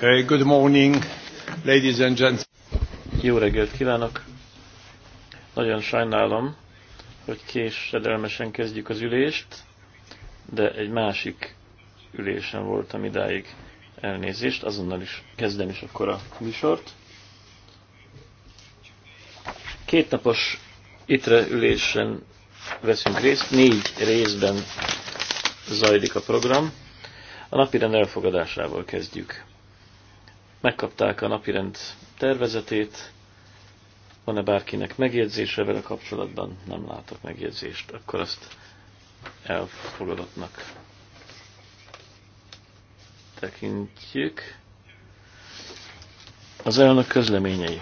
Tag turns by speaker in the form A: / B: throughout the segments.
A: Good morning,
B: ladies and Jó reggelt kívánok! Nagyon sajnálom, hogy késedelmesen kezdjük az ülést, de egy másik ülésen voltam idáig elnézést, azonnal is kezdem is akkor a műsort. Két napos itre ülésen veszünk részt, négy részben zajlik a program. A napirend elfogadásával kezdjük. Megkapták a napirend tervezetét. Van-e bárkinek megjegyzése vele kapcsolatban? Nem látok megjegyzést. Akkor azt elfogadottnak tekintjük. Az elnök közleményei.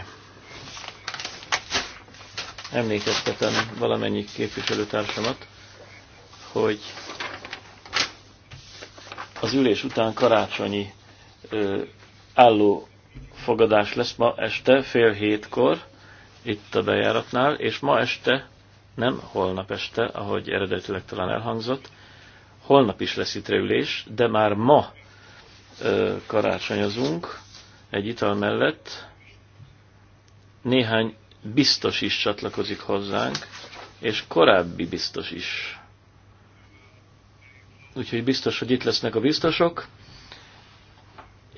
B: Emlékeztetem valamennyi képviselőtársamat, hogy az ülés után karácsonyi ö, álló fogadás lesz ma este fél hétkor, itt a bejáratnál, és ma este, nem holnap este, ahogy eredetileg talán elhangzott, holnap is lesz itt reülés, de már ma ö, karácsonyozunk egy ital mellett. Néhány biztos is csatlakozik hozzánk, és korábbi biztos is. Úgyhogy biztos, hogy itt lesznek a biztosok,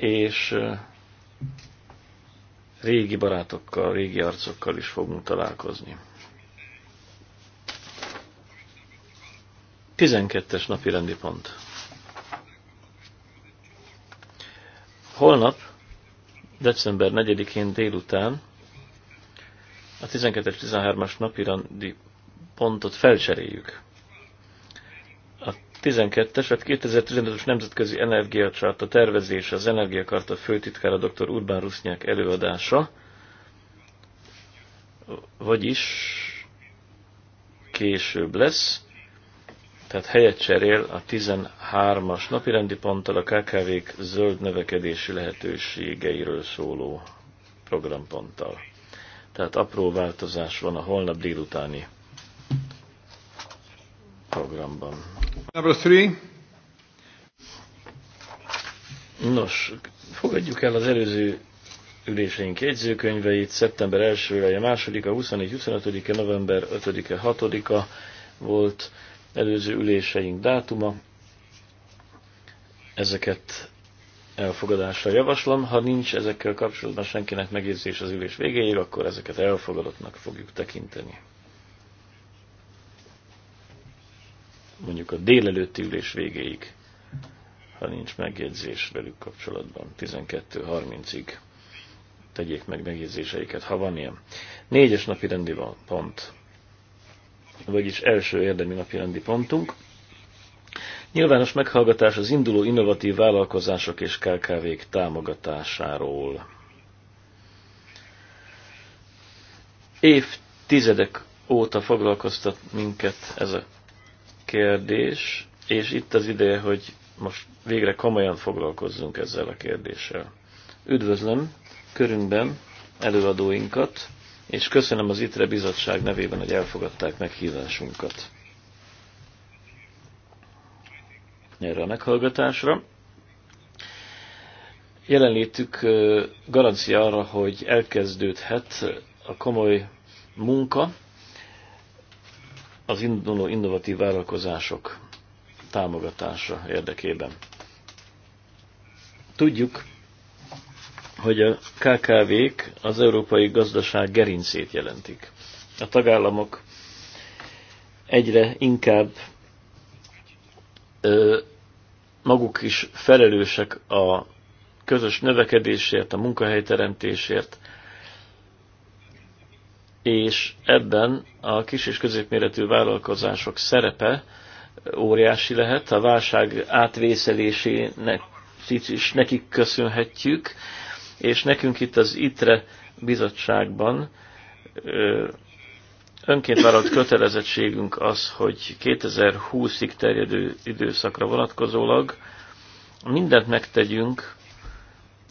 B: és régi barátokkal, régi arcokkal is fogunk találkozni. 12-es napi rendi pont. Holnap, december 4-én délután a 12-13-as napi rendi pontot felcseréljük. 12-es, a 2015-ös Nemzetközi energiacsárta tervezése, az Energiakarta főtitkára dr. Urbán Rusznyák előadása, vagyis később lesz, tehát helyet cserél a 13-as napirendi ponttal a KKV-k zöld növekedési lehetőségeiről szóló programponttal. Tehát apró változás van a holnap délutáni programban.
A: Number three.
B: Nos, fogadjuk el az előző üléseink jegyzőkönyveit, szeptember 1-e, 2-a, 24 25-e, november 5-e, 6-a volt előző üléseink dátuma. Ezeket elfogadásra javaslom. Ha nincs ezekkel kapcsolatban senkinek megérzés az ülés végéig, akkor ezeket elfogadottnak fogjuk tekinteni. mondjuk a délelőtti ülés végéig, ha nincs megjegyzés velük kapcsolatban, 12.30-ig tegyék meg megjegyzéseiket, ha van ilyen. Négyes napi rendi van pont, vagyis első érdemi napi rendi pontunk. Nyilvános meghallgatás az induló innovatív vállalkozások és KKV-k támogatásáról. Évtizedek óta foglalkoztat minket ez a kérdés, és itt az ideje, hogy most végre komolyan foglalkozzunk ezzel a kérdéssel. Üdvözlöm körünkben előadóinkat, és köszönöm az ITRE bizottság nevében, hogy elfogadták meghívásunkat erre a meghallgatásra. Jelenlétük garancia arra, hogy elkezdődhet a komoly munka, az induló innovatív vállalkozások támogatása érdekében. Tudjuk, hogy a KKV-k az európai gazdaság gerincét jelentik. A tagállamok egyre inkább ö, maguk is felelősek a közös növekedésért, a munkahelyteremtésért, és ebben a kis és középméretű vállalkozások szerepe óriási lehet, a válság átvészelésének is nekik köszönhetjük, és nekünk itt az ITRE bizottságban önként vállalt kötelezettségünk az, hogy 2020-ig terjedő időszakra vonatkozólag mindent megtegyünk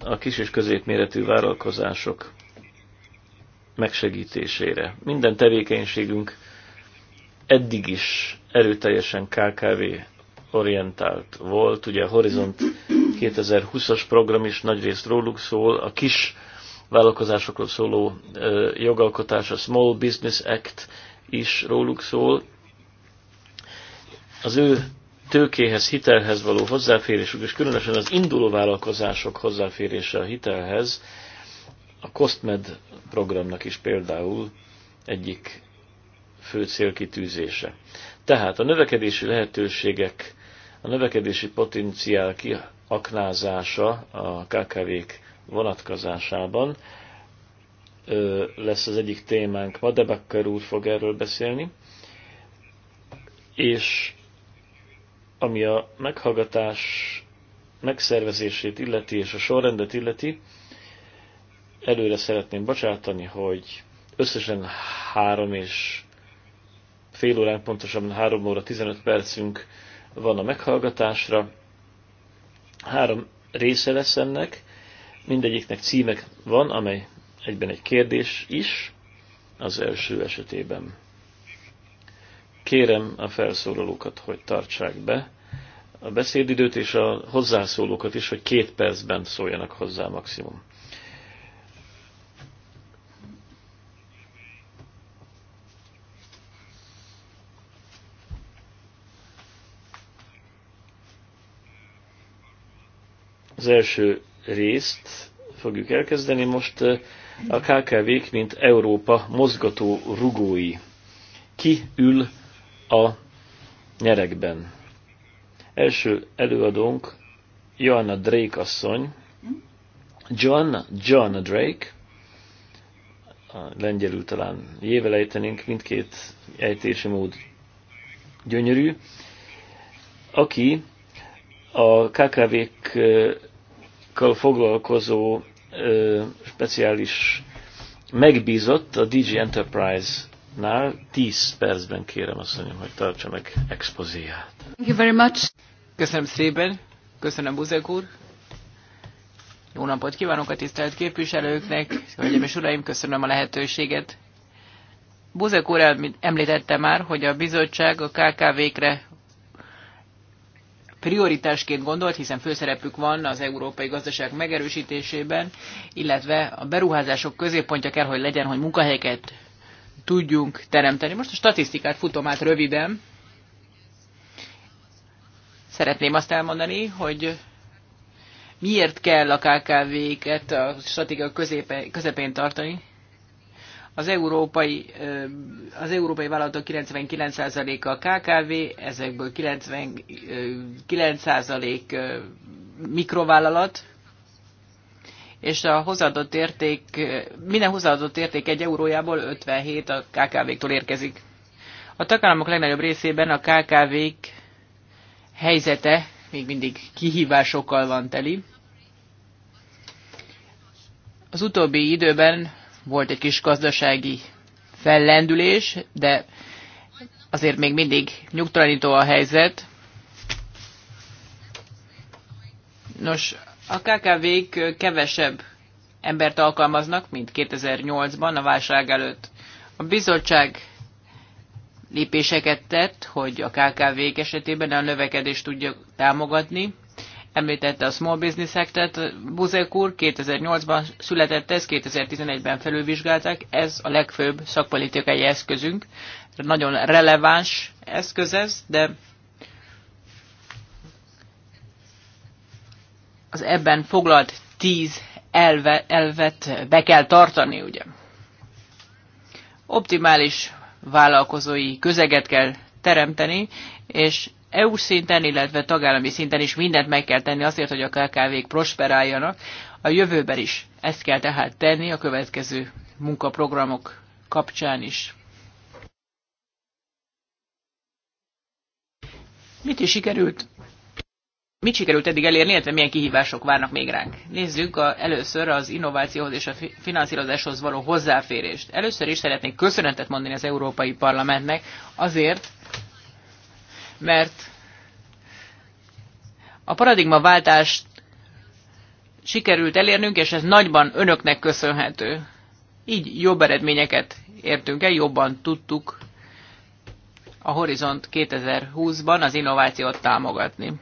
B: a kis és középméretű vállalkozások megsegítésére. Minden tevékenységünk eddig is erőteljesen KKV orientált volt. Ugye a Horizont 2020-as program is nagyrészt róluk szól, a kis vállalkozásokról szóló jogalkotás, a Small Business Act is róluk szól. Az ő tőkéhez, hitelhez való hozzáférésük, és különösen az induló vállalkozások hozzáférése a hitelhez, a COSTMED programnak is például egyik fő célkitűzése. Tehát a növekedési lehetőségek, a növekedési potenciál kiaknázása a KKV-k vonatkozásában lesz az egyik témánk. Ma Debakker úr fog erről beszélni, és ami a meghallgatás megszervezését illeti és a sorrendet illeti, előre szeretném bocsátani, hogy összesen három és fél órán, pontosabban három óra 15 percünk van a meghallgatásra. Három része lesz ennek, mindegyiknek címek van, amely egyben egy kérdés is, az első esetében. Kérem a felszólalókat, hogy tartsák be a beszédidőt, és a hozzászólókat is, hogy két percben szóljanak hozzá maximum. Az első részt fogjuk elkezdeni most a KKV-k, mint Európa mozgató rugói. Ki ül a nyerekben? Első előadónk Joanna Drake asszony, Joanna, Joanna Drake, a lengyelül talán jével ejtenénk, mindkét ejtési mód gyönyörű, aki a KKV-k foglalkozó ö, speciális megbízott a DJ Enterprise-nál 10
A: percben kérem azt mondjam, hogy tartsa meg expozéját.
C: Thank you very much.
A: Köszönöm szépen, köszönöm Buzek úr. Jó napot kívánok a tisztelt képviselőknek, hölgyeim és uraim, köszönöm a lehetőséget. Buzek úr említette már, hogy a bizottság a KKV-kre prioritásként gondolt, hiszen főszerepük van az európai gazdaság megerősítésében, illetve a beruházások középpontja kell, hogy legyen, hogy munkahelyeket tudjunk teremteni. Most a statisztikát futom át röviden. Szeretném azt elmondani, hogy miért kell a KKV-ket a stratégia közepén tartani. Az európai, az európai vállalatok 99%-a a KKV, ezekből 99% mikrovállalat, és a hozzáadott érték, minden hozzáadott érték egy eurójából 57 a KKV-któl érkezik. A tagállamok legnagyobb részében a KKV-k helyzete még mindig kihívásokkal van teli. Az utóbbi időben volt egy kis gazdasági fellendülés, de azért még mindig nyugtalanító a helyzet. Nos, a KKV-k kevesebb embert alkalmaznak, mint 2008-ban a válság előtt. A bizottság lépéseket tett, hogy a KKV-k esetében a növekedést tudja támogatni, Említette a Small Business Act-et. Buzek úr 2008-ban született ez, 2011-ben felülvizsgálták. Ez a legfőbb szakpolitikai eszközünk. Nagyon releváns eszköz ez, de az ebben foglalt tíz elve, elvet be kell tartani, ugye? Optimális vállalkozói közeget kell teremteni, és EU szinten, illetve tagállami szinten is mindent meg kell tenni azért, hogy a KKV-k prosperáljanak. A jövőben is ezt kell tehát tenni a következő munkaprogramok kapcsán is. Mit is sikerült? Mit sikerült eddig elérni, illetve milyen kihívások várnak még ránk? Nézzük a, először az innovációhoz és a finanszírozáshoz való hozzáférést. Először is szeretnék köszönetet mondani az Európai Parlamentnek azért, mert a paradigmaváltást sikerült elérnünk, és ez nagyban önöknek köszönhető. Így jobb eredményeket értünk el, jobban tudtuk a Horizont 2020-ban az innovációt támogatni.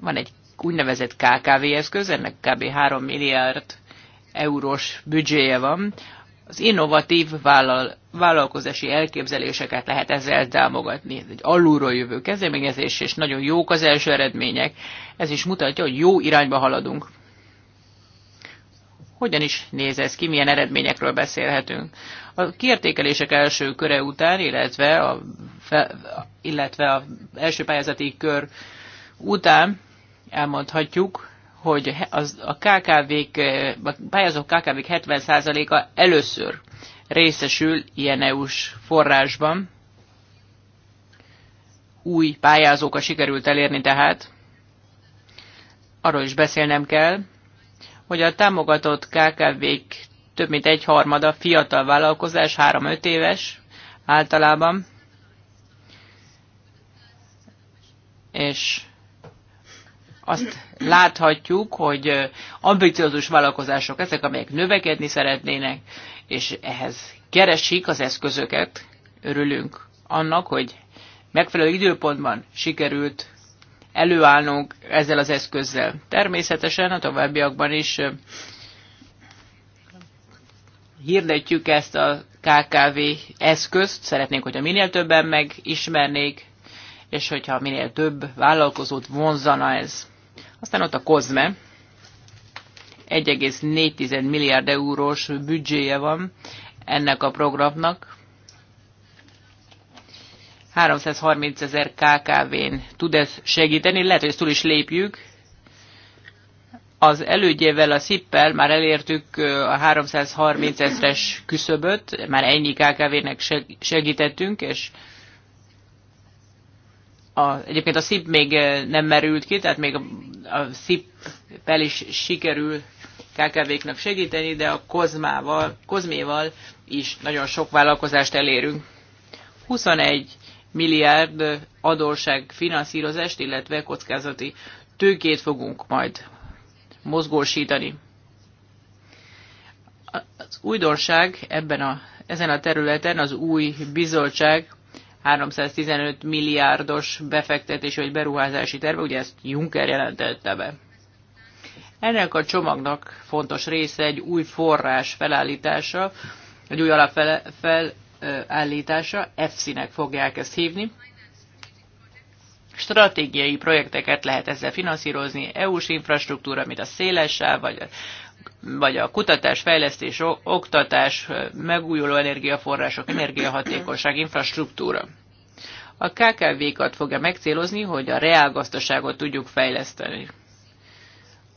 A: Van egy úgynevezett KKV eszköz, ennek kb. 3 milliárd eurós büdzséje van. Az innovatív vállal, vállalkozási elképzeléseket lehet ezzel támogatni. Ez egy alulról jövő kezdeményezés, és nagyon jók az első eredmények. Ez is mutatja, hogy jó irányba haladunk. Hogyan is néz ez ki, milyen eredményekről beszélhetünk? A kiértékelések első köre után, illetve a, illetve a első pályázati kör után elmondhatjuk, hogy az, a KKV-k, a pályázók KKV-k 70%-a először részesül ilyen EU-s forrásban. Új pályázókkal sikerült elérni tehát. Arról is beszélnem kell, hogy a támogatott KKV-k több mint egy harmada fiatal vállalkozás, 3-5 éves általában, és azt láthatjuk, hogy ambiciózus vállalkozások ezek, amelyek növekedni szeretnének, és ehhez keresik az eszközöket. Örülünk annak, hogy megfelelő időpontban sikerült előállnunk ezzel az eszközzel. Természetesen a továbbiakban is hirdetjük ezt a KKV eszközt, szeretnénk, hogyha minél többen megismernék, és hogyha minél több vállalkozót vonzana ez. Aztán ott a COSME, 1,4 milliárd eurós büdzséje van ennek a programnak. 330 ezer KKV-n tud ez segíteni, lehet, hogy ezt túl is lépjük. Az elődjével, a szippel már elértük a 330 ezres küszöböt, már ennyi KKV-nek segítettünk, és a, egyébként a SZIP még nem merült ki, tehát még a, a SZIP-pel is sikerül KKV-knak segíteni, de a Kozmával, Kozméval is nagyon sok vállalkozást elérünk. 21 milliárd adóság finanszírozást, illetve kockázati tőkét fogunk majd mozgósítani. Az újdonság ebben a, ezen a területen az új bizottság 315 milliárdos befektetés vagy beruházási terve, ugye ezt Juncker jelentette be. Ennek a csomagnak fontos része egy új forrás felállítása, egy új alapfelállítása, efsi nek fogják ezt hívni. Stratégiai projekteket lehet ezzel finanszírozni, EU-s infrastruktúra, mint a szélessel, vagy a vagy a kutatás, fejlesztés, oktatás, megújuló energiaforrások, energiahatékonyság, infrastruktúra. A KKV-kat fogja megcélozni, hogy a reálgazdaságot tudjuk fejleszteni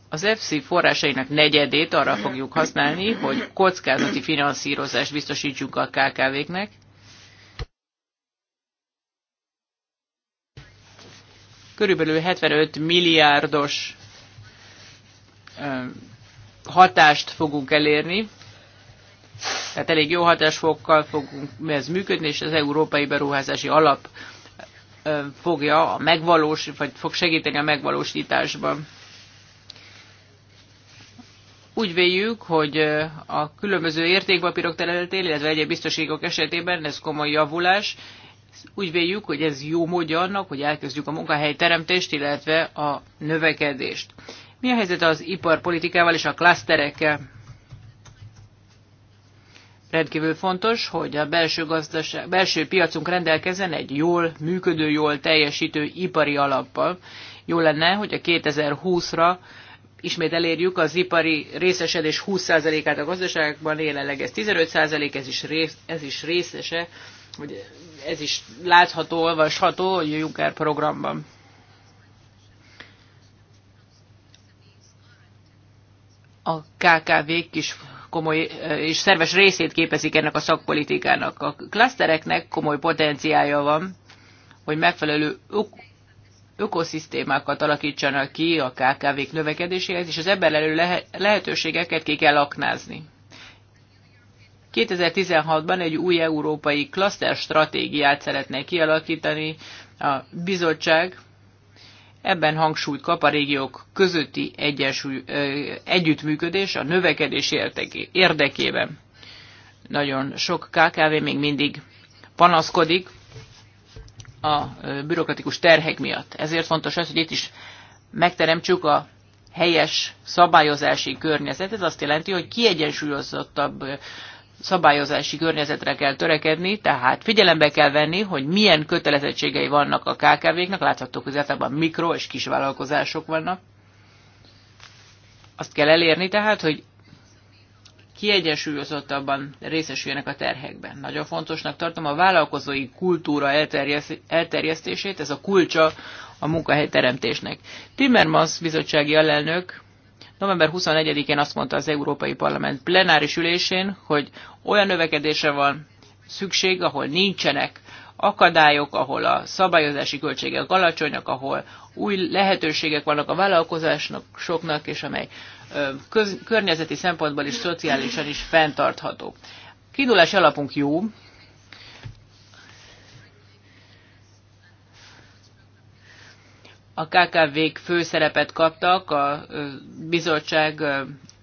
A: az FC forrásainak negyedét arra fogjuk használni, hogy kockázati finanszírozást biztosítsuk a KKV-knek. Körülbelül 75 milliárdos hatást fogunk elérni, tehát elég jó hatásfokkal fogunk ez működni, és az Európai Beruházási Alap fogja a megvalós, vagy fog segíteni a megvalósításban. Úgy véljük, hogy a különböző értékpapírok területén, illetve egyéb biztosítékok esetében ez komoly javulás. Úgy véljük, hogy ez jó módja annak, hogy elkezdjük a munkahelyteremtést, illetve a növekedést. Mi a helyzet az iparpolitikával és a klaszterekkel? Rendkívül fontos, hogy a belső, gazdaság, belső piacunk rendelkezzen egy jól működő, jól teljesítő ipari alappal. Jó lenne, hogy a 2020-ra ismét elérjük az ipari részesedés 20%-át a gazdaságban, jelenleg ez 15%, ez is, rész, ez is részese, hogy ez is látható, olvasható a Juncker programban. A kkv is komoly eh, és szerves részét képezik ennek a szakpolitikának. A klasztereknek komoly potenciája van, hogy megfelelő ökoszisztémákat alakítsanak ki a KKV-k növekedéséhez, és az ebben elő lehetőségeket ki kell aknázni. 2016-ban egy új európai klaszter stratégiát szeretne kialakítani a bizottság, ebben hangsúlyt kap a régiók közötti egyensúly, együttműködés a növekedés érdekében. Nagyon sok KKV még mindig panaszkodik a bürokratikus terhek miatt. Ezért fontos az, hogy itt is megteremtsük a helyes szabályozási környezet. Ez azt jelenti, hogy kiegyensúlyozottabb szabályozási környezetre kell törekedni, tehát figyelembe kell venni, hogy milyen kötelezettségei vannak a KKV-knak, látható hogy mikro és kisvállalkozások vannak. Azt kell elérni tehát, hogy kiegyensúlyozottabban részesüljenek a terhekben. Nagyon fontosnak tartom a vállalkozói kultúra elterjesztését, ez a kulcsa a munkahelyteremtésnek. Timmermans bizottsági alelnök november 21-én azt mondta az Európai Parlament plenáris ülésén, hogy olyan növekedése van szükség, ahol nincsenek akadályok, ahol a szabályozási költségek alacsonyak, ahol új lehetőségek vannak a vállalkozásnak soknak, és amely köz, környezeti szempontból is szociálisan is fenntartható. Kiindulási alapunk jó, a KKV-k főszerepet kaptak a bizottság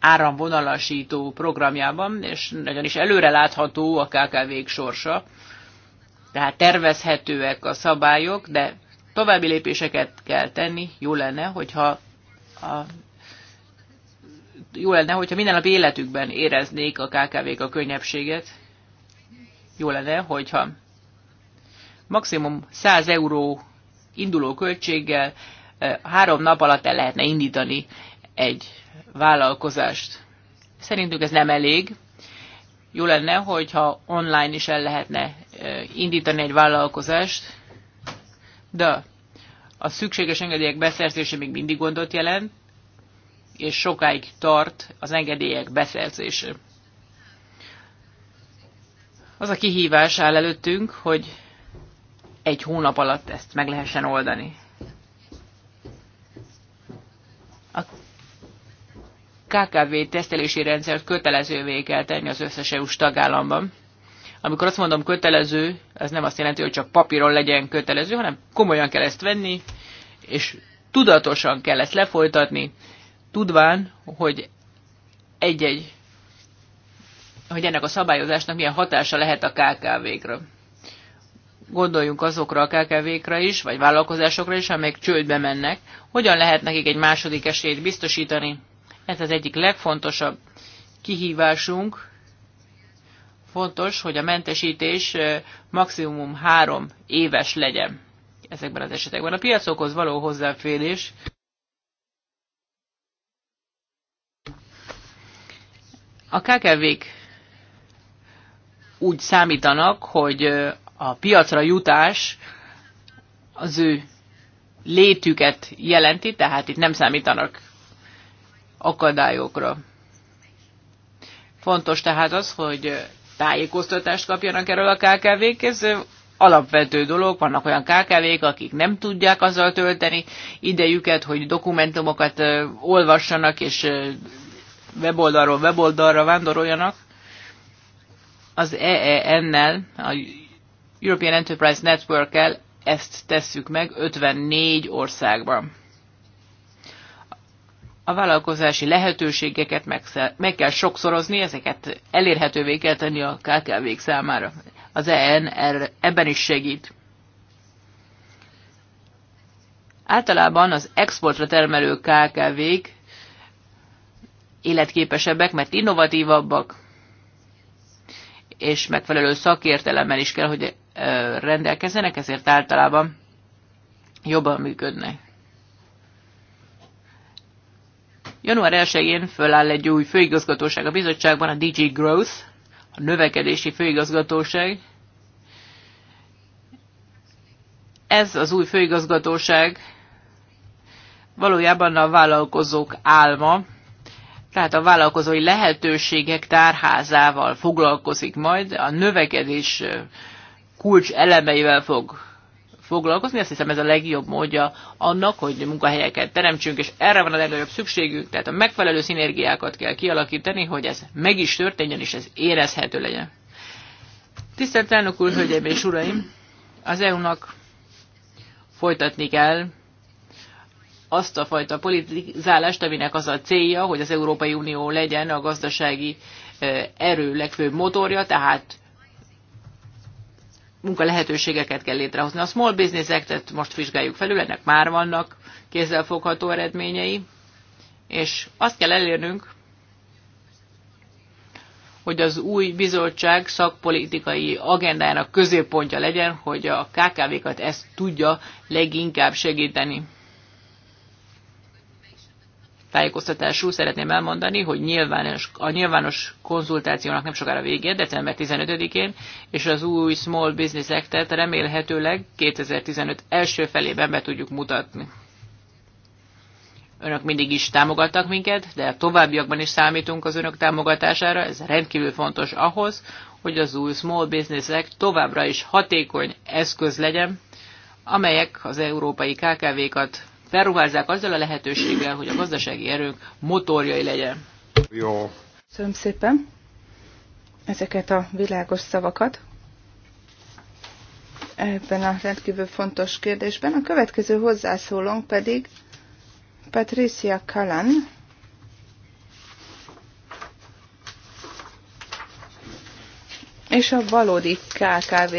A: áramvonalasító programjában, és nagyon is előrelátható a KKV-k sorsa tehát tervezhetőek a szabályok, de további lépéseket kell tenni. Jó lenne, hogyha a jó lenne, hogyha minden nap életükben éreznék a KKV-k a könnyebbséget. Jó lenne, hogyha maximum 100 euró induló költséggel eh, három nap alatt el lehetne indítani egy vállalkozást. Szerintünk ez nem elég. Jó lenne, hogyha online is el lehetne indítani egy vállalkozást, de a szükséges engedélyek beszerzése még mindig gondot jelent, és sokáig tart az engedélyek beszerzése. Az a kihívás áll előttünk, hogy egy hónap alatt ezt meg lehessen oldani. A KKV tesztelési rendszert kötelezővé kell tenni az összes EU-s tagállamban. Amikor azt mondom kötelező, ez nem azt jelenti, hogy csak papíron legyen kötelező, hanem komolyan kell ezt venni, és tudatosan kell ezt lefolytatni, tudván, hogy egy-egy, hogy ennek a szabályozásnak milyen hatása lehet a kkv kről Gondoljunk azokra a KKV-kra is, vagy vállalkozásokra is, amelyek csődbe mennek. Hogyan lehet nekik egy második esélyt biztosítani? Ez az egyik legfontosabb kihívásunk, fontos, hogy a mentesítés maximum három éves legyen ezekben az esetekben. A piacokhoz való hozzáférés a kkv úgy számítanak, hogy a piacra jutás az ő létüket jelenti, tehát itt nem számítanak akadályokra. Fontos tehát az, hogy tájékoztatást kapjanak erről a KKV-k. Ez alapvető dolog, vannak olyan KKV-k, akik nem tudják azzal tölteni idejüket, hogy dokumentumokat olvassanak és weboldalról weboldalra vándoroljanak. Az EEN-nel, a European Enterprise Network-el ezt tesszük meg 54 országban a vállalkozási lehetőségeket meg, meg kell sokszorozni, ezeket elérhetővé kell tenni a KKV-k számára. Az EN er, ebben is segít. Általában az exportra termelő KKV-k életképesebbek, mert innovatívabbak, és megfelelő szakértelemmel is kell, hogy rendelkezzenek, ezért általában jobban működnek. Január 1-én föláll egy új főigazgatóság a bizottságban, a DG Growth, a növekedési főigazgatóság. Ez az új főigazgatóság valójában a vállalkozók álma, tehát a vállalkozói lehetőségek tárházával foglalkozik majd, a növekedés kulcs elemeivel fog foglalkozni. Azt hiszem ez a legjobb módja annak, hogy munkahelyeket teremtsünk, és erre van a legnagyobb szükségünk, tehát a megfelelő szinergiákat kell kialakítani, hogy ez meg is történjen, és ez érezhető legyen. Tisztelt elnök úr, hölgyeim és uraim! Az EU-nak folytatni kell azt a fajta politizálást, aminek az a célja, hogy az Európai Unió legyen a gazdasági erő legfőbb motorja, tehát munkalehetőségeket kell létrehozni. A Small Business Act-et most vizsgáljuk felül, ennek már vannak kézzelfogható eredményei, és azt kell elérnünk, hogy az új bizottság szakpolitikai agendájának középpontja legyen, hogy a KKV-kat ezt tudja leginkább segíteni tájékoztatású szeretném elmondani, hogy nyilvános, a nyilvános konzultációnak nem sokára vége, december 15-én, és az új Small Business Act-et remélhetőleg 2015 első felében be tudjuk mutatni. Önök mindig is támogattak minket, de a továbbiakban is számítunk az önök támogatására, ez rendkívül fontos ahhoz, hogy az új Small Business Act továbbra is hatékony eszköz legyen, amelyek az európai KKV-kat felruházzák azzal a lehetőséggel, hogy a gazdasági erők motorjai legyen.
B: Jó.
C: Köszönöm szépen ezeket a világos szavakat ebben a rendkívül fontos kérdésben. A következő hozzászólónk pedig Patricia Kalan, és a valódi KKV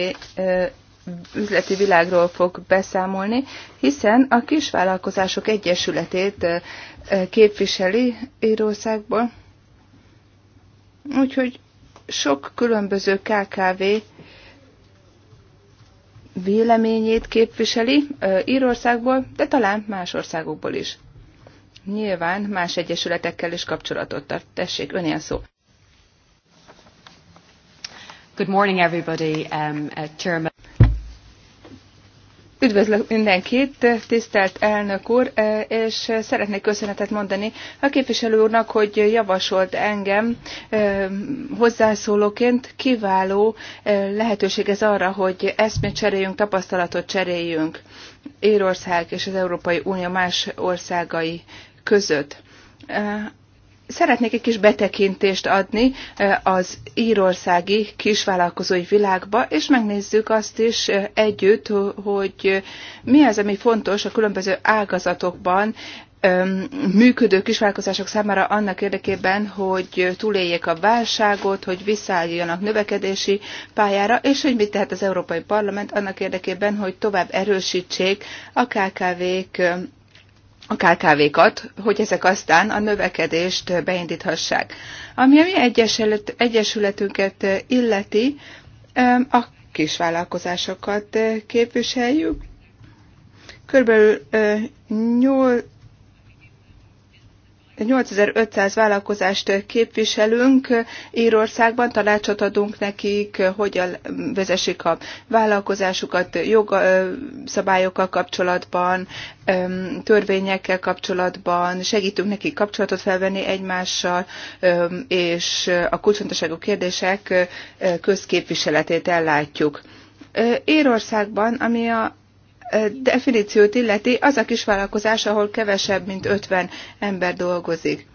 C: üzleti világról fog beszámolni, hiszen a Kisvállalkozások Egyesületét képviseli Írországból. Úgyhogy sok különböző KKV véleményét képviseli Írországból, de talán más országokból is. Nyilván más egyesületekkel is kapcsolatot tart. Tessék, a szó. Good morning, everybody. Um, uh, chairman. Üdvözlök mindenkit, tisztelt elnök úr, eh, és szeretnék köszönetet mondani a képviselő úrnak, hogy javasolt engem eh, hozzászólóként. Kiváló eh, lehetőség ez arra, hogy eszmét cseréljünk, tapasztalatot cseréljünk Írország és az Európai Unió más országai között. Szeretnék egy kis betekintést adni eh, az írországi kisvállalkozói világba, és megnézzük azt is eh, együtt, hogy eh, mi az, ami fontos a különböző ágazatokban működő kisvállalkozások számára annak érdekében, hogy túléljék a válságot, hogy visszaálljanak növekedési pályára, és hogy mit tehet az Európai Parlament annak érdekében, hogy tovább erősítsék a KKV-k a KKV-kat, hogy ezek aztán a növekedést beindíthassák. Ami a mi egyesületünket illeti, a kisvállalkozásokat képviseljük. Körülbelül 8500 vállalkozást képviselünk Írországban, tanácsot adunk nekik, hogyan vezessék a vállalkozásukat jogszabályokkal kapcsolatban, törvényekkel kapcsolatban, segítünk nekik kapcsolatot felvenni egymással, és a kulcsfontosságú kérdések közképviseletét ellátjuk. Írországban, ami a definíciót illeti, az a kisvállalkozás, ahol kevesebb, mint 50 ember dolgozik.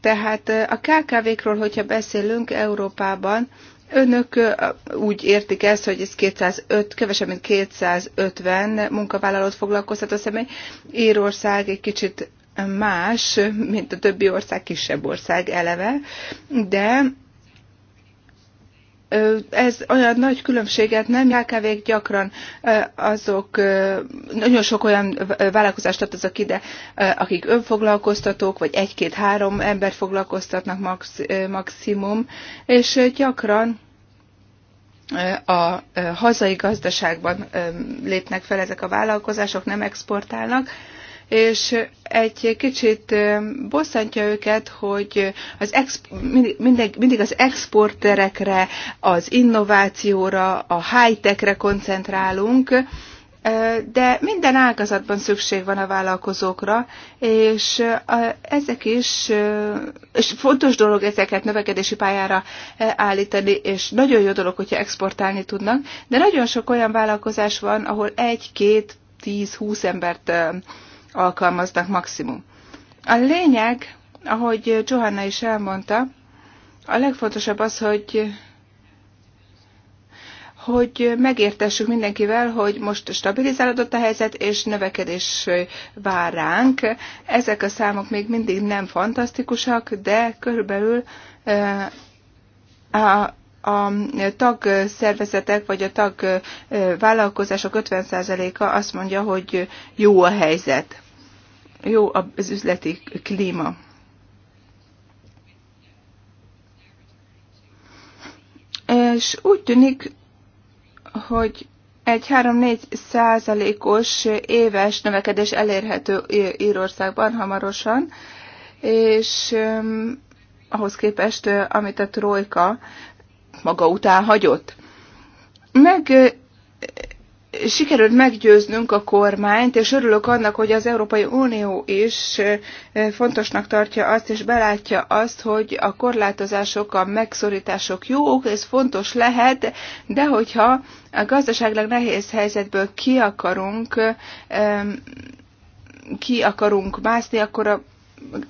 C: Tehát a KKV-król, hogyha beszélünk Európában, Önök úgy értik ezt, hogy ez 205, kevesebb, mint 250 munkavállalót foglalkoztat a személy. Írország egy kicsit más, mint a többi ország, kisebb ország eleve, de ez olyan nagy különbséget nem kkv gyakran azok, nagyon sok olyan vállalkozást tartozok ide, akik önfoglalkoztatók, vagy egy-két-három ember foglalkoztatnak max, maximum, és gyakran a hazai gazdaságban lépnek fel ezek a vállalkozások, nem exportálnak, és egy kicsit bosszantja őket, hogy az mindig, mindig az exporterekre, az innovációra, a high-techre koncentrálunk, de minden ágazatban szükség van a vállalkozókra, és ezek is, és fontos dolog ezeket növekedési pályára állítani, és nagyon jó dolog, hogyha exportálni tudnak, de nagyon sok olyan vállalkozás van, ahol egy-két, tíz, húsz embert alkalmaznak maximum. A lényeg, ahogy Johanna is elmondta, a legfontosabb az, hogy hogy megértessük mindenkivel, hogy most stabilizálódott a helyzet, és növekedés vár ránk. Ezek a számok még mindig nem fantasztikusak, de körülbelül a, a tagszervezetek vagy a tagvállalkozások 50%-a azt mondja, hogy jó a helyzet jó az üzleti klíma. És úgy tűnik, hogy egy 3-4 százalékos éves növekedés elérhető Írországban hamarosan, és ahhoz képest, amit a trojka maga után hagyott. Meg sikerült meggyőznünk a kormányt, és örülök annak, hogy az Európai Unió is fontosnak tartja azt, és belátja azt, hogy a korlátozások, a megszorítások jók, ez fontos lehet, de hogyha a gazdaság nehéz helyzetből ki akarunk, ki akarunk mászni, akkor a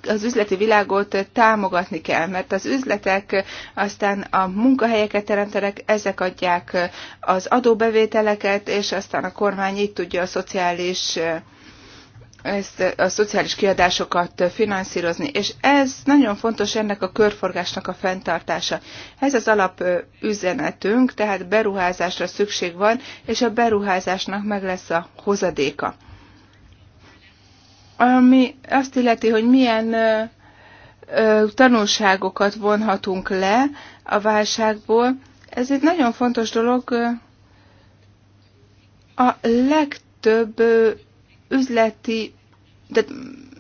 C: az üzleti világot támogatni kell, mert az üzletek aztán a munkahelyeket teremtenek, ezek adják az adóbevételeket, és aztán a kormány így tudja a szociális ezt a szociális kiadásokat finanszírozni, és ez nagyon fontos ennek a körforgásnak a fenntartása. Ez az alap üzenetünk, tehát beruházásra szükség van, és a beruházásnak meg lesz a hozadéka. Ami azt illeti, hogy milyen tanulságokat vonhatunk le a válságból, ez egy nagyon fontos dolog. A legtöbb üzleti, de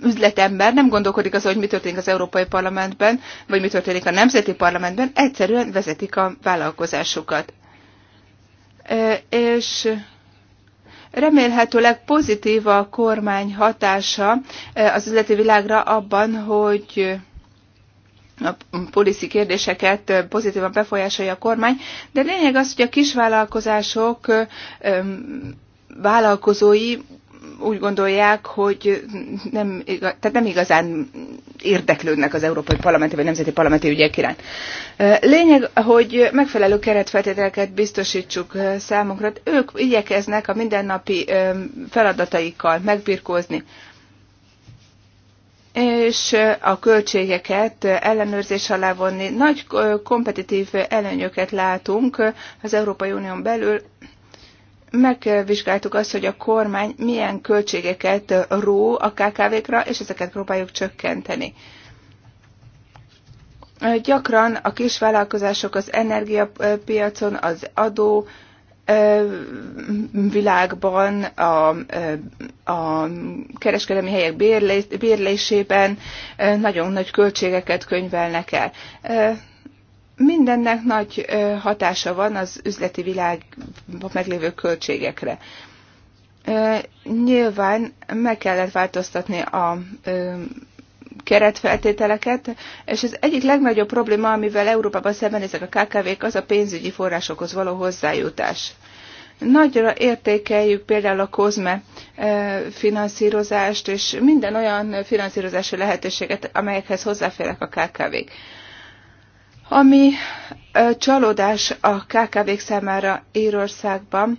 C: üzletember nem gondolkodik az, hogy mi történik az Európai Parlamentben, vagy mi történik a Nemzeti Parlamentben, egyszerűen vezetik a vállalkozásukat. És Remélhetőleg pozitív a kormány hatása eh, az üzleti világra abban, hogy eh, a policy kérdéseket eh, pozitívan befolyásolja a kormány, de lényeg az, hogy a kisvállalkozások vállalkozói úgy gondolják, hogy nem, igaz, tehát nem igazán érdeklődnek az Európai Parlamenti vagy Nemzeti Parlamenti ügyek iránt. Lényeg, hogy megfelelő keretfeltételeket biztosítsuk számunkra. Ők igyekeznek a mindennapi feladataikkal megbirkózni és a költségeket ellenőrzés alá vonni. Nagy kompetitív előnyöket látunk az Európai Unión belül, megvizsgáltuk azt, hogy a kormány milyen költségeket ró a KKV-kra, és ezeket próbáljuk csökkenteni. Gyakran a kisvállalkozások az energiapiacon, az adó világban, a, a kereskedelmi helyek bérlésében nagyon nagy költségeket könyvelnek el mindennek nagy hatása van az üzleti világ meglévő költségekre. Nyilván meg kellett változtatni a keretfeltételeket, és az egyik legnagyobb probléma, amivel Európában szembenézek a KKV-k, az a pénzügyi forrásokhoz való hozzájutás. Nagyra értékeljük például a COSME finanszírozást, és minden olyan finanszírozási lehetőséget, amelyekhez hozzáférnek a KKV-k ami csalódás a KKV-k számára Írországban,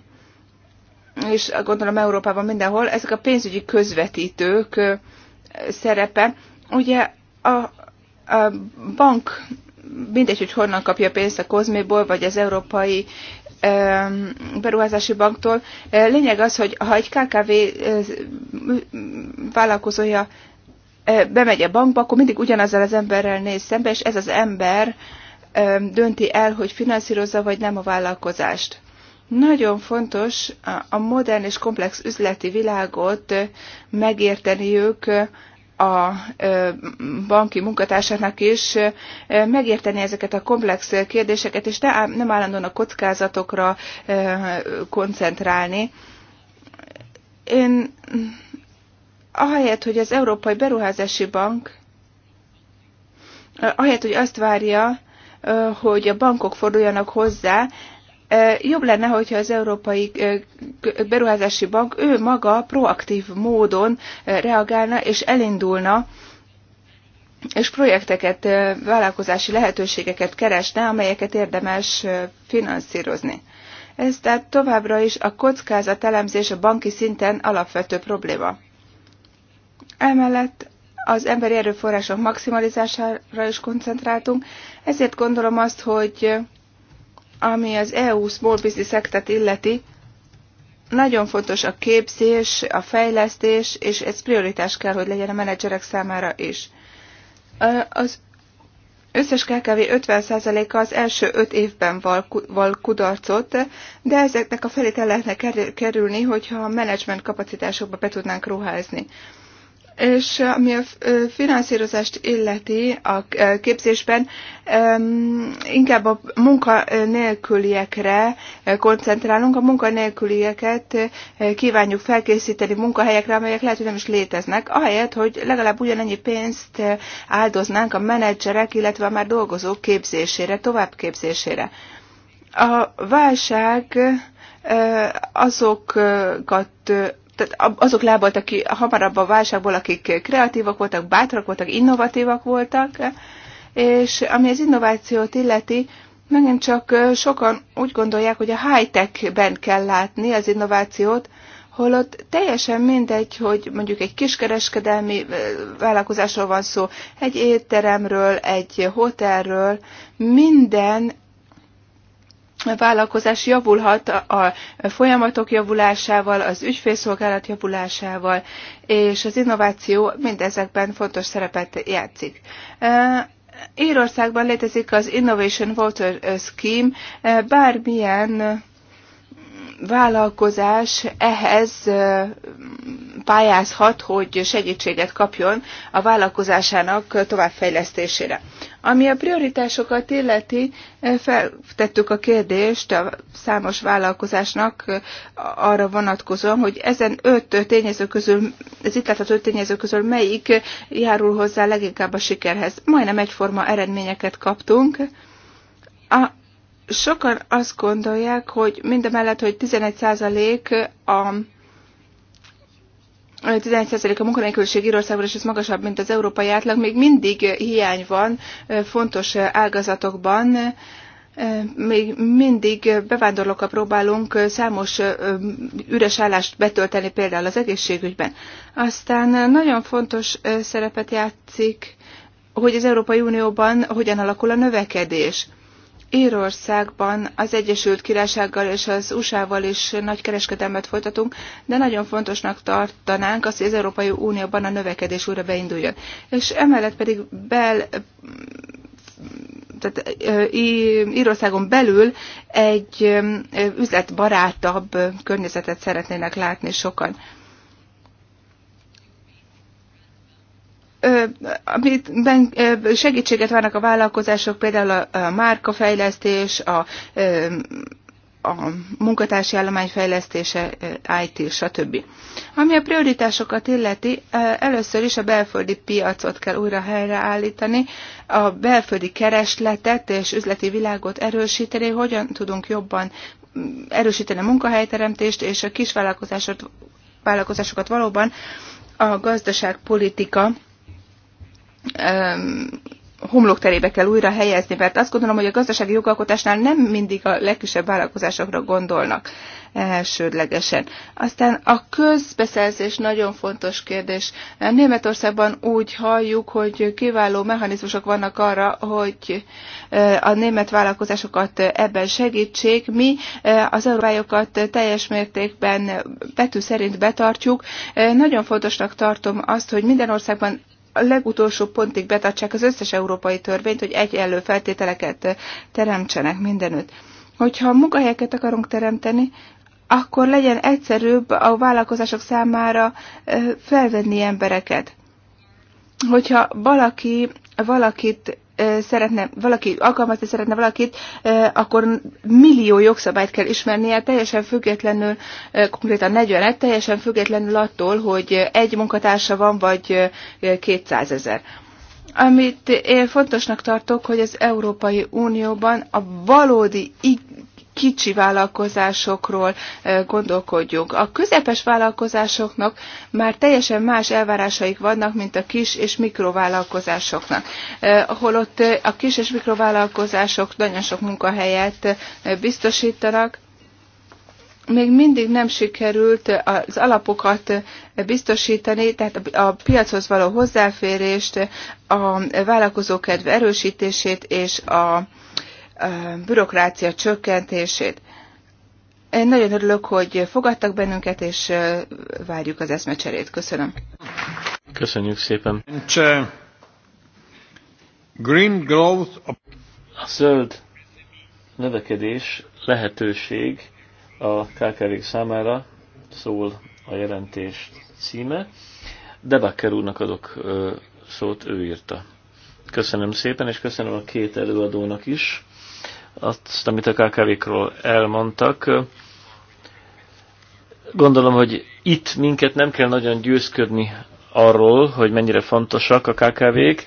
C: és gondolom Európában mindenhol, ezek a pénzügyi közvetítők szerepe. Ugye a, a bank mindegy, hogy honnan kapja pénzt a Kozméból, vagy az Európai beruházási banktól. Lényeg az, hogy ha egy KKV vállalkozója bemegy a bankba, akkor mindig ugyanazzal az emberrel néz szembe, és ez az ember dönti el, hogy finanszírozza vagy nem a vállalkozást. Nagyon fontos a modern és komplex üzleti világot megérteniük a banki munkatársának is megérteni ezeket a komplex kérdéseket, és nem állandóan a kockázatokra koncentrálni. Én ahelyett, hogy az Európai Beruházási Bank, ahelyett, hogy azt várja, hogy a bankok forduljanak hozzá, jobb lenne, hogyha az Európai Beruházási Bank ő maga proaktív módon reagálna és elindulna, és projekteket, vállalkozási lehetőségeket keresne, amelyeket érdemes finanszírozni. Ez tehát továbbra is a kockázatelemzés a banki szinten alapvető probléma. Emellett az emberi erőforrások maximalizására is koncentráltunk, ezért gondolom azt, hogy ami az EU Small Business act illeti, nagyon fontos a képzés, a fejlesztés, és ez prioritás kell, hogy legyen a menedzserek számára is. Az összes KKV 50%-a az első 5 évben val kudarcot, de ezeknek a felét el lehetne kerülni, hogyha a menedzsment kapacitásokba be tudnánk ruházni. És ami a finanszírozást illeti a képzésben, inkább a munkanélküliekre koncentrálunk. A munkanélkülieket kívánjuk felkészíteni munkahelyekre, amelyek lehet, hogy nem is léteznek, ahelyett, hogy legalább ugyanennyi pénzt áldoznánk a menedzserek, illetve a már dolgozók képzésére, továbbképzésére. A válság azokat tehát azok láboltak ki hamarabb a válságból, akik kreatívak voltak, bátrak voltak, innovatívak voltak, és ami az innovációt illeti, megint csak sokan úgy gondolják, hogy a high-techben kell látni az innovációt, holott teljesen mindegy, hogy mondjuk egy kiskereskedelmi vállalkozásról van szó, egy étteremről, egy hotelről, minden vállalkozás javulhat a folyamatok javulásával, az ügyfélszolgálat javulásával, és az innováció mindezekben fontos szerepet játszik. Írországban létezik az Innovation Water Scheme, bármilyen vállalkozás ehhez pályázhat, hogy segítséget kapjon a vállalkozásának továbbfejlesztésére. Ami a prioritásokat illeti, e, feltettük a kérdést a számos vállalkozásnak e, arra vonatkozóan, hogy ezen öt tényező közül, az itt látható öt tényező közül melyik járul hozzá leginkább a sikerhez. Majdnem egyforma eredményeket kaptunk. A, sokan azt gondolják, hogy mindemellett, hogy 11% a 11% a munkanélküliség Írországban, és ez magasabb, mint az európai átlag. Még mindig hiány van fontos ágazatokban, még mindig bevándorlókkal próbálunk számos üres állást betölteni, például az egészségügyben. Aztán nagyon fontos szerepet játszik, hogy az Európai Unióban hogyan alakul a növekedés. Írországban az Egyesült Királysággal és az USA-val is nagy kereskedelmet folytatunk, de nagyon fontosnak tartanánk azt, hogy az Európai Unióban a növekedés újra beinduljon. És emellett pedig bel tehát Írországon belül egy üzletbarátabb környezetet szeretnének látni sokan. amiben segítséget várnak a vállalkozások, például a márkafejlesztés, a, a munkatársi állomány fejlesztése, IT, stb. Ami a prioritásokat illeti, először is a belföldi piacot kell újra helyreállítani, a belföldi keresletet és üzleti világot erősíteni, hogyan tudunk jobban mm, erősíteni a munkahelyteremtést és a kisvállalkozásokat valóban a gazdaságpolitika homlokterébe kell újra helyezni, mert azt gondolom, hogy a gazdasági jogalkotásnál nem mindig a legkisebb vállalkozásokra gondolnak elsődlegesen. Aztán a közbeszerzés nagyon fontos kérdés. Németországban úgy halljuk, hogy kiváló mechanizmusok vannak arra, hogy a német vállalkozásokat ebben segítsék. Mi az európaiokat teljes mértékben betű szerint betartjuk. Nagyon fontosnak tartom azt, hogy minden országban a legutolsó pontig betartsák az összes európai törvényt, hogy egyenlő feltételeket teremtsenek mindenütt. Hogyha munkahelyeket akarunk teremteni, akkor legyen egyszerűbb a vállalkozások számára felvenni embereket. Hogyha valaki valakit szeretne valaki, alkalmazni szeretne valakit, akkor millió jogszabályt kell ismernie, teljesen függetlenül, konkrétan 40 teljesen függetlenül attól, hogy egy munkatársa van, vagy 200 ezer. Amit én fontosnak tartok, hogy az Európai Unióban a valódi kicsi vállalkozásokról gondolkodjunk. A közepes vállalkozásoknak már teljesen más elvárásaik vannak, mint a kis és mikrovállalkozásoknak. Holott a kis és mikrovállalkozások nagyon sok munkahelyet biztosítanak, még mindig nem sikerült az alapokat biztosítani, tehát a piachoz való hozzáférést, a vállalkozókedv erősítését és a bürokrácia csökkentését. Én nagyon örülök, hogy fogadtak bennünket, és várjuk az eszmecserét. Köszönöm.
B: Köszönjük szépen. Uh, green growth... A zöld növekedés lehetőség a kkv számára szól a jelentés címe. Debakker úrnak adok szót, ő írta. Köszönöm szépen, és köszönöm a két előadónak is azt, amit a KKV-król elmondtak. Gondolom, hogy itt minket nem kell nagyon győzködni arról, hogy mennyire fontosak a KKV-k.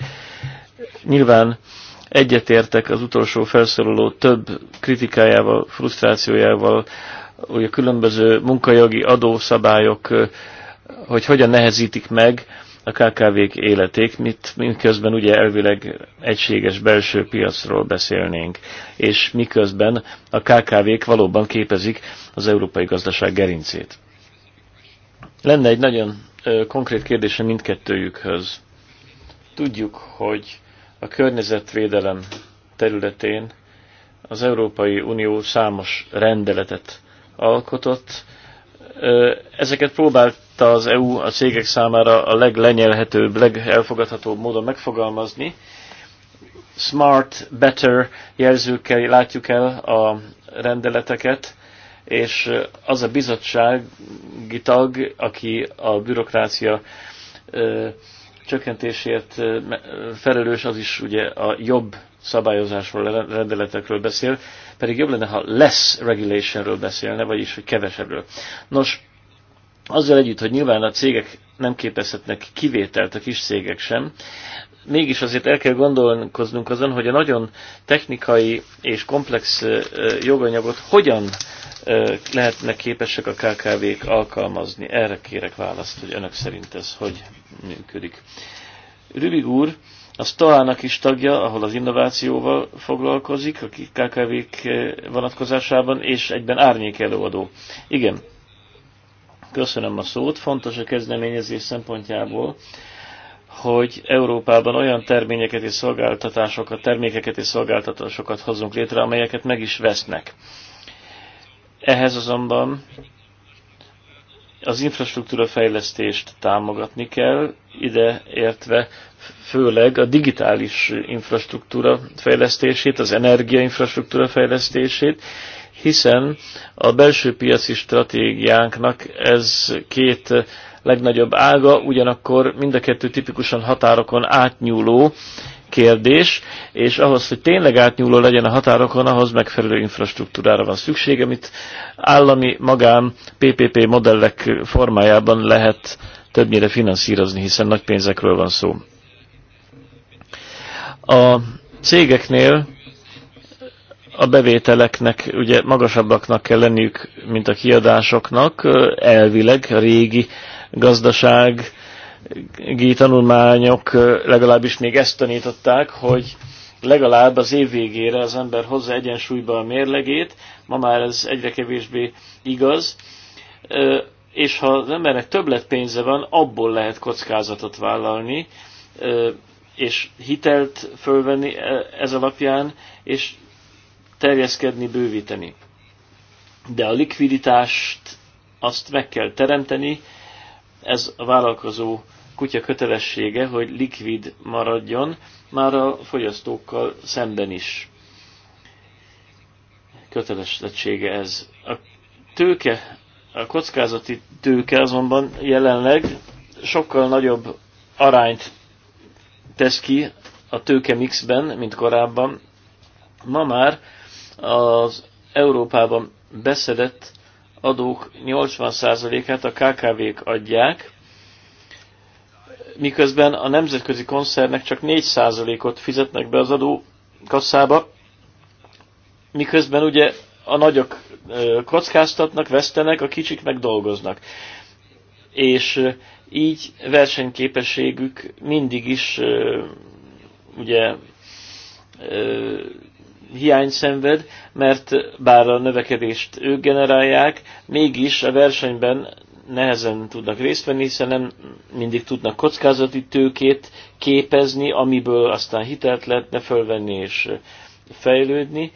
B: Nyilván egyetértek az utolsó felszóló több kritikájával, frusztrációjával, hogy a különböző munkajogi adószabályok, hogy hogyan nehezítik meg a KKV-k életék, mit, miközben ugye elvileg egységes belső piacról beszélnénk, és miközben a KKV-k valóban képezik az európai gazdaság gerincét. Lenne egy nagyon konkrét kérdése mindkettőjükhöz. Tudjuk, hogy a környezetvédelem területén az Európai Unió számos rendeletet alkotott. Ezeket próbált tudta az EU a cégek számára a leglenyelhetőbb, legelfogadhatóbb módon megfogalmazni. Smart, better jelzőkkel látjuk el a rendeleteket, és az a bizottsági tag, aki a bürokrácia ö, csökkentésért felelős, az is ugye a jobb szabályozásról, rendeletekről beszél, pedig jobb lenne, ha less regulationről beszélne, vagyis hogy kevesebbről. Nos, azzal együtt, hogy nyilván a cégek nem képezhetnek kivételt, a kis cégek sem, mégis azért el kell gondolkoznunk azon, hogy a nagyon technikai és komplex joganyagot hogyan lehetnek képesek a KKV-k alkalmazni. Erre kérek választ, hogy önök szerint ez hogy működik. Rübig úr, a sta is tagja, ahol az innovációval foglalkozik, a KKV-k vonatkozásában, és egyben árnyék előadó. Igen, Köszönöm a szót. Fontos a kezdeményezés szempontjából, hogy Európában olyan terményeket és szolgáltatásokat, termékeket és szolgáltatásokat hozunk létre, amelyeket meg is vesznek. Ehhez azonban az infrastruktúra fejlesztést támogatni kell, ide értve főleg a digitális infrastruktúra fejlesztését, az energiainfrastruktúra fejlesztését, hiszen a belső piaci stratégiánknak ez két legnagyobb ága, ugyanakkor mind a kettő tipikusan határokon átnyúló kérdés, és ahhoz, hogy tényleg átnyúló legyen a határokon, ahhoz megfelelő infrastruktúrára van szükség, amit állami, magán, PPP modellek formájában lehet többnyire finanszírozni, hiszen nagy pénzekről van szó. A cégeknél a bevételeknek ugye magasabbaknak kell lenniük, mint a kiadásoknak, elvileg a régi gazdaság tanulmányok legalábbis még ezt tanították, hogy legalább az év végére az ember hozza egyensúlyba a mérlegét, ma már ez egyre kevésbé igaz, és ha az embernek többlet pénze van, abból lehet kockázatot vállalni, és hitelt fölvenni ez alapján, és terjeszkedni, bővíteni. De a likviditást azt meg kell teremteni, ez a vállalkozó kutya kötelessége, hogy likvid maradjon, már a fogyasztókkal szemben is Kötelessége ez. A tőke, a kockázati tőke azonban jelenleg sokkal nagyobb arányt tesz ki a tőke mixben, mint korábban. Ma már az Európában beszedett adók 80%-át a KKV-k adják, miközben a nemzetközi koncernek csak 4%-ot fizetnek be az adó kasszába, miközben ugye a nagyok kockáztatnak, vesztenek, a kicsik meg dolgoznak. És így versenyképességük mindig is ugye hiány szenved, mert bár a növekedést ők generálják, mégis a versenyben nehezen tudnak részt venni, hiszen nem mindig tudnak kockázati tőkét képezni, amiből aztán hitelt lehetne fölvenni és fejlődni.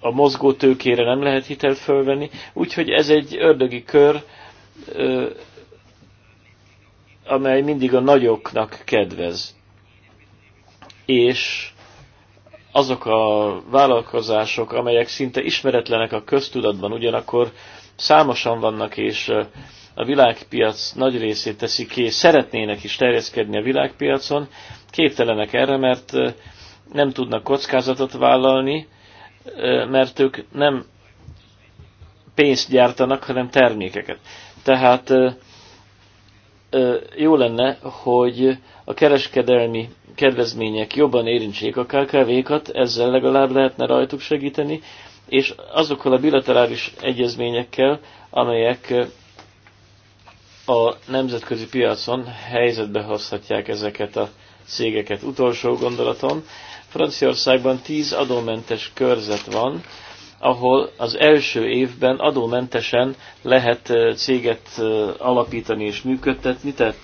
B: A mozgó tőkére nem lehet hitelt fölvenni, úgyhogy ez egy ördögi kör, amely mindig a nagyoknak kedvez. És azok a vállalkozások, amelyek szinte ismeretlenek a köztudatban, ugyanakkor számosan vannak, és a világpiac nagy részét teszik ki, és szeretnének is terjeszkedni a világpiacon, képtelenek erre, mert nem tudnak kockázatot vállalni, mert ők nem pénzt gyártanak, hanem termékeket. Tehát jó lenne, hogy a kereskedelmi kedvezmények jobban érintsék a KKV-kat, ezzel legalább lehetne rajtuk segíteni, és azokkal a bilaterális egyezményekkel, amelyek a nemzetközi piacon helyzetbe hozhatják ezeket a cégeket. Utolsó gondolatom, Franciaországban 10 adómentes körzet van, ahol az első évben adómentesen lehet céget alapítani és működtetni, tehát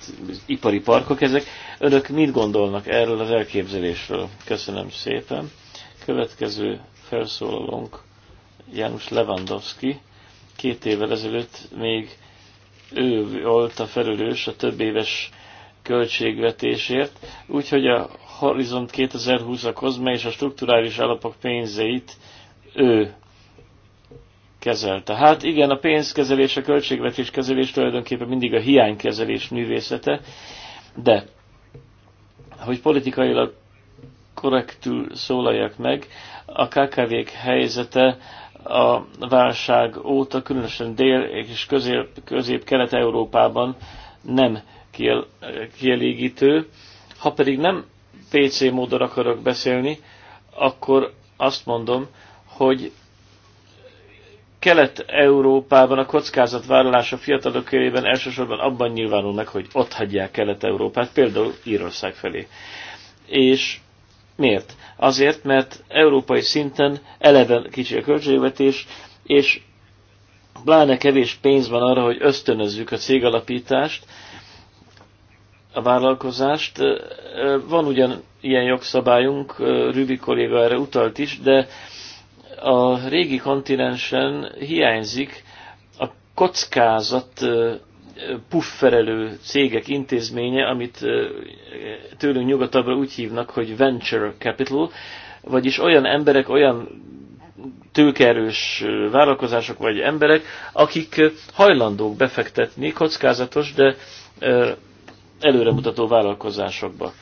B: ipari parkok ezek. Önök mit gondolnak erről az elképzelésről? Köszönöm szépen. Következő felszólalónk János Lewandowski. Két évvel ezelőtt még ő volt a felelős a több éves költségvetésért, úgyhogy a Horizont 2020 a Kozme és a strukturális alapok pénzeit ő kezelte. Hát igen, a pénzkezelés, a költségvetés kezelés tulajdonképpen mindig a hiánykezelés művészete, de hogy politikailag korrektül szólaljak meg, a KKV-k helyzete a válság óta, különösen Dél- és Közép-Kelet-Európában közép nem kiel- kielégítő. Ha pedig nem PC módon akarok beszélni, akkor azt mondom, hogy Kelet-Európában a kockázatvállalás a fiatalok körében elsősorban abban nyilvánul meg, hogy ott hagyják Kelet-Európát, például Írország felé. És miért? Azért, mert európai szinten eleve kicsi a költségvetés, és pláne kevés pénz van arra, hogy ösztönözzük a cégalapítást, a vállalkozást. Van ugyan ilyen jogszabályunk, Rübi kolléga erre utalt is, de a régi kontinensen hiányzik a kockázat pufferelő cégek intézménye, amit tőlünk nyugatabbra úgy hívnak, hogy venture capital, vagyis olyan emberek, olyan tőkerős vállalkozások vagy emberek, akik hajlandók befektetni kockázatos, de előremutató vállalkozásokba.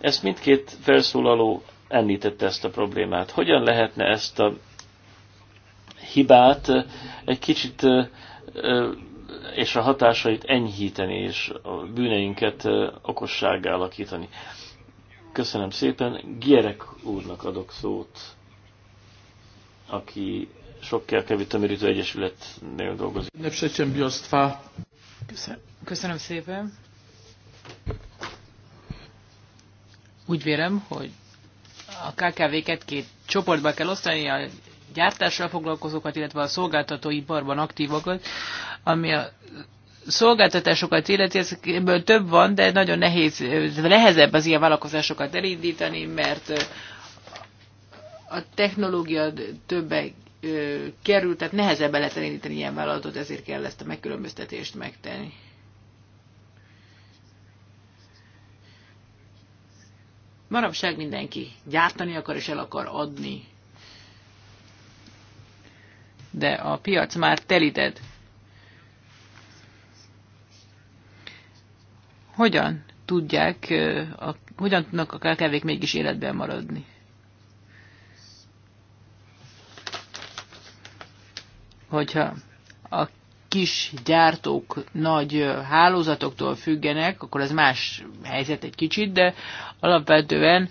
B: Ezt mindkét felszólaló említette ezt a problémát. Hogyan lehetne ezt a hibát egy kicsit és a hatásait enyhíteni, és a bűneinket okossággá alakítani. Köszönöm szépen. Gierek úrnak adok szót, aki sokkal kevés Tömörítő Egyesületnél dolgozik. Köszönöm.
A: Köszönöm szépen. Úgy vélem, hogy a KKV-ket két csoportba kell osztani, a gyártással foglalkozókat, illetve a szolgáltatóiparban aktívokat, ami a szolgáltatásokat illeti, ebből több van, de nagyon nehéz, nehezebb az ilyen vállalkozásokat elindítani, mert a technológia többe kerül, tehát nehezebb lehet elindítani ilyen vállalatot, ezért kell ezt a megkülönböztetést megtenni. Manapság mindenki gyártani akar és el akar adni de a piac már telíted. Hogyan tudják, a, hogyan tudnak a kkv mégis életben maradni? Hogyha a kis gyártók nagy hálózatoktól függenek, akkor ez más helyzet egy kicsit, de alapvetően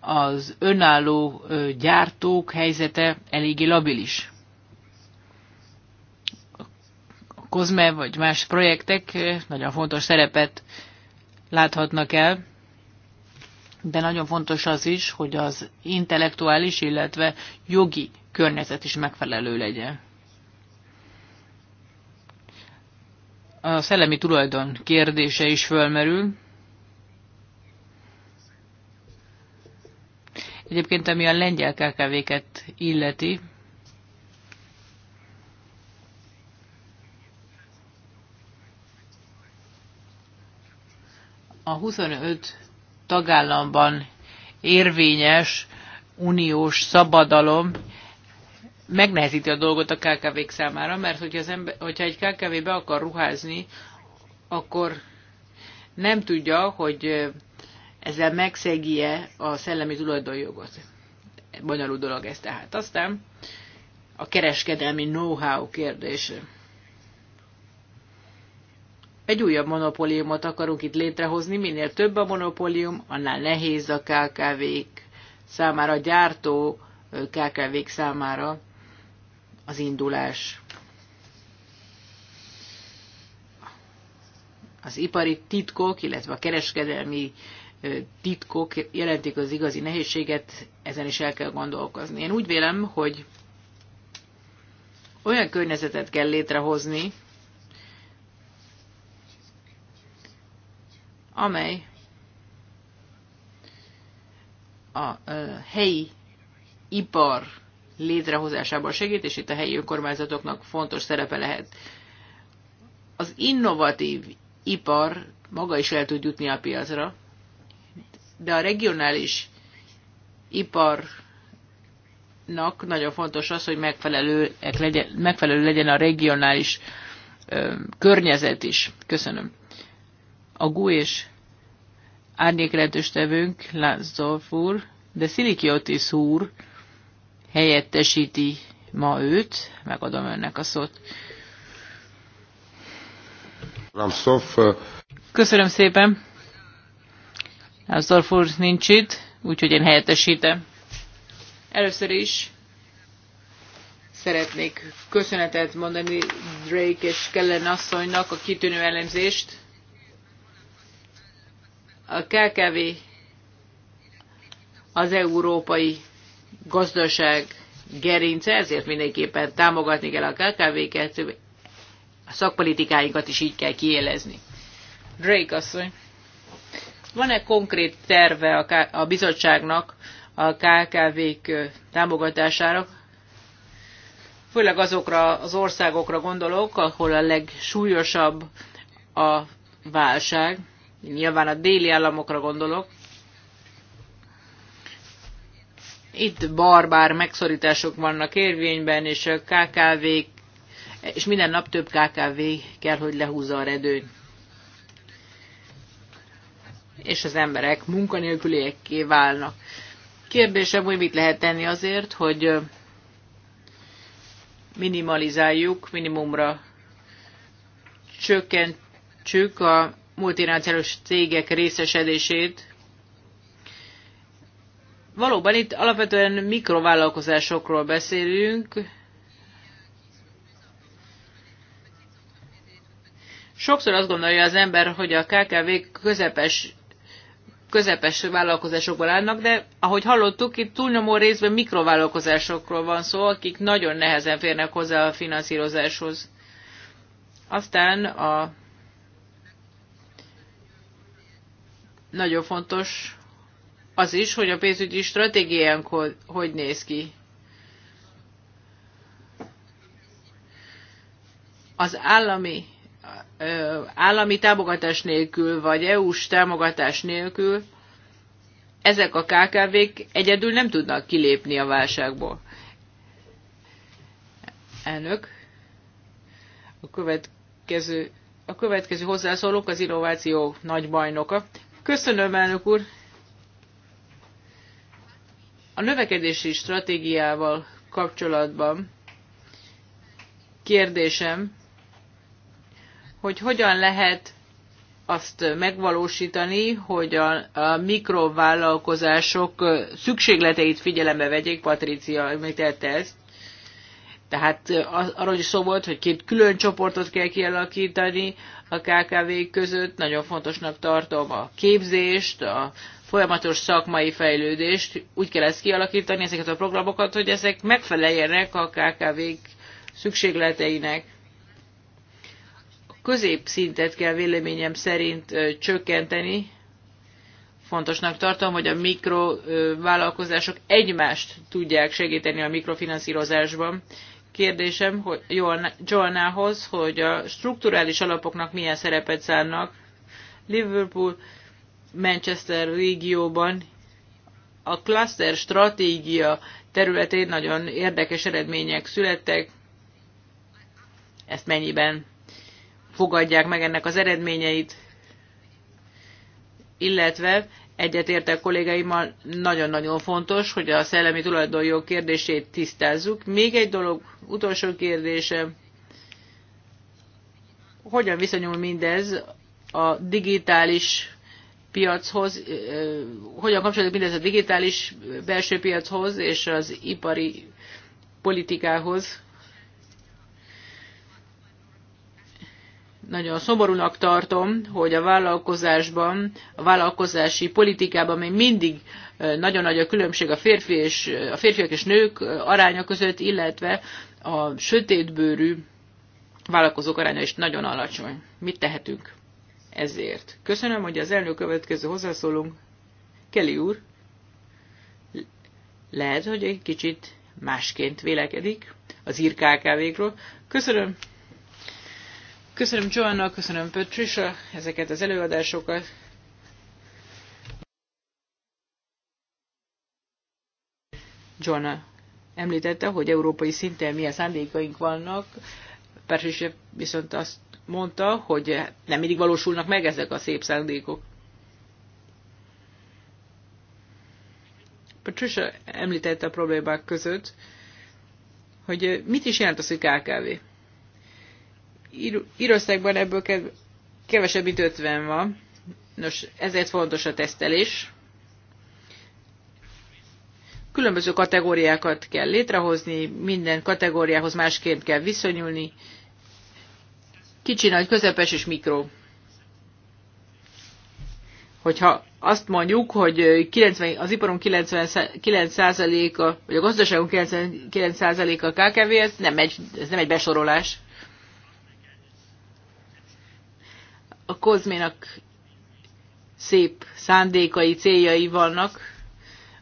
A: az önálló gyártók helyzete eléggé labilis. Kozme vagy más projektek nagyon fontos szerepet láthatnak el, de nagyon fontos az is, hogy az intellektuális, illetve jogi környezet is megfelelő legyen. A szellemi tulajdon kérdése is fölmerül. Egyébként, ami a lengyel KKV-ket illeti, a 25 tagállamban érvényes uniós szabadalom megnehezíti a dolgot a KKV-k számára, mert hogyha, az ember, hogyha egy KKV be akar ruházni, akkor nem tudja, hogy ezzel megszegie a szellemi tulajdonjogot. Bonyolult dolog ez tehát. Aztán a kereskedelmi know-how kérdése. Egy újabb monopóliumot akarunk itt létrehozni, minél több a monopólium, annál nehéz a KKV-k számára, a gyártó KKV-k számára az indulás. Az ipari titkok, illetve a kereskedelmi titkok jelentik az igazi nehézséget, ezen is el kell gondolkozni. Én úgy vélem, hogy olyan környezetet kell létrehozni, amely a helyi ipar létrehozásában segít, és itt a helyi önkormányzatoknak fontos szerepe lehet. Az innovatív ipar maga is el tud jutni a piacra, de a regionális iparnak nagyon fontos az, hogy megfelelő legyen, megfelelő legyen a regionális ö, környezet is. Köszönöm a GU és árnyékletes tevőnk, Lázdorf úr, de Szilikiotis úr helyettesíti ma őt, megadom önnek a szót. Köszönöm szépen. Lázdorf úr nincs itt, úgyhogy én helyettesítem. Először is szeretnék köszönetet mondani Drake és Kellen asszonynak a kitűnő elemzést. A KKV az európai gazdaság gerince, ezért mindenképpen támogatni kell a KKV-ket, a szakpolitikáinkat is így kell kiélezni. Drake asszony, van-e konkrét terve a, K- a bizottságnak a KKV-k támogatására? Főleg azokra az országokra gondolok, ahol a legsúlyosabb a válság nyilván a déli államokra gondolok, itt barbár megszorítások vannak érvényben, és a KKV, és minden nap több KKV kell, hogy lehúzza a redőn. És az emberek munkanélküliekké válnak. Kérdésem, hogy mit lehet tenni azért, hogy minimalizáljuk, minimumra csökkentsük a multinációs cégek részesedését. Valóban itt alapvetően mikrovállalkozásokról beszélünk. Sokszor azt gondolja az ember, hogy a KKV közepes közepes vállalkozásokból állnak, de ahogy hallottuk, itt túlnyomó részben mikrovállalkozásokról van szó, akik nagyon nehezen férnek hozzá a finanszírozáshoz. Aztán a nagyon fontos az is, hogy a pénzügyi stratégiánk hogy néz ki. Az állami, állami támogatás nélkül, vagy EU-s támogatás nélkül ezek a KKV-k egyedül nem tudnak kilépni a válságból. Elnök, a következő, a következő hozzászólók az innováció nagy bajnoka. Köszönöm, elnök úr! A növekedési stratégiával kapcsolatban kérdésem, hogy hogyan lehet azt megvalósítani, hogy a, a mikrovállalkozások szükségleteit figyelembe vegyék, Patricia említette ezt, tehát arról is szó volt, hogy két külön csoportot kell kialakítani a kkv között. Nagyon fontosnak tartom a képzést, a folyamatos szakmai fejlődést. Úgy kell ezt kialakítani, ezeket a programokat, hogy ezek megfeleljenek a kkv szükségleteinek. A középszintet kell véleményem szerint csökkenteni. Fontosnak tartom, hogy a mikrovállalkozások egymást tudják segíteni a mikrofinanszírozásban, kérdésem hogy Joannához, hogy a strukturális alapoknak milyen szerepet szánnak Liverpool, Manchester régióban a cluster stratégia területén nagyon érdekes eredmények születtek. Ezt mennyiben fogadják meg ennek az eredményeit, illetve egyetértek kollégáimmal, nagyon-nagyon fontos, hogy a szellemi tulajdonjog kérdését tisztázzuk. Még egy dolog, utolsó kérdése, hogyan viszonyul mindez a digitális piachoz, hogyan kapcsolódik mindez a digitális belső piachoz és az ipari politikához. nagyon szomorúnak tartom, hogy a vállalkozásban, a vállalkozási politikában még mindig nagyon nagy a különbség a, férfi és, a férfiak és nők aránya között, illetve a sötétbőrű vállalkozók aránya is nagyon alacsony. Mit tehetünk ezért? Köszönöm, hogy az elnök következő hozzászólunk. Kelly úr, lehet, hogy egy kicsit másként vélekedik az ír Köszönöm. Köszönöm Joanna, köszönöm Patricia ezeket az előadásokat. Joanna említette, hogy európai szinten milyen szándékaink vannak. Patricia viszont azt mondta, hogy nem mindig valósulnak meg ezek a szép szándékok. Patricia említette a problémák között, hogy mit is jelent az, hogy KKV. Ír- Írországban ebből kevesebb, mint 50 van. Nos, ezért fontos a tesztelés. Különböző kategóriákat kell létrehozni, minden kategóriához másként kell viszonyulni. Kicsi, nagy, közepes és mikro. Hogyha azt mondjuk, hogy 90, az iparunk 99%-a, vagy a gazdaságunk 99%-a KKV, ez nem, egy, ez nem egy besorolás. a kozménak szép szándékai, céljai vannak,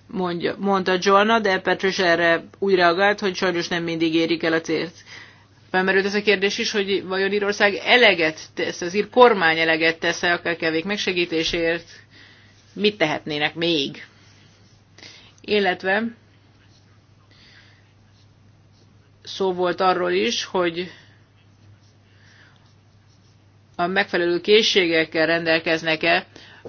A: mondja, mondta Joanna, de Petrus erre úgy reagált, hogy sajnos nem mindig érik el a célt. Felmerült ez a kérdés is, hogy vajon Írország eleget tesz, az ír kormány eleget tesz-e akár kevék megsegítésért, mit tehetnének még? Illetve szó volt arról is, hogy a megfelelő készségekkel rendelkeznek-e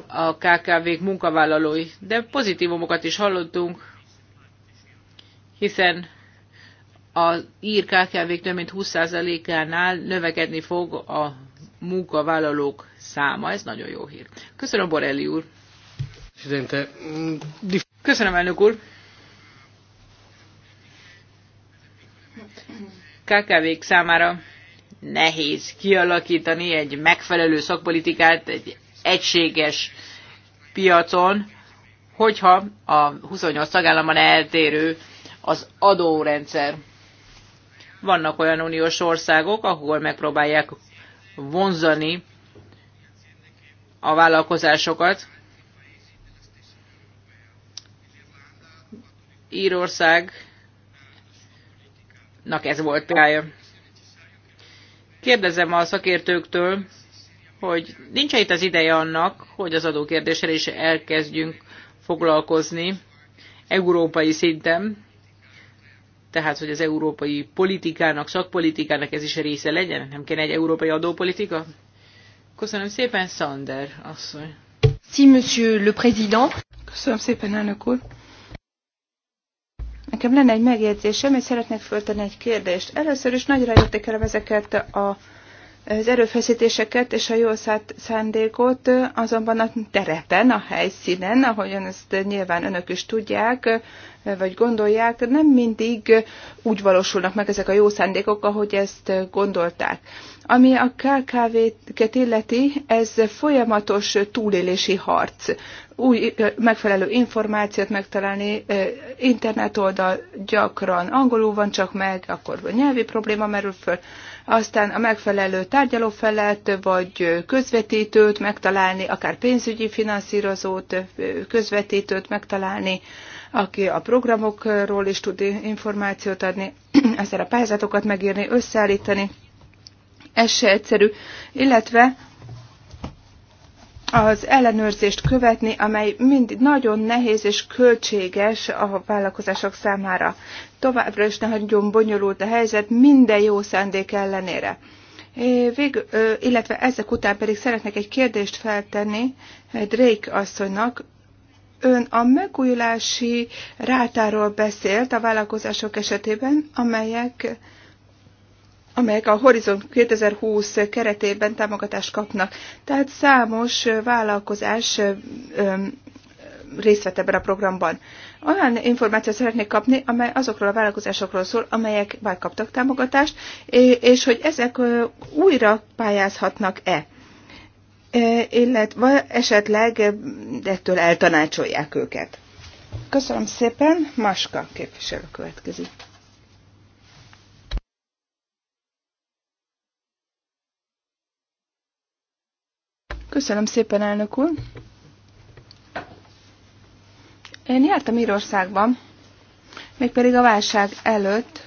A: a KKV-k munkavállalói. De pozitívumokat is hallottunk, hiszen az ír KKV-k több mint 20%-ánál növekedni fog a munkavállalók száma. Ez nagyon jó hír. Köszönöm, Borelli úr. Köszönöm, elnök úr. KKV-k számára nehéz kialakítani egy megfelelő szakpolitikát egy egységes piacon, hogyha a 28 tagállamban eltérő az adórendszer. Vannak olyan uniós országok, ahol megpróbálják vonzani a vállalkozásokat. Írországnak ez volt példája. Kérdezem a szakértőktől, hogy nincs -e itt az ideje annak, hogy az adókérdéssel is elkezdjünk foglalkozni európai szinten, tehát hogy az európai politikának, szakpolitikának ez is része legyen, nem kéne egy európai adópolitika? Köszönöm szépen, Sander asszony.
C: Si, monsieur le président. Köszönöm szépen, elnök úr. Nekem lenne egy megjegyzésem, és szeretnék föltenni egy kérdést. Először is nagyra értékelem ezeket a az erőfeszítéseket és a jó szándékot, azonban a terepen, a helyszínen, ahogyan ezt nyilván önök is tudják, vagy gondolják, nem mindig úgy valósulnak meg ezek a jó szándékok, ahogy ezt gondolták. Ami a KKV-ket illeti, ez folyamatos túlélési harc. Új megfelelő információt megtalálni, internetoldal gyakran angolul van csak meg, akkor nyelvi probléma merül föl, aztán a megfelelő tárgyalófelet vagy közvetítőt megtalálni, akár pénzügyi finanszírozót, közvetítőt megtalálni, aki a programokról is tud információt adni, aztán a pályázatokat megírni, összeállítani. Ez se egyszerű, illetve az ellenőrzést követni, amely mind nagyon nehéz és költséges a vállalkozások számára. Továbbra is nagyon bonyolult a helyzet minden jó szándék ellenére. Végül, illetve ezek után pedig szeretnék egy kérdést feltenni Drake asszonynak. Ön a megújulási rátáról beszélt a vállalkozások esetében, amelyek amelyek a Horizon 2020 keretében támogatást kapnak. Tehát számos vállalkozás részt vett ebben a programban. Olyan információt szeretnék kapni, amely azokról a vállalkozásokról szól, amelyek már kaptak támogatást, és hogy ezek újra pályázhatnak-e illetve esetleg ettől eltanácsolják őket. Köszönöm szépen, Maska képviselő következik. Köszönöm szépen, elnök úr. Én jártam Írországban, mégpedig a válság előtt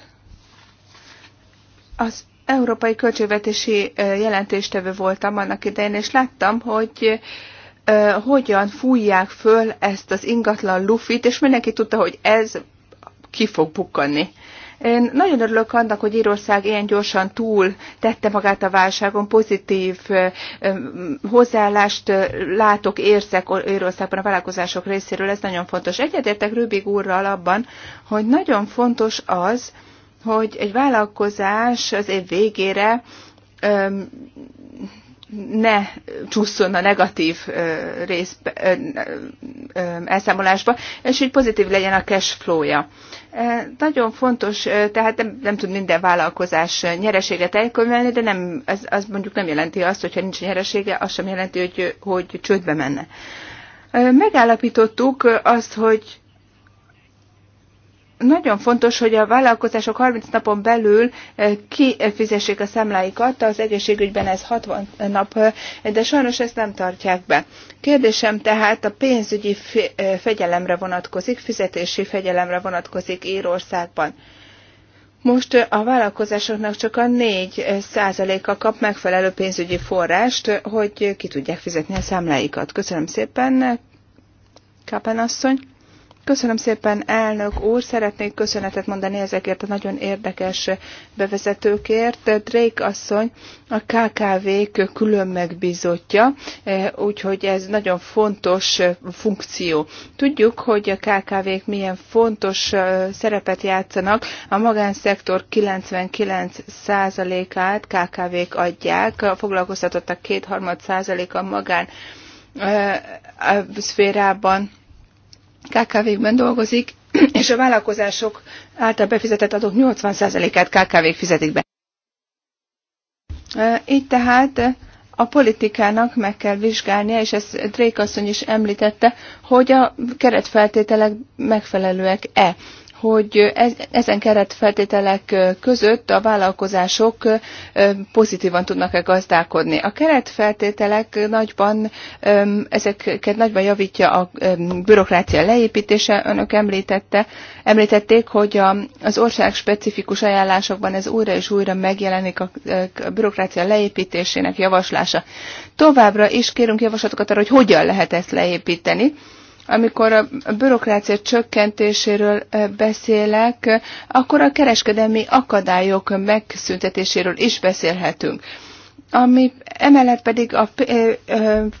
C: az európai költségvetési jelentéstevő voltam annak idején, és láttam, hogy hogyan fújják föl ezt az ingatlan lufit, és mindenki tudta, hogy ez ki fog bukkanni. Én nagyon örülök annak, hogy Írország ilyen gyorsan túl tette magát a válságon, pozitív hozzáállást látok, érzek Írországban a vállalkozások részéről, ez nagyon fontos. Egyetértek Rübig úrral abban, hogy nagyon fontos az, hogy egy vállalkozás az év végére ne csúszson a negatív rész elszámolásba, és hogy pozitív legyen a cash flow-ja. Nagyon fontos, tehát nem, nem tud minden vállalkozás nyereséget elkövelni, de nem, ez, az mondjuk nem jelenti azt, hogyha nincs nyeresége, az sem jelenti, hogy, hogy csődbe menne. Megállapítottuk azt, hogy nagyon fontos, hogy a vállalkozások 30 napon belül eh, kifizessék a számláikat, az egészségügyben ez 60 nap, eh, de sajnos ezt nem tartják be. Kérdésem tehát a pénzügyi eh, fegyelemre vonatkozik, fizetési fegyelemre vonatkozik Írországban. Most a vállalkozásoknak csak a 4 százaléka kap megfelelő pénzügyi forrást, hogy ki tudják fizetni a számláikat. Köszönöm szépen, Kápen asszony. Köszönöm szépen, elnök úr! Szeretnék köszönetet mondani ezekért a nagyon érdekes bevezetőkért. Drake asszony a KKV-k külön megbízottja, e, úgyhogy ez nagyon fontos funkció. Tudjuk, hogy a KKV-k milyen fontos e, szerepet játszanak. A magánszektor 99%-át KKV-k adják, a foglalkoztatottak kétharmad a magán e, szférában KKV-kben dolgozik, és a vállalkozások által befizetett adók 80%-át KKV-k fizetik be. Így tehát a politikának meg kell vizsgálnia, és ezt Drake asszony is említette, hogy a keretfeltételek megfelelőek-e hogy ezen keretfeltételek között a vállalkozások pozitívan tudnak-e gazdálkodni. A keretfeltételek nagyban, ezeket nagyban javítja a bürokrácia leépítése. Önök említette, említették, hogy az ország specifikus ajánlásokban ez újra és újra megjelenik a bürokrácia leépítésének javaslása. Továbbra is kérünk javaslatokat arra, hogy hogyan lehet ezt leépíteni amikor a bürokrácia csökkentéséről beszélek, akkor a kereskedelmi akadályok megszüntetéséről is beszélhetünk. Ami emellett pedig a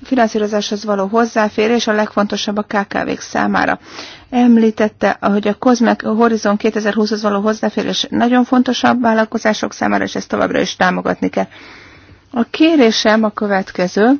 C: finanszírozáshoz való hozzáférés a legfontosabb a KKV-k számára. Említette, hogy a Cosmic Horizon 2020-hoz való hozzáférés nagyon fontosabb vállalkozások számára, és ezt továbbra is támogatni kell. A kérésem a következő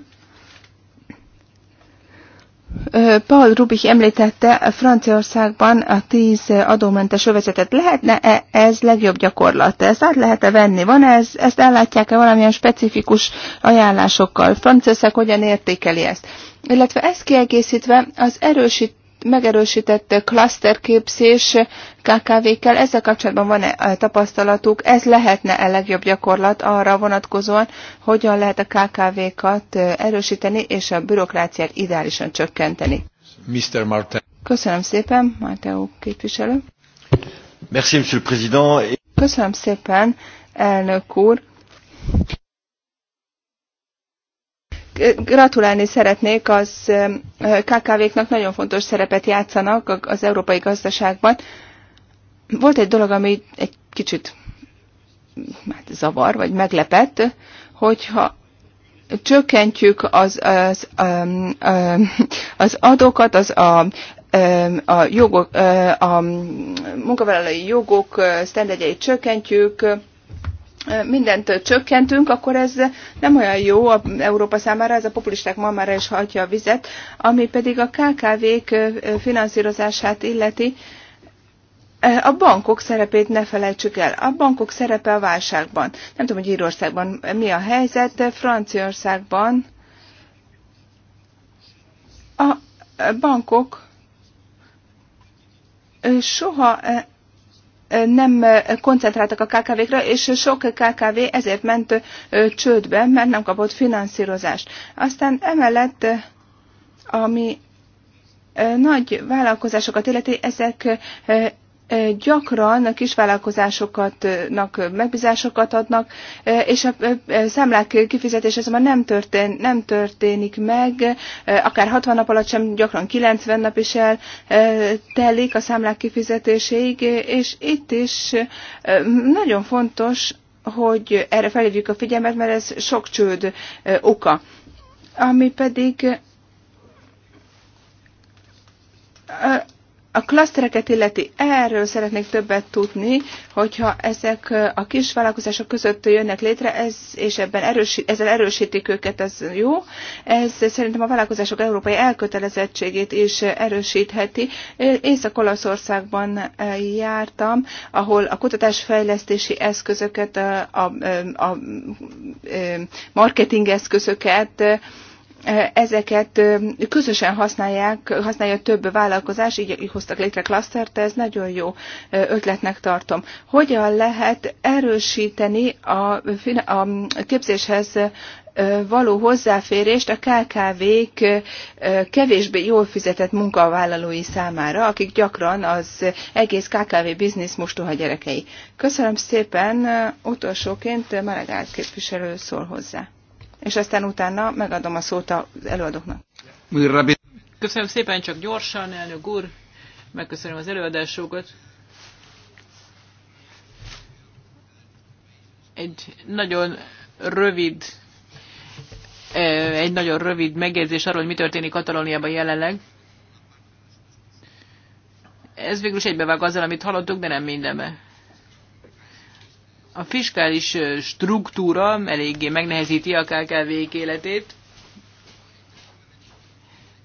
C: Paul Rubik említette, Franciaországban a tíz adómentes övezetet lehetne -e ez legjobb gyakorlat? Ezt át lehet-e venni? Van -e ez, ezt ellátják-e valamilyen specifikus ajánlásokkal? Franciaország hogyan értékeli ezt? Illetve ezt kiegészítve az erősít, megerősített klaszterképzés KKV-kkel, ezzel kapcsolatban van-e tapasztalatuk, ez lehetne a legjobb gyakorlat arra vonatkozóan, hogyan lehet a KKV-kat erősíteni és a bürokráciát ideálisan csökkenteni.
A: Mr. Martin.
C: Köszönöm szépen, Márteó képviselő.
A: Merci, Monsieur le Président.
C: Köszönöm szépen, elnök úr. Gratulálni szeretnék, az KKV-knak nagyon fontos szerepet játszanak az európai gazdaságban. Volt egy dolog, ami egy kicsit hát zavar, vagy meglepett, hogyha csökkentjük az, az, az adókat, az a, a, jogok, a munkavállalói jogok sztendegyeit csökkentjük, mindent csökkentünk, akkor ez nem olyan jó a Európa számára, ez a populisták ma már is hagyja a vizet, ami pedig a KKV-k finanszírozását illeti, a bankok szerepét ne felejtsük el. A bankok szerepe a válságban. Nem tudom, hogy Írországban mi a helyzet, de Franciaországban a bankok soha nem koncentráltak a KKV-kra, és sok KKV ezért ment csődbe, mert nem kapott finanszírozást. Aztán emellett, ami nagy vállalkozásokat illeti, ezek gyakran a kisvállalkozásoknak megbízásokat adnak, és a számlák kifizetés azonban nem, történ, nem történik meg, akár 60 nap alatt sem, gyakran 90 nap is el telik a számlák kifizetéséig, és itt is nagyon fontos, hogy erre felhívjuk a figyelmet, mert ez sok csőd oka. Ami pedig a klasztereket illeti, erről szeretnék többet tudni, hogyha ezek a kis vállalkozások között jönnek létre, ez, és ebben erősi, ezzel erősítik őket, ez jó. Ez szerintem a vállalkozások európai elkötelezettségét is erősítheti. Észak-Olaszországban jártam, ahol a kutatásfejlesztési eszközöket, a, a, a, a marketing eszközöket, ezeket közösen használják, használja több vállalkozás, így, hoztak létre klasztert, ez nagyon jó ötletnek tartom. Hogyan lehet erősíteni a, a képzéshez való hozzáférést a KKV-k kevésbé jól fizetett munkavállalói számára, akik gyakran az egész KKV biznisz mostoha gyerekei. Köszönöm szépen, utolsóként Maragál képviselő szól hozzá és aztán utána megadom a szót az előadóknak.
A: Köszönöm szépen, csak gyorsan, elnök úr, megköszönöm az előadásokat. Egy nagyon rövid egy nagyon rövid megjegyzés arról, hogy mi történik Katalóniában jelenleg. Ez végül is egybevág azzal, amit hallottuk, de nem mindenben. A fiskális struktúra eléggé megnehezíti a kkv életét,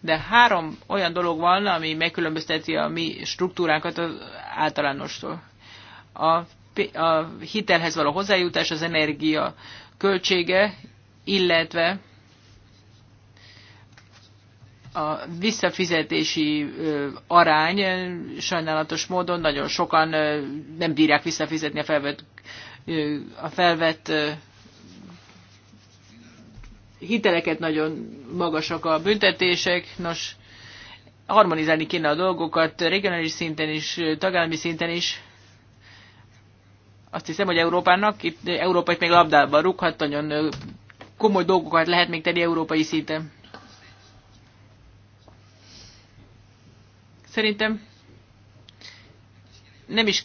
A: de három olyan dolog van, ami megkülönbözteti a mi struktúránkat az általánostól. A, a hitelhez való hozzájutás, az energia költsége, illetve a visszafizetési arány sajnálatos módon nagyon sokan nem bírják visszafizetni a felvett a felvett hiteleket nagyon magasak a büntetések, nos, harmonizálni kéne a dolgokat regionális szinten is, tagállami szinten is. Azt hiszem, hogy Európának, itt Európa itt még labdába rúghat, nagyon komoly dolgokat lehet még tenni európai szinten. Szerintem nem is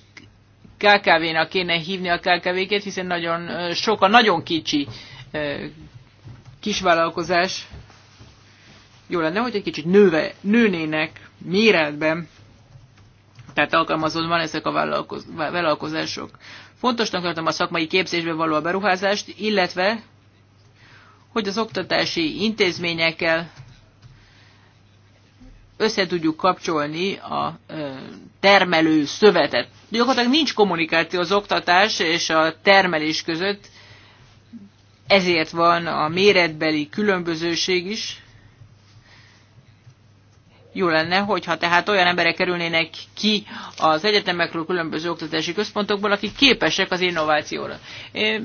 A: KKV-nak kéne hívni a KKV-ket, hiszen nagyon sok a nagyon kicsi kisvállalkozás. Jó lenne, hogy egy kicsit nőve, nőnének méretben, tehát van ezek a vállalkozások. Fontosnak tartom a szakmai képzésbe való a beruházást, illetve hogy az oktatási intézményekkel össze tudjuk kapcsolni a termelő szövetet. Gyakorlatilag nincs kommunikáció az oktatás és a termelés között, ezért van a méretbeli különbözőség is. Jó lenne, hogyha tehát olyan emberek kerülnének ki az egyetemekről különböző oktatási központokból, akik képesek az innovációra.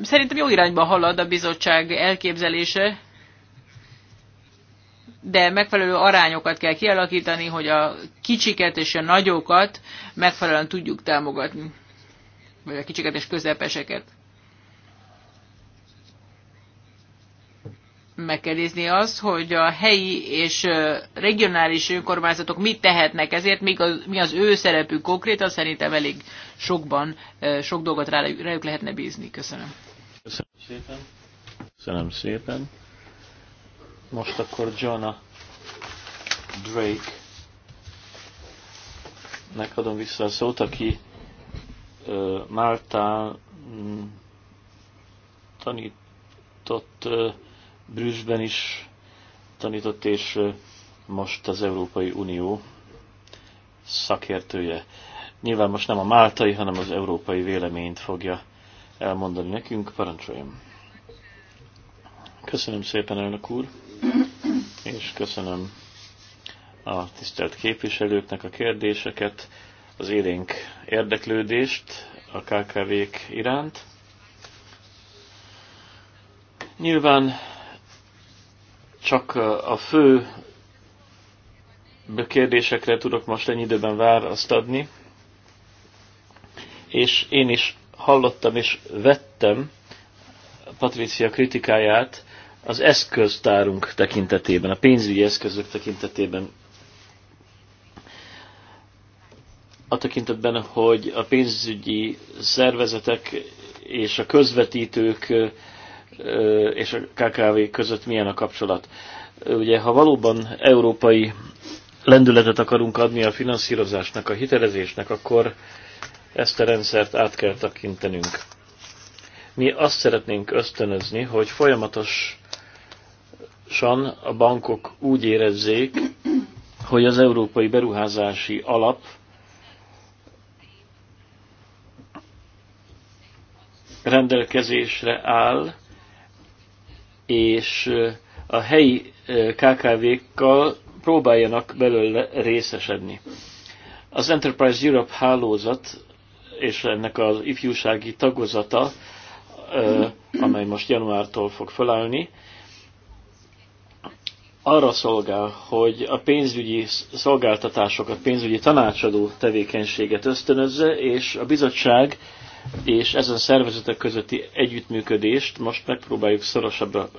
A: Szerintem jó irányba halad a bizottság elképzelése, de megfelelő arányokat kell kialakítani, hogy a kicsiket és a nagyokat megfelelően tudjuk támogatni, vagy a kicsiket és közepeseket. meg kell nézni azt, hogy a helyi és regionális önkormányzatok mit tehetnek ezért, míg az, mi az ő szerepük konkrétan, szerintem elég sokban, sok dolgot rájuk, rájuk lehetne bízni. Köszönöm.
B: Köszönöm szépen. Köszönöm szépen. Most akkor Jonah Drake nek adom vissza a szót, aki ö, mm, tanított uh, Brüsszben is tanított, és uh, most az Európai Unió szakértője. Nyilván most nem a máltai, hanem az európai véleményt fogja elmondani nekünk. Parancsoljam! Köszönöm szépen, elnök úr! és köszönöm a tisztelt képviselőknek a kérdéseket, az élénk érdeklődést a KKV-k iránt. Nyilván csak a fő kérdésekre tudok most ennyi időben választ adni, és én is hallottam és vettem Patricia kritikáját az eszköztárunk tekintetében, a pénzügyi eszközök tekintetében a tekintetben, hogy a pénzügyi szervezetek és a közvetítők és a KKV között milyen a kapcsolat. Ugye, ha valóban európai lendületet akarunk adni a finanszírozásnak, a hitelezésnek, akkor ezt a rendszert át kell tekintenünk. Mi azt szeretnénk ösztönözni, hogy folyamatos san a bankok úgy érezzék, hogy az Európai Beruházási Alap rendelkezésre áll, és a helyi KKV-kkal próbáljanak belőle részesedni. Az Enterprise Europe hálózat és ennek az ifjúsági tagozata, amely most januártól fog felállni, arra szolgál, hogy a pénzügyi szolgáltatásokat, pénzügyi tanácsadó tevékenységet ösztönözze, és a bizottság és ezen szervezetek közötti együttműködést most megpróbáljuk szorosabbra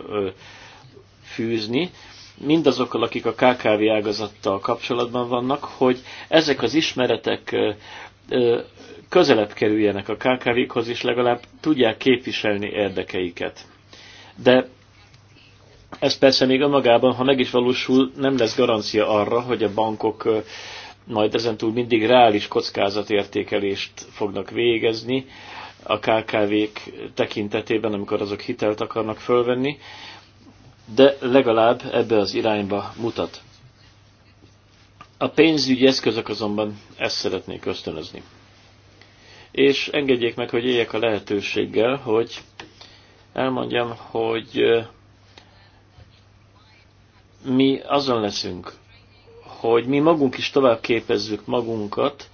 B: fűzni, mindazokkal, akik a KKV ágazattal kapcsolatban vannak, hogy ezek az ismeretek közelebb kerüljenek a KKV-khoz, és legalább tudják képviselni érdekeiket. De ez persze még önmagában, ha meg is valósul, nem lesz garancia arra, hogy a bankok majd ezentúl mindig reális kockázatértékelést fognak végezni a KKV-k tekintetében, amikor azok hitelt akarnak fölvenni, de legalább ebbe az irányba mutat. A pénzügyi eszközök azonban ezt szeretnék ösztönözni. És engedjék meg, hogy éljek a lehetőséggel, hogy elmondjam, hogy mi azon leszünk, hogy mi magunk is tovább képezzük magunkat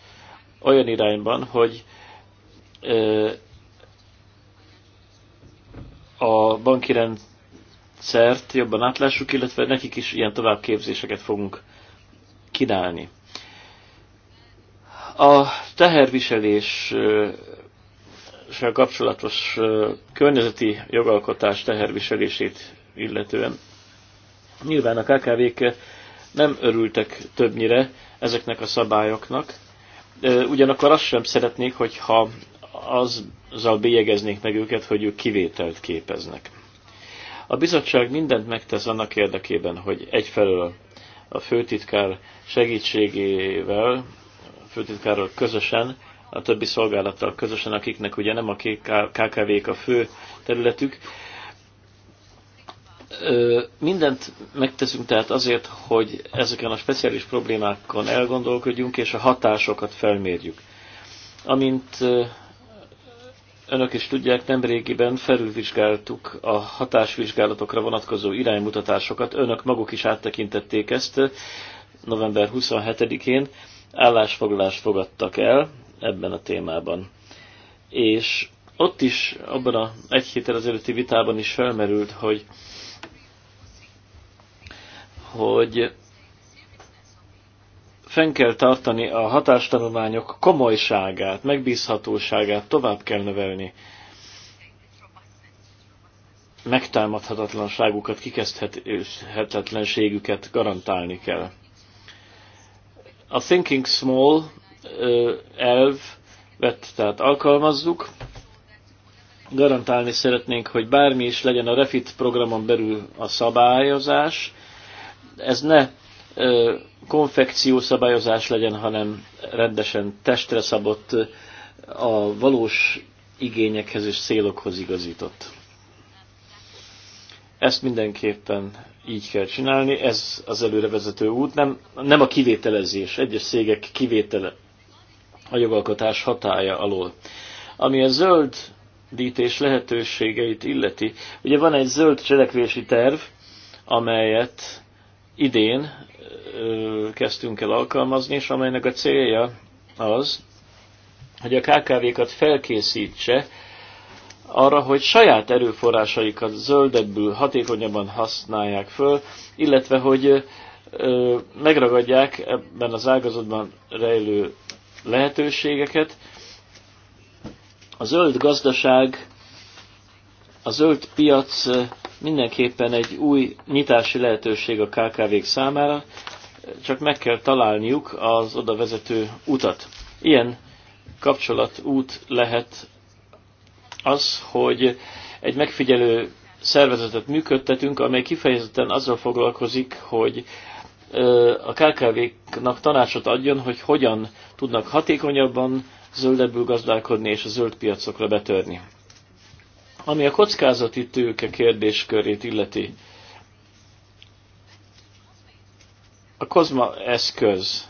B: olyan irányban, hogy a banki rendszert jobban átlássuk, illetve nekik is ilyen továbbképzéseket fogunk kínálni. A teherviseléssel kapcsolatos környezeti jogalkotás teherviselését illetően Nyilván a KKV-k nem örültek többnyire ezeknek a szabályoknak, ugyanakkor azt sem szeretnék, hogyha azzal bélyegeznék meg őket, hogy ők kivételt képeznek. A bizottság mindent megtesz annak érdekében, hogy egyfelől a főtitkár segítségével, a főtitkárral közösen, a többi szolgálattal közösen, akiknek ugye nem a KKV-k a fő területük, mindent megteszünk tehát azért, hogy ezeken a speciális problémákon elgondolkodjunk, és a hatásokat felmérjük. Amint önök is tudják, nemrégiben felülvizsgáltuk a hatásvizsgálatokra vonatkozó iránymutatásokat. Önök maguk is áttekintették ezt november 27-én. Állásfoglalást fogadtak el ebben a témában. És ott is, abban a egy héttel előtti vitában is felmerült, hogy hogy fenn kell tartani a hatástanulmányok komolyságát, megbízhatóságát, tovább kell növelni. Megtámadhatatlanságukat, kikezdhetetlenségüket garantálni kell. A Thinking Small elvet tehát alkalmazzuk. Garantálni szeretnénk, hogy bármi is legyen a Refit programon belül a szabályozás, ez ne konfekció szabályozás legyen, hanem rendesen testre szabott, a valós igényekhez és célokhoz igazított. Ezt mindenképpen így kell csinálni, ez az előrevezető út, nem, nem a kivételezés, egyes szégek kivétele a jogalkotás hatája alól. Ami a zöld dítés lehetőségeit illeti, ugye van egy zöld cselekvési terv, amelyet idén kezdtünk el alkalmazni, és amelynek a célja az, hogy a KKV-kat felkészítse arra, hogy saját erőforrásaikat zöldebbül, hatékonyabban használják föl, illetve hogy megragadják ebben az ágazatban rejlő lehetőségeket. A zöld gazdaság, a zöld piac mindenképpen egy új nyitási lehetőség a KKV-k számára, csak meg kell találniuk az oda vezető utat. Ilyen kapcsolatút lehet az, hogy egy megfigyelő szervezetet működtetünk, amely kifejezetten azzal foglalkozik, hogy a KKV-knak tanácsot adjon, hogy hogyan tudnak hatékonyabban zöldebbül gazdálkodni és a zöld piacokra betörni. Ami a kockázati tőke kérdéskörét illeti, a kozma eszköz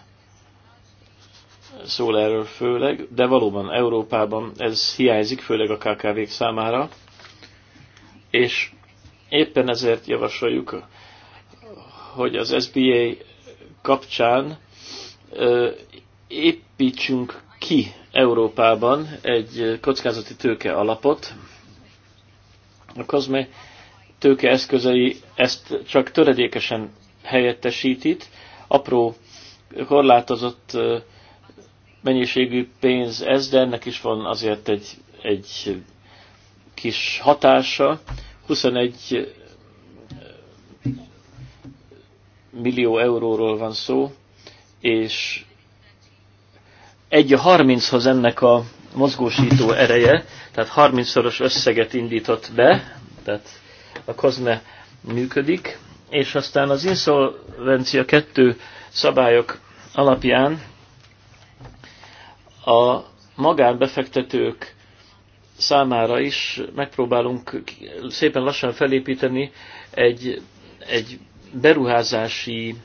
B: szól erről főleg, de valóban Európában ez hiányzik, főleg a KKV-k számára, és éppen ezért javasoljuk, hogy az SBA kapcsán építsünk ki Európában egy kockázati tőke alapot, a kozme tőke eszközei ezt csak töredékesen helyettesítik, apró, korlátozott mennyiségű pénz ez, de ennek is van azért egy, egy kis hatása. 21 millió euróról van szó, és egy a 30-hoz ennek a mozgósító ereje, tehát 30-szoros összeget indított be, tehát a COSME működik, és aztán az insolvencia 2 szabályok alapján a magánbefektetők számára is megpróbálunk szépen lassan felépíteni egy, egy beruházási,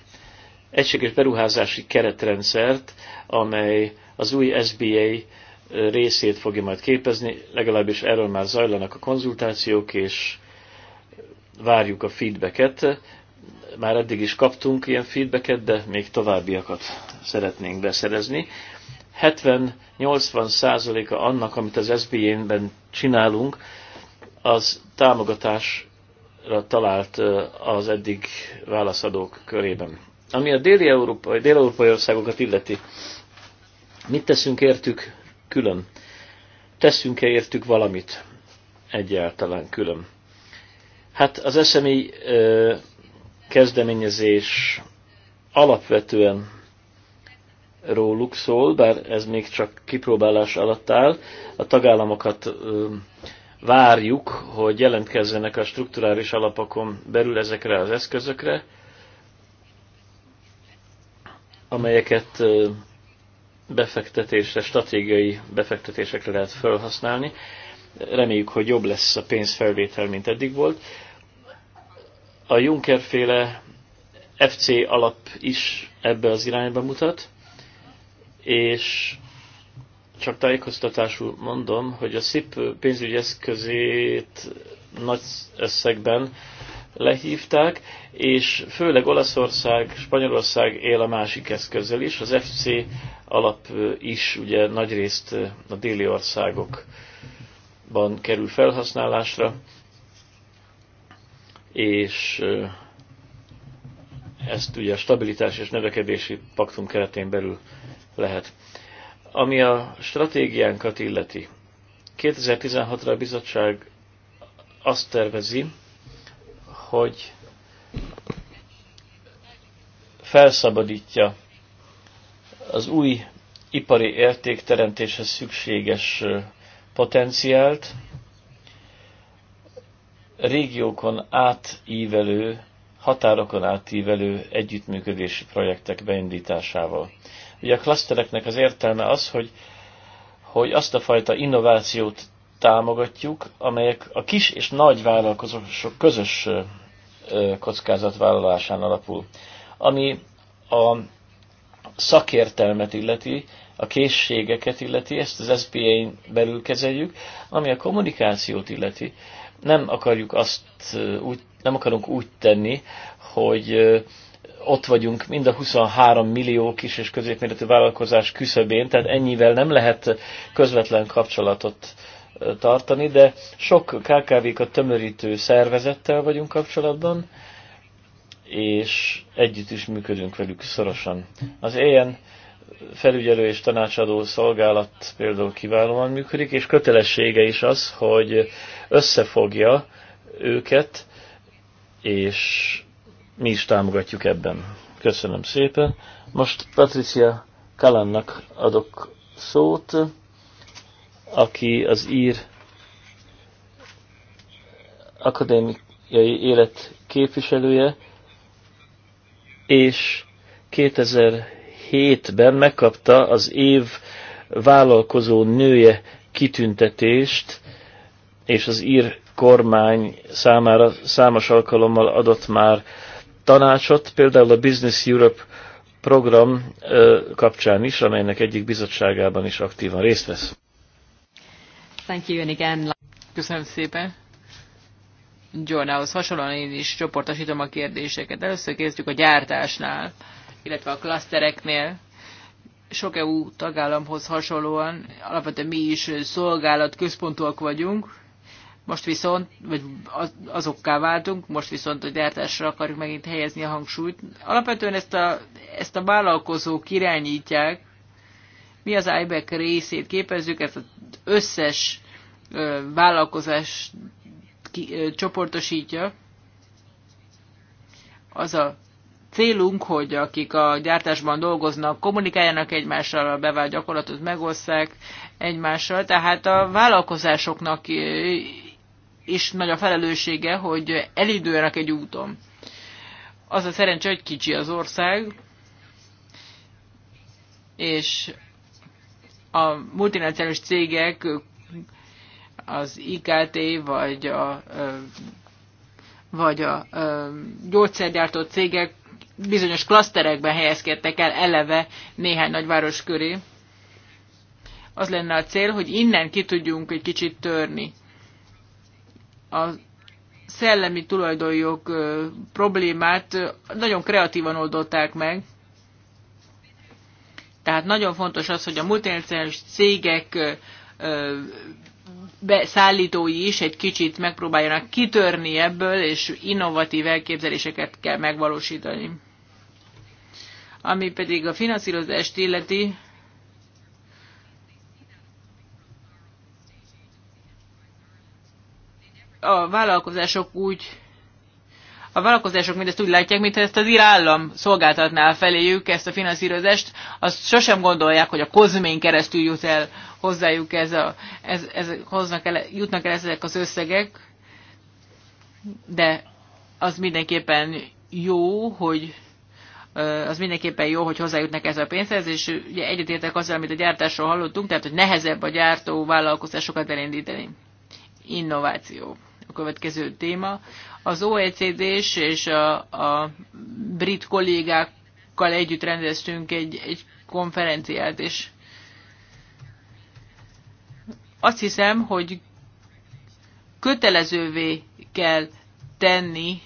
B: egységes beruházási keretrendszert, amely az új SBA részét fogja majd képezni, legalábbis erről már zajlanak a konzultációk, és várjuk a feedbacket. Már eddig is kaptunk ilyen feedbacket, de még továbbiakat szeretnénk beszerezni. 70-80 százaléka annak, amit az SBN-ben csinálunk, az támogatásra talált az eddig válaszadók körében. Ami a déli európai, déli európai országokat illeti, mit teszünk értük külön? Teszünk-e értük valamit egyáltalán külön? Hát az SMI kezdeményezés alapvetően róluk szól, bár ez még csak kipróbálás alatt áll. A tagállamokat várjuk, hogy jelentkezzenek a strukturális alapokon belül ezekre az eszközökre, amelyeket befektetésre, stratégiai befektetésekre lehet felhasználni. Reméljük, hogy jobb lesz a pénzfelvétel, mint eddig volt. A Juncker féle FC alap is ebbe az irányba mutat, és csak tájékoztatásul mondom, hogy a SZIP pénzügyi eszközét nagy összegben lehívták, és főleg Olaszország, Spanyolország él a másik eszközzel is. Az FC alap is ugye nagyrészt a déli országokban kerül felhasználásra, és ezt ugye a stabilitás és növekedési paktum keretén belül lehet. Ami a stratégiánkat illeti, 2016-ra a bizottság azt tervezi, hogy felszabadítja az új ipari értékteremtéshez szükséges potenciált, régiókon átívelő, határokon átívelő együttműködési projektek beindításával. Ugye a klasztereknek az értelme az, hogy, hogy azt a fajta innovációt támogatjuk, amelyek a kis és nagy vállalkozások közös kockázatvállalásán alapul. Ami a szakértelmet illeti, a készségeket illeti, ezt az SPA-n belül kezeljük, ami a kommunikációt illeti. Nem akarjuk azt úgy, nem akarunk úgy tenni, hogy ott vagyunk mind a 23 millió kis és középméretű vállalkozás küszöbén, tehát ennyivel nem lehet közvetlen kapcsolatot tartani, de sok KKV-kat tömörítő szervezettel vagyunk kapcsolatban, és együtt is működünk velük szorosan. Az ilyen felügyelő és tanácsadó szolgálat például kiválóan működik, és kötelessége is az, hogy összefogja őket, és mi is támogatjuk ebben. Köszönöm szépen. Most Patricia Kalannak adok szót aki az ír akadémiai élet képviselője, és 2007-ben megkapta az év vállalkozó nője kitüntetést, és az ír kormány számára számos alkalommal adott már tanácsot, például a Business Europe program kapcsán is, amelynek egyik bizottságában is aktívan részt vesz.
A: Thank you, and again. Köszönöm szépen. Gyornához hasonlóan én is csoportosítom a kérdéseket. Először kezdjük a gyártásnál, illetve a klasztereknél. Sok EU tagállamhoz hasonlóan alapvetően mi is szolgálat központúak vagyunk, most viszont, vagy azokká váltunk, most viszont a gyártásra akarjuk megint helyezni a hangsúlyt. Alapvetően ezt a, ezt a vállalkozók irányítják, mi az IBEC részét képezzük, ezt a összes vállalkozás csoportosítja. Az a célunk, hogy akik a gyártásban dolgoznak, kommunikáljanak egymással, a bevált gyakorlatot megosszák egymással. Tehát a vállalkozásoknak is nagy a felelőssége, hogy elinduljanak egy úton. Az a szerencsé, hogy kicsi az ország, és a multinacionális cégek az IKT vagy a, vagy a gyógyszergyártó cégek bizonyos klaszterekben helyezkedtek el eleve néhány nagyváros köré. Az lenne a cél, hogy innen ki tudjunk egy kicsit törni. A szellemi tulajdonjog problémát nagyon kreatívan oldották meg, tehát nagyon fontos az, hogy a multinacionális cégek beszállítói is egy kicsit megpróbáljanak kitörni ebből, és innovatív elképzeléseket kell megvalósítani. Ami pedig a finanszírozást illeti, a vállalkozások úgy a vállalkozások mindezt úgy látják, mintha ezt az irállam szolgáltatná feléjük ezt a finanszírozást, azt sosem gondolják, hogy a kozmén keresztül jut el hozzájuk ez a, ez, ez, hoznak el, jutnak el ezek az összegek, de az mindenképpen jó, hogy az mindenképpen jó, hogy hozzájutnak ez a pénzhez, és ugye egyetértek azzal, amit a gyártásról hallottunk, tehát hogy nehezebb a gyártó vállalkozásokat elindítani. Innováció a következő téma. Az OECD-s és a, a brit kollégákkal együtt rendeztünk egy, egy konferenciát, és azt hiszem, hogy kötelezővé kell tenni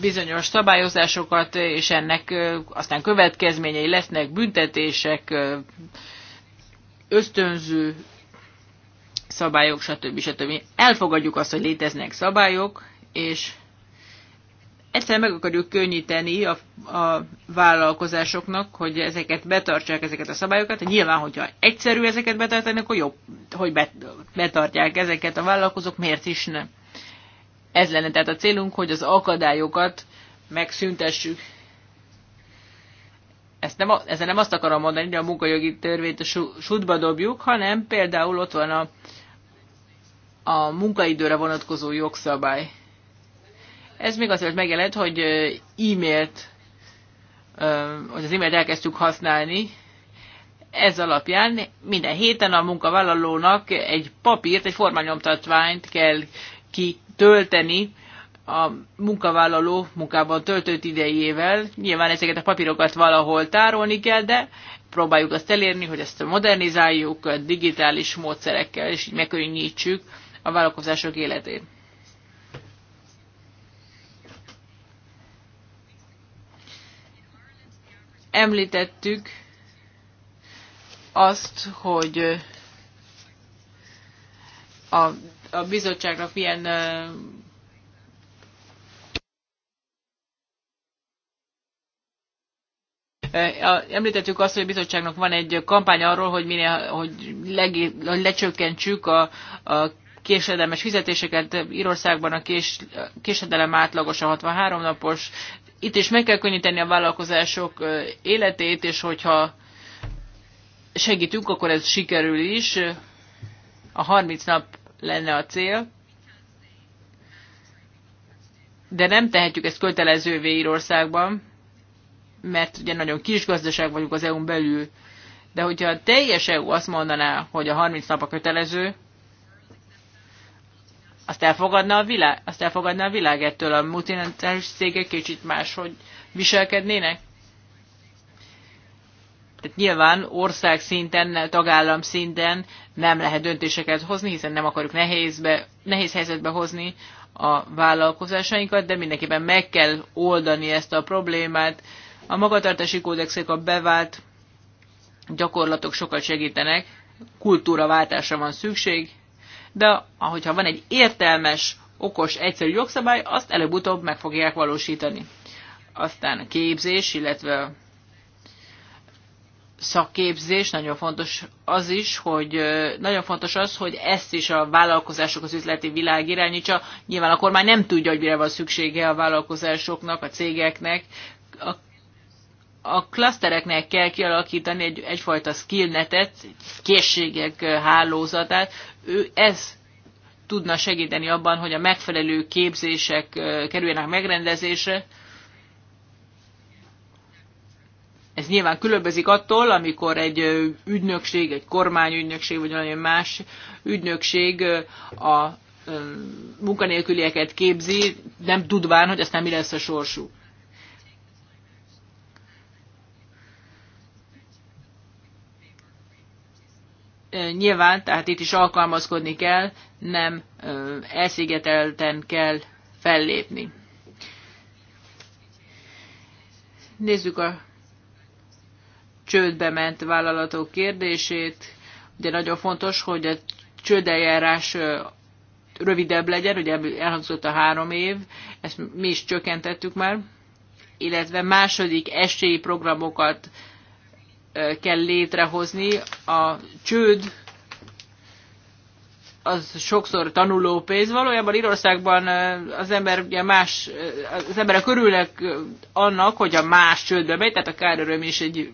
A: bizonyos szabályozásokat, és ennek aztán következményei lesznek, büntetések, ösztönző szabályok, stb. stb. Elfogadjuk azt, hogy léteznek szabályok, és egyszer meg akarjuk könnyíteni a, a vállalkozásoknak, hogy ezeket betartsák, ezeket a szabályokat. Nyilván, hogyha egyszerű ezeket betartani, akkor jobb, hogy betartják ezeket a vállalkozók, miért is ne. Ez lenne tehát a célunk, hogy az akadályokat megszüntessük. Ezt nem, ezzel nem azt akarom mondani, hogy a munkajogi törvényt a sútba dobjuk, hanem például ott van a a munkaidőre vonatkozó jogszabály. Ez még azért megjelent, hogy e-mailt, hogy az e-mailt elkezdtük használni, ez alapján minden héten a munkavállalónak egy papírt, egy formanyomtatványt kell kitölteni a munkavállaló munkában töltött idejével. Nyilván ezeket a papírokat valahol tárolni kell, de próbáljuk azt elérni, hogy ezt modernizáljuk digitális módszerekkel, és így megkönnyítsük a vállalkozások életét. Említettük azt, hogy a, a bizottságnak milyen Említettük azt, hogy a bizottságnak van egy kampány arról, hogy, minél, hogy, leg, hogy lecsökkentsük a, a késedelmes fizetéseket, Írországban a kés, késedelem átlagos a 63 napos. Itt is meg kell könnyíteni a vállalkozások életét, és hogyha segítünk, akkor ez sikerül is. A 30 nap lenne a cél. De nem tehetjük ezt kötelezővé Írországban, mert ugye nagyon kis gazdaság vagyunk az EU-n belül. De hogyha a teljes EU azt mondaná, hogy a 30 nap a kötelező, azt elfogadna a világ, azt elfogadna a világ ettől a multinacionális cégek kicsit máshogy viselkednének? Tehát nyilván ország szinten, tagállam szinten nem lehet döntéseket hozni, hiszen nem akarjuk nehézbe, nehéz helyzetbe hozni a vállalkozásainkat, de mindenképpen meg kell oldani ezt a problémát. A magatartási kódexek a bevált gyakorlatok sokat segítenek, kultúraváltásra van szükség, de ahogyha van egy értelmes, okos, egyszerű jogszabály, azt előbb-utóbb meg fogják valósítani. Aztán a képzés, illetve szakképzés, nagyon fontos az is, hogy nagyon fontos az, hogy ezt is a vállalkozások az üzleti világ irányítsa. Nyilván a kormány nem tudja, hogy mire van szüksége a vállalkozásoknak, a cégeknek, a a klasztereknek kell kialakítani egy, egyfajta skillnetet, készségek hálózatát. Ő ez tudna segíteni abban, hogy a megfelelő képzések kerüljenek megrendezésre. Ez nyilván különbözik attól, amikor egy ügynökség, egy kormányügynökség, vagy valami más ügynökség a munkanélkülieket képzi, nem tudván, hogy aztán mi lesz a sorsuk. nyilván, tehát itt is alkalmazkodni kell, nem elszigetelten kell fellépni. Nézzük a csődbe ment vállalatok kérdését. Ugye nagyon fontos, hogy a csődeljárás rövidebb legyen, ugye elhangzott a három év, ezt mi is csökkentettük már, illetve második esélyi programokat kell létrehozni. A csőd az sokszor tanuló pénz. Valójában Írországban az ember ugye más, az emberek körülnek annak, hogy a más csődbe megy, tehát a káröröm is egy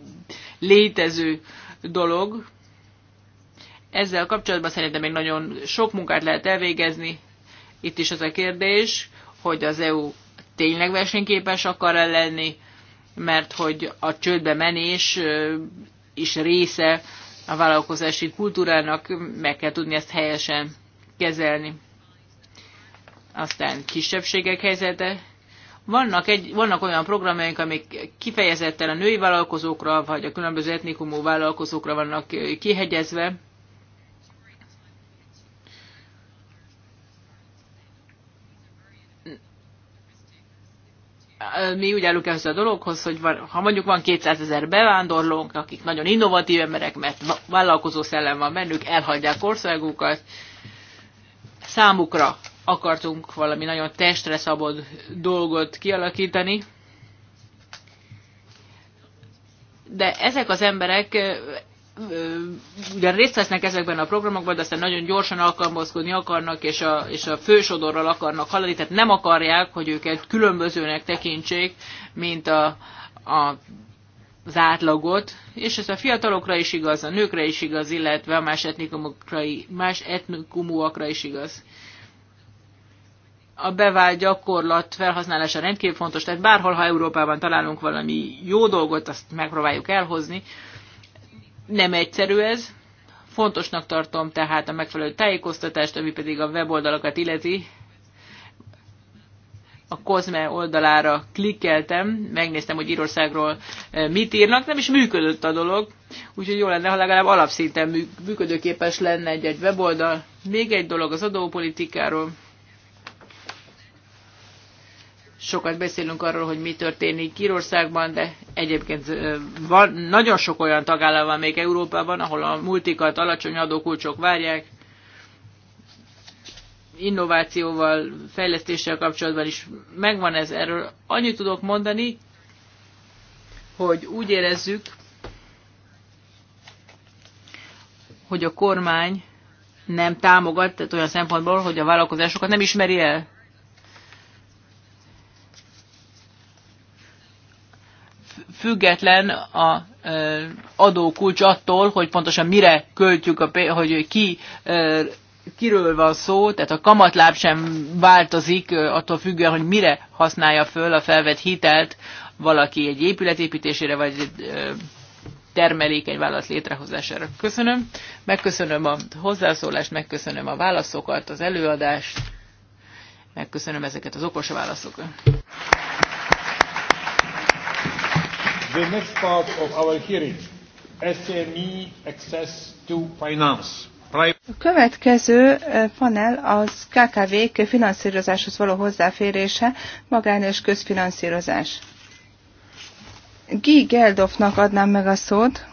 A: létező dolog. Ezzel kapcsolatban szerintem még nagyon sok munkát lehet elvégezni. Itt is az a kérdés, hogy az EU tényleg versenyképes akar -e lenni, mert hogy a csődbe menés is része a vállalkozási kultúrának, meg kell tudni ezt helyesen kezelni. Aztán kisebbségek helyzete. Vannak, egy, vannak olyan programjaink, amik kifejezetten a női vállalkozókra, vagy a különböző etnikumú vállalkozókra vannak kihegyezve, mi úgy állunk ehhez a dologhoz, hogy van, ha mondjuk van 200 ezer bevándorlónk, akik nagyon innovatív emberek, mert vállalkozó szellem van bennük, elhagyják országukat, számukra akartunk valami nagyon testre szabad dolgot kialakítani, de ezek az emberek ugyan részt vesznek ezekben a programokban, de aztán nagyon gyorsan alkalmazkodni akarnak, és a, és a fősodorral akarnak haladni, tehát nem akarják, hogy őket különbözőnek tekintsék, mint a, a, az átlagot, és ez a fiatalokra is igaz, a nőkre is igaz, illetve a más, etnikumokra, más etnikumúakra is igaz. A bevált gyakorlat felhasználása rendkívül fontos, tehát bárhol, ha Európában találunk valami jó dolgot, azt megpróbáljuk elhozni, nem egyszerű ez. Fontosnak tartom tehát a megfelelő tájékoztatást, ami pedig a weboldalakat illeti. A Kozme oldalára klikkeltem, megnéztem, hogy Írországról eh, mit írnak, nem is működött a dolog, úgyhogy jó lenne, ha legalább alapszinten működőképes lenne egy-egy weboldal. Még egy dolog az adópolitikáról. Sokat beszélünk arról, hogy mi történik Kírországban, de egyébként van, nagyon sok olyan tagállam van még Európában, ahol a multikat alacsony adókulcsok várják. Innovációval, fejlesztéssel kapcsolatban is megvan ez erről. Annyit tudok mondani, hogy úgy érezzük, hogy a kormány nem támogat, tehát olyan szempontból, hogy a vállalkozásokat nem ismeri el. független a adókulcs attól, hogy pontosan mire költjük, a, hogy ki kiről van szó, tehát a kamatláb sem változik attól függően, hogy mire használja föl a felvett hitelt valaki egy épületépítésére, vagy egy termelékeny válasz létrehozására. Köszönöm. Megköszönöm a hozzászólást, megköszönöm a válaszokat, az előadást, megköszönöm ezeket az okos válaszokat the next part of our hearing, SME access to finance. A
C: következő eh, panel az KKV-k finanszírozáshoz való hozzáférése, magán és közfinanszírozás. Guy Geldofnak adnám meg a szót.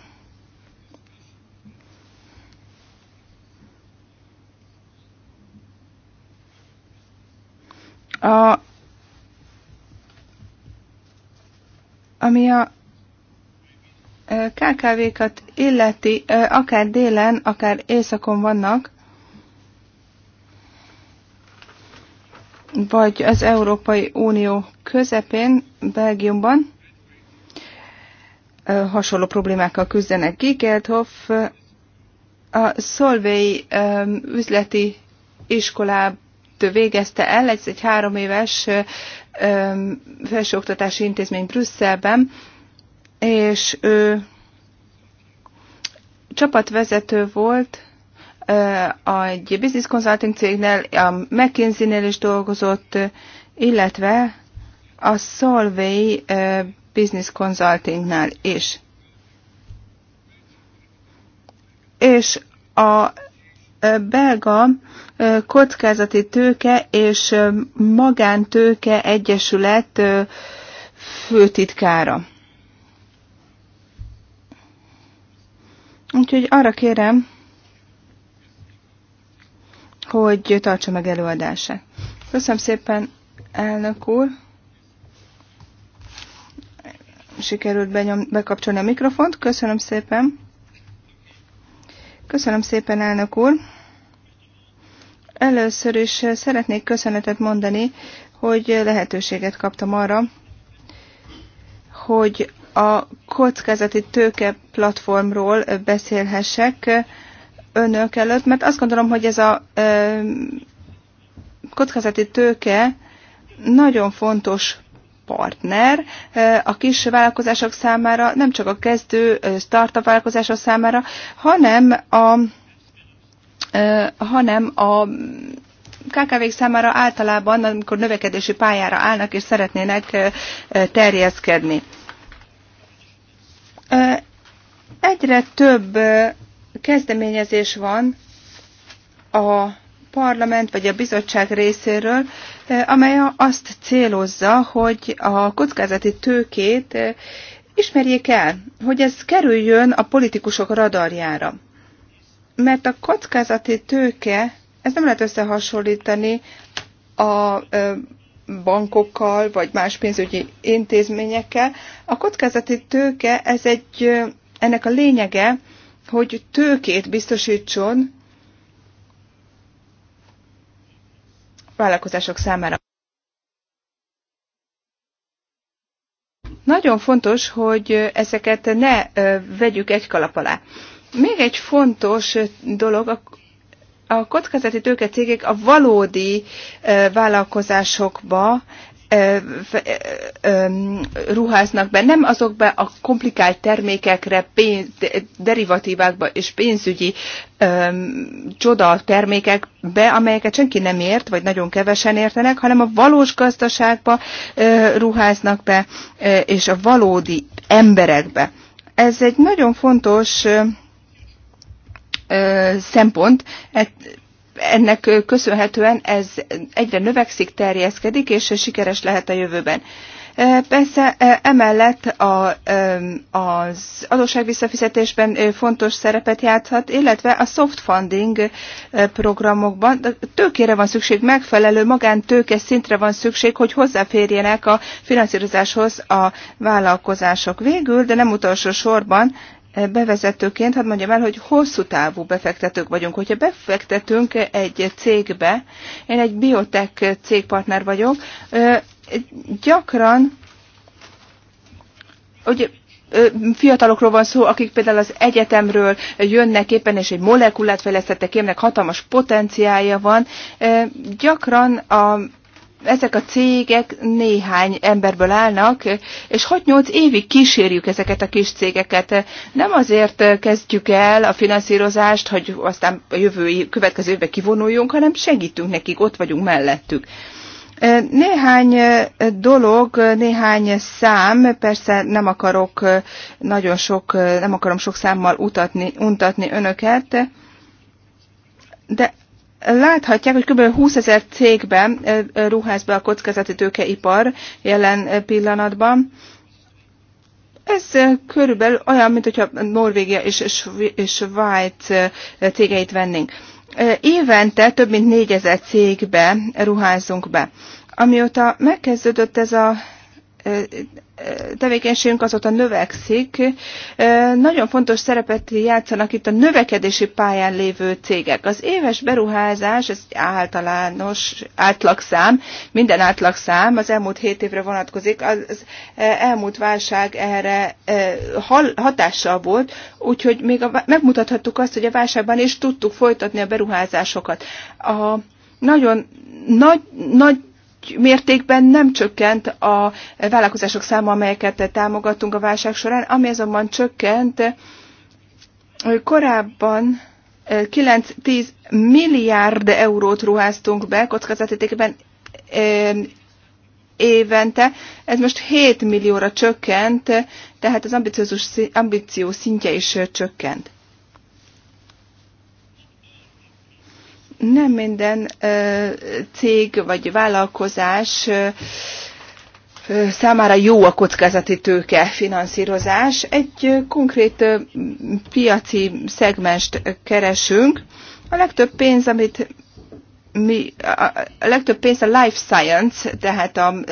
C: A, ami a KKV-kat illeti, akár délen, akár éjszakon vannak, vagy az Európai Unió közepén, Belgiumban hasonló problémákkal küzdenek. Gigeldhoff a Szolvei üzleti iskolát végezte el, ez egy három éves felsőoktatási intézmény Brüsszelben, és ő csapatvezető volt egy business consulting cégnél, a McKinsey-nél is dolgozott, illetve a Solvay Business Consultingnál is. És a belga kockázati tőke és magántőke egyesület főtitkára. Úgyhogy arra kérem, hogy tartsa meg előadását. Köszönöm szépen, elnök úr. Sikerült benyom, bekapcsolni a mikrofont. Köszönöm szépen. Köszönöm szépen, elnök úr. Először is szeretnék köszönetet mondani, hogy lehetőséget kaptam arra, hogy a kockázati tőke platformról beszélhessek önök előtt, mert azt gondolom, hogy ez a kockázati tőke nagyon fontos partner a kis vállalkozások számára, nem csak a kezdő startup vállalkozások számára, hanem a, hanem a kkv számára általában, amikor növekedési pályára állnak és szeretnének terjeszkedni. Egyre több kezdeményezés van a parlament vagy a bizottság részéről, amely azt célozza, hogy a kockázati tőkét ismerjék el, hogy ez kerüljön a politikusok radarjára. Mert a kockázati tőke, ez nem lehet összehasonlítani a bankokkal, vagy más pénzügyi intézményekkel. A kockázati tőke, ez egy, ennek a lényege, hogy tőkét biztosítson vállalkozások számára. Nagyon fontos, hogy ezeket ne vegyük egy kalap alá. Még egy fontos dolog a kockázati tőke cégek a valódi vállalkozásokba ruháznak be, nem azokba a komplikált termékekre, pénz, derivatívákba és pénzügyi öm, csoda termékekbe, amelyeket senki nem ért, vagy nagyon kevesen értenek, hanem a valós gazdaságba ruháznak be, és a valódi emberekbe. Ez egy nagyon fontos ö, szempont. Ennek köszönhetően ez egyre növekszik, terjeszkedik, és sikeres lehet a jövőben. Persze emellett a, az adósságvisszafizetésben fontos szerepet játszhat, illetve a soft funding programokban tőkére van szükség, megfelelő magántőke szintre van szükség, hogy hozzáférjenek a finanszírozáshoz a vállalkozások. Végül, de nem utolsó sorban, bevezetőként, hát mondjam el, hogy hosszú távú befektetők vagyunk. Hogyha befektetünk egy cégbe, én egy biotech cégpartner vagyok, gyakran ugye, fiatalokról van szó, akik például az egyetemről jönnek éppen, és egy molekulát fejlesztettek, ennek hatalmas potenciája van. Gyakran a ezek a cégek néhány emberből állnak, és 6-8 évig kísérjük ezeket a kis cégeket. Nem azért kezdjük el a finanszírozást, hogy aztán a jövő, következő évben kivonuljunk, hanem segítünk nekik, ott vagyunk mellettük. Néhány dolog, néhány szám, persze nem akarok nagyon sok, nem akarom sok számmal utatni, untatni önöket, de Láthatják, hogy kb. 20 ezer cégben ruház be a kockázati tőkeipar jelen pillanatban. Ez körülbelül olyan, mint hogyha Norvégia és Svájc cégeit vennénk. Évente több mint 4000 cégbe ruházunk be. Amióta megkezdődött ez a tevékenységünk azóta növekszik. Nagyon fontos szerepet játszanak itt a növekedési pályán lévő cégek. Az éves beruházás, ez általános átlagszám, minden átlagszám az elmúlt hét évre vonatkozik, az elmúlt válság erre hatással volt, úgyhogy még a, megmutathattuk azt, hogy a válságban is tudtuk folytatni a beruházásokat. A nagyon nagy, nagy mértékben nem csökkent a vállalkozások száma, amelyeket támogattunk a válság során, ami azonban csökkent, korábban 9-10 milliárd eurót ruháztunk be kockázatétekben évente, ez most 7 millióra csökkent, tehát az ambíciós szintje is csökkent. nem minden cég vagy vállalkozás számára jó a kockázati tőke finanszírozás. Egy konkrét piaci szegmest keresünk. A legtöbb pénz, amit mi, a legtöbb pénz a life science, tehát az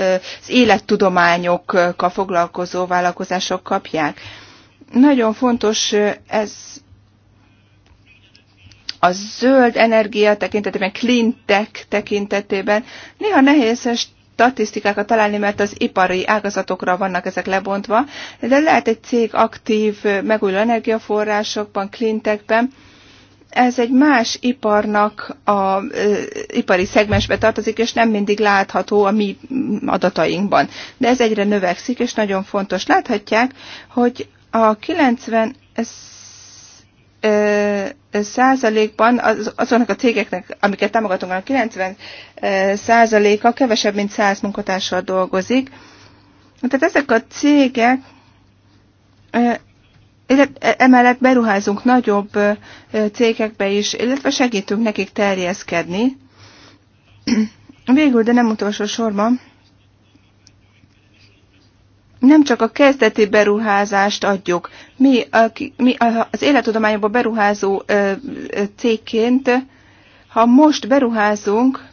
C: élettudományokkal foglalkozó vállalkozások kapják. Nagyon fontos ez a zöld energia tekintetében, clean tech tekintetében néha nehéz statisztikákat találni, mert az ipari ágazatokra vannak ezek lebontva, de lehet egy cég aktív megújuló energiaforrásokban, clean techben, ez egy más iparnak a e, ipari szegmensbe tartozik, és nem mindig látható a mi adatainkban. De ez egyre növekszik, és nagyon fontos. Láthatják, hogy a 90 százalékban az, azoknak a cégeknek, amiket támogatunk, a 90 százaléka kevesebb, mint 100 munkatársal dolgozik. Tehát ezek a cégek e, emellett beruházunk nagyobb cégekbe is, illetve segítünk nekik terjeszkedni. Végül, de nem utolsó sorban, nem csak a kezdeti beruházást adjuk. Mi, a, mi az élettudományokba beruházó cégként, ha most beruházunk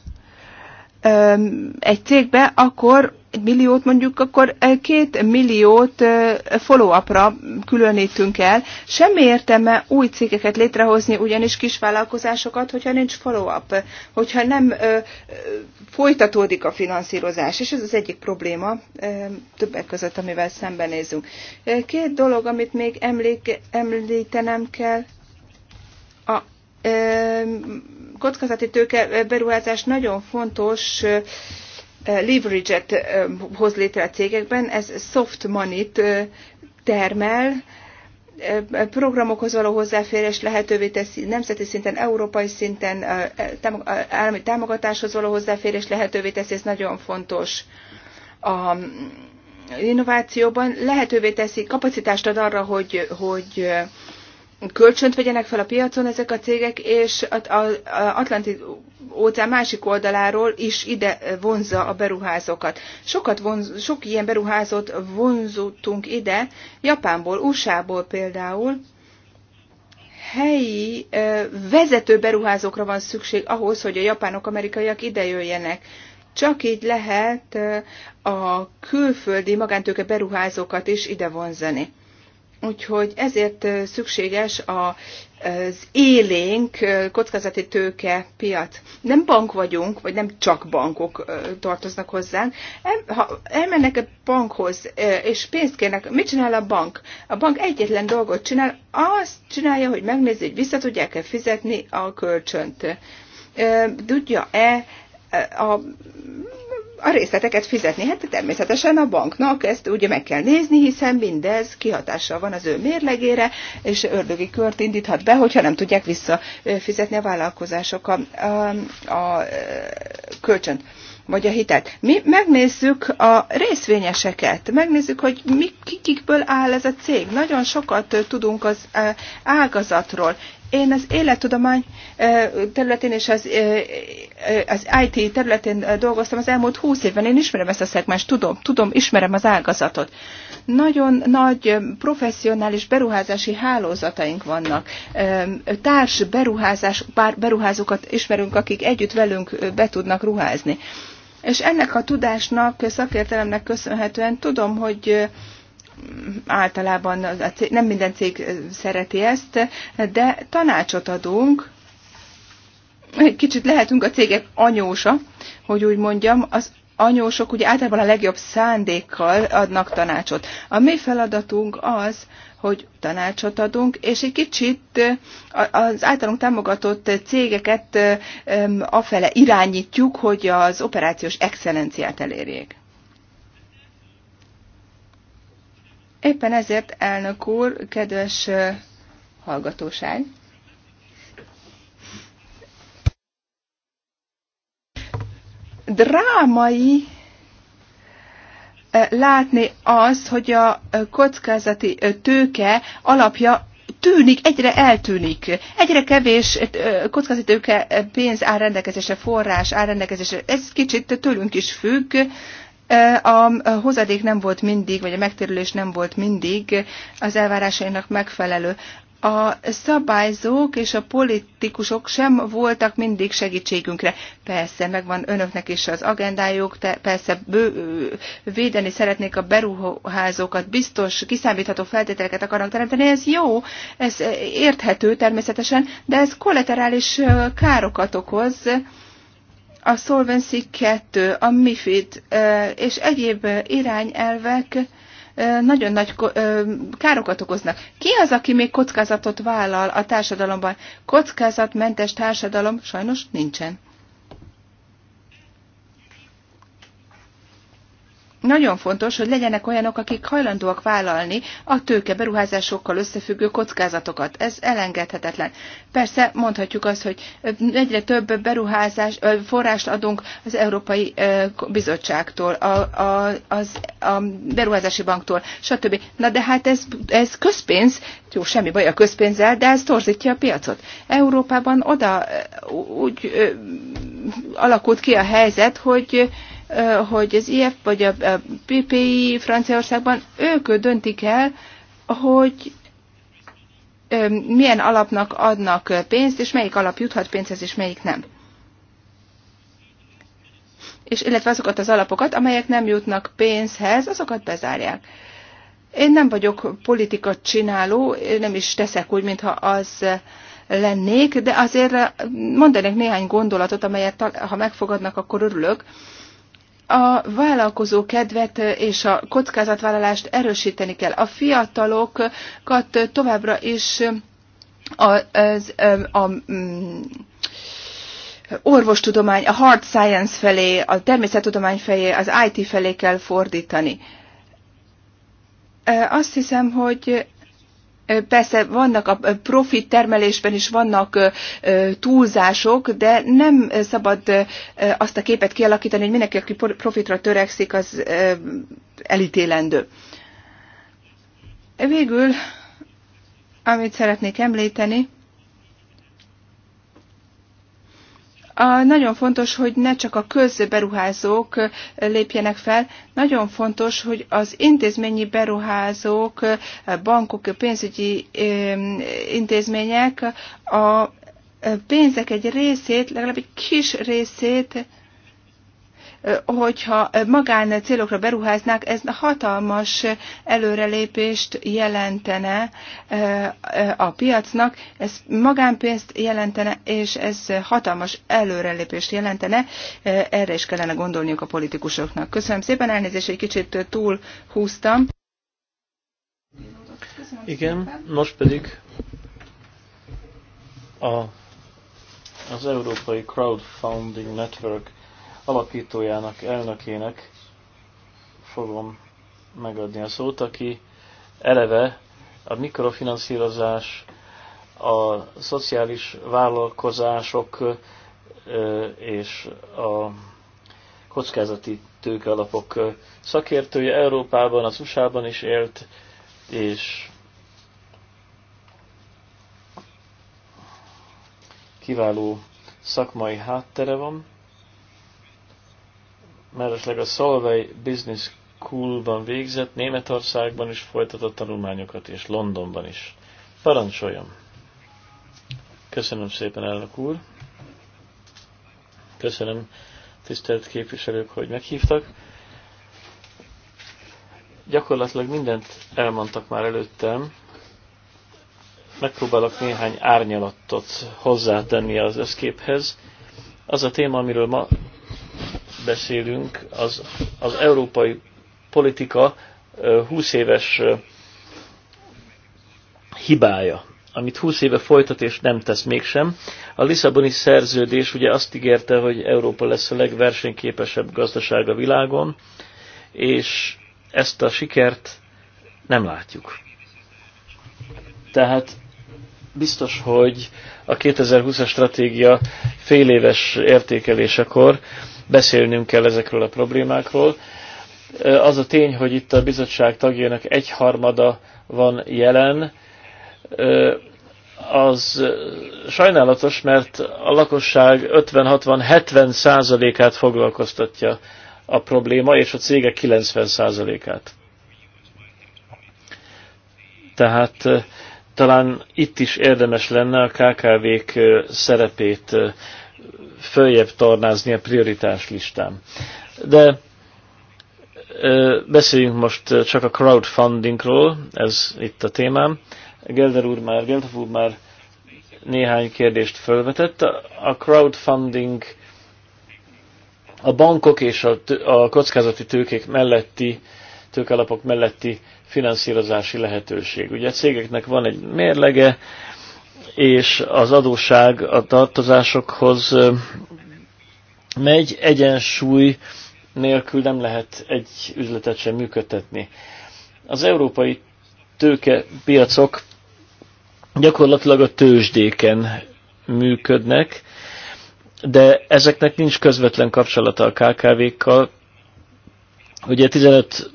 C: egy cégbe, akkor egy milliót mondjuk, akkor két milliót follow-upra különítünk el. Semmi értelme új cégeket létrehozni, ugyanis kisvállalkozásokat, hogyha nincs follow-up, hogyha nem folytatódik a finanszírozás, és ez az egyik probléma többek között, amivel szembenézünk. Két dolog, amit még emlék, említenem kell, a kockázati tőke beruházás nagyon fontos leverage-et hoz létre a cégekben, ez soft money-t termel, programokhoz való hozzáférés lehetővé teszi nemzeti szinten, európai szinten, állami támogatáshoz való hozzáférés lehetővé teszi, ez nagyon fontos. A innovációban lehetővé teszi, kapacitást ad arra, hogy, hogy kölcsönt vegyenek fel a piacon ezek a cégek, és az Atlanti óceán másik oldaláról is ide vonzza a beruházókat. Sokat vonz, sok ilyen beruházót vonzottunk ide, Japánból, USA-ból például, helyi vezető beruházókra van szükség ahhoz, hogy a japánok, amerikaiak jöjjenek. Csak így lehet a külföldi magántőke beruházókat is ide vonzani. Úgyhogy ezért szükséges a az élénk kockázati tőke piac. Nem bank vagyunk, vagy nem csak bankok tartoznak hozzánk. Ha elmennek a bankhoz, és pénzt kérnek, mit csinál a bank? A bank egyetlen dolgot csinál, azt csinálja, hogy megnézi, hogy vissza tudják-e fizetni a kölcsönt. Tudja-e a a részleteket fizetni. Hát természetesen a banknak ezt ugye meg kell nézni, hiszen mindez kihatással van az ő mérlegére, és ördögi kört indíthat be, hogyha nem tudják visszafizetni a vállalkozások um, a, a, a kölcsönt vagy a hitelt. Mi megnézzük a részvényeseket, megnézzük, hogy mi, kikből áll ez a cég. Nagyon sokat tudunk az ágazatról, én az élettudomány területén és az, az IT területén dolgoztam az elmúlt húsz évben. Én ismerem ezt a szegmást, tudom, tudom, ismerem az ágazatot. Nagyon nagy professzionális beruházási hálózataink vannak. Társ beruházás, pár beruházókat ismerünk, akik együtt velünk be tudnak ruházni. És ennek a tudásnak, szakértelemnek köszönhetően tudom, hogy általában a cég, nem minden cég szereti ezt, de tanácsot adunk, egy kicsit lehetünk a cégek anyósa, hogy úgy mondjam, az anyósok ugye általában a legjobb szándékkal adnak tanácsot. A mi feladatunk az, hogy tanácsot adunk, és egy kicsit az általunk támogatott cégeket afele irányítjuk, hogy az operációs excellenciát elérjék. Éppen ezért, elnök úr, kedves hallgatóság, drámai látni az, hogy a kockázati tőke alapja tűnik, egyre eltűnik. Egyre kevés tőke pénz áll rendelkezésre, forrás áll rendelkezésre. Ez kicsit tőlünk is függ, a hozadék nem volt mindig, vagy a megtérülés nem volt mindig az elvárásainak megfelelő. A szabályzók és a politikusok sem voltak mindig segítségünkre. Persze, megvan önöknek is az agendájuk, de persze bő, védeni szeretnék a beruházókat, biztos, kiszámítható feltételeket akarnak teremteni. Ez jó, ez érthető természetesen, de ez kollaterális károkat okoz a Solvency 2, a MIFID és egyéb irányelvek nagyon nagy károkat okoznak. Ki az, aki még kockázatot vállal a társadalomban? Kockázatmentes társadalom sajnos nincsen. nagyon fontos, hogy legyenek olyanok, akik hajlandóak vállalni a tőke beruházásokkal összefüggő kockázatokat. Ez elengedhetetlen. Persze mondhatjuk azt, hogy egyre több beruházás, forrást adunk az Európai Bizottságtól, a, a, az, a Beruházási Banktól, stb. Na de hát ez, ez közpénz, jó, semmi baj a közpénzzel, de ez torzítja a piacot. Európában oda úgy alakult ki a helyzet, hogy hogy az IF vagy a PPI Franciaországban ők döntik el, hogy milyen alapnak adnak pénzt, és melyik alap juthat pénzhez, és melyik nem. És illetve azokat az alapokat, amelyek nem jutnak pénzhez, azokat bezárják. Én nem vagyok politika csináló, nem is teszek úgy, mintha az lennék, de azért mondanék néhány gondolatot, amelyet ha megfogadnak, akkor örülök a vállalkozó kedvet és a kockázatvállalást erősíteni kell. A fiatalokat továbbra is az, a, a mm, orvostudomány, a hard science felé, a természettudomány felé, az IT felé kell fordítani. Azt hiszem, hogy Persze vannak a profit termelésben is vannak túlzások, de nem szabad azt a képet kialakítani, hogy mindenki, aki profitra törekszik, az elítélendő. Végül, amit szeretnék említeni, A, nagyon fontos, hogy ne csak a közberuházók lépjenek fel, nagyon fontos, hogy az intézményi beruházók, bankok, pénzügyi intézmények a pénzek egy részét, legalább egy kis részét hogyha magán célokra beruháznák, ez hatalmas előrelépést jelentene e, a piacnak, ez magánpénzt jelentene, és ez hatalmas előrelépést jelentene, e, erre is kellene gondolniuk a politikusoknak. Köszönöm szépen, elnézést, egy kicsit túl húztam. Igen,
B: most pedig a, az Európai Crowdfunding Network alapítójának elnökének fogom megadni a szót, aki eleve a mikrofinanszírozás, a szociális vállalkozások és a kockázati tőkealapok szakértője Európában, az USA-ban is élt, és kiváló szakmai háttere van mellesleg a Solvay Business School-ban végzett, Németországban is folytatott tanulmányokat, és Londonban is. Parancsoljon! Köszönöm szépen, elnök úr! Köszönöm, tisztelt képviselők, hogy meghívtak. Gyakorlatilag mindent elmondtak már előttem. Megpróbálok néhány árnyalatot hozzátenni az összképhez. Az a téma, amiről ma beszélünk, az, az európai politika 20 éves hibája, amit 20 éve folytat és nem tesz mégsem. A Lisszaboni szerződés ugye azt ígérte, hogy Európa lesz a legversenyképesebb gazdaság a világon, és ezt a sikert nem látjuk. Tehát biztos, hogy a 2020-as stratégia fél éves értékelésekor beszélnünk kell ezekről a problémákról. Az a tény, hogy itt a bizottság tagjának egyharmada van jelen, az sajnálatos, mert a lakosság 50-60-70 százalékát foglalkoztatja a probléma, és a cégek 90 százalékát. Tehát talán itt is érdemes lenne a KKV-k szerepét följebb tornázni a prioritás listán. De beszéljünk most csak a crowdfundingról, ez itt a témám. Gelder úr már, Gelder úr már néhány kérdést felvetett. A crowdfunding a bankok és a, a kockázati tőkék melletti, tőkalapok melletti finanszírozási lehetőség. Ugye a cégeknek van egy mérlege, és az adósság a tartozásokhoz megy, egyensúly nélkül nem lehet egy üzletet sem működtetni. Az európai tőkepiacok gyakorlatilag a tőzsdéken működnek, de ezeknek nincs közvetlen kapcsolata a KKV-kkal. Ugye 15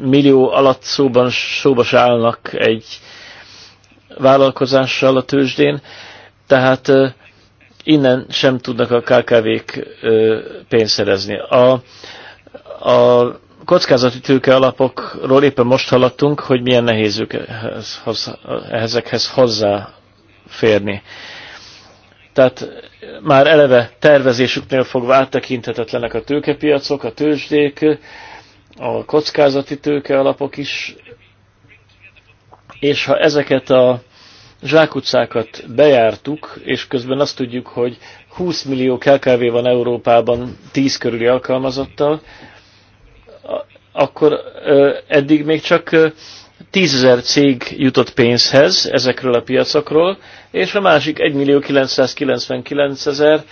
B: millió alatt szóban, szóba állnak egy vállalkozással a tőzsdén, tehát innen sem tudnak a KKV-k pénzt szerezni. A, a kockázati tőke alapokról éppen most hallottunk, hogy milyen nehéz ezekhez hozzáférni. Tehát már eleve tervezésüknél fogva áttekinthetetlenek a tőkepiacok, a tőzsdék, a kockázati tőke alapok is, és ha ezeket a zsákutcákat bejártuk, és közben azt tudjuk, hogy 20 millió KKV van Európában 10 körüli alkalmazottal, akkor eddig még csak ezer cég jutott pénzhez ezekről a piacokról, és a másik 1 millió 999 ezer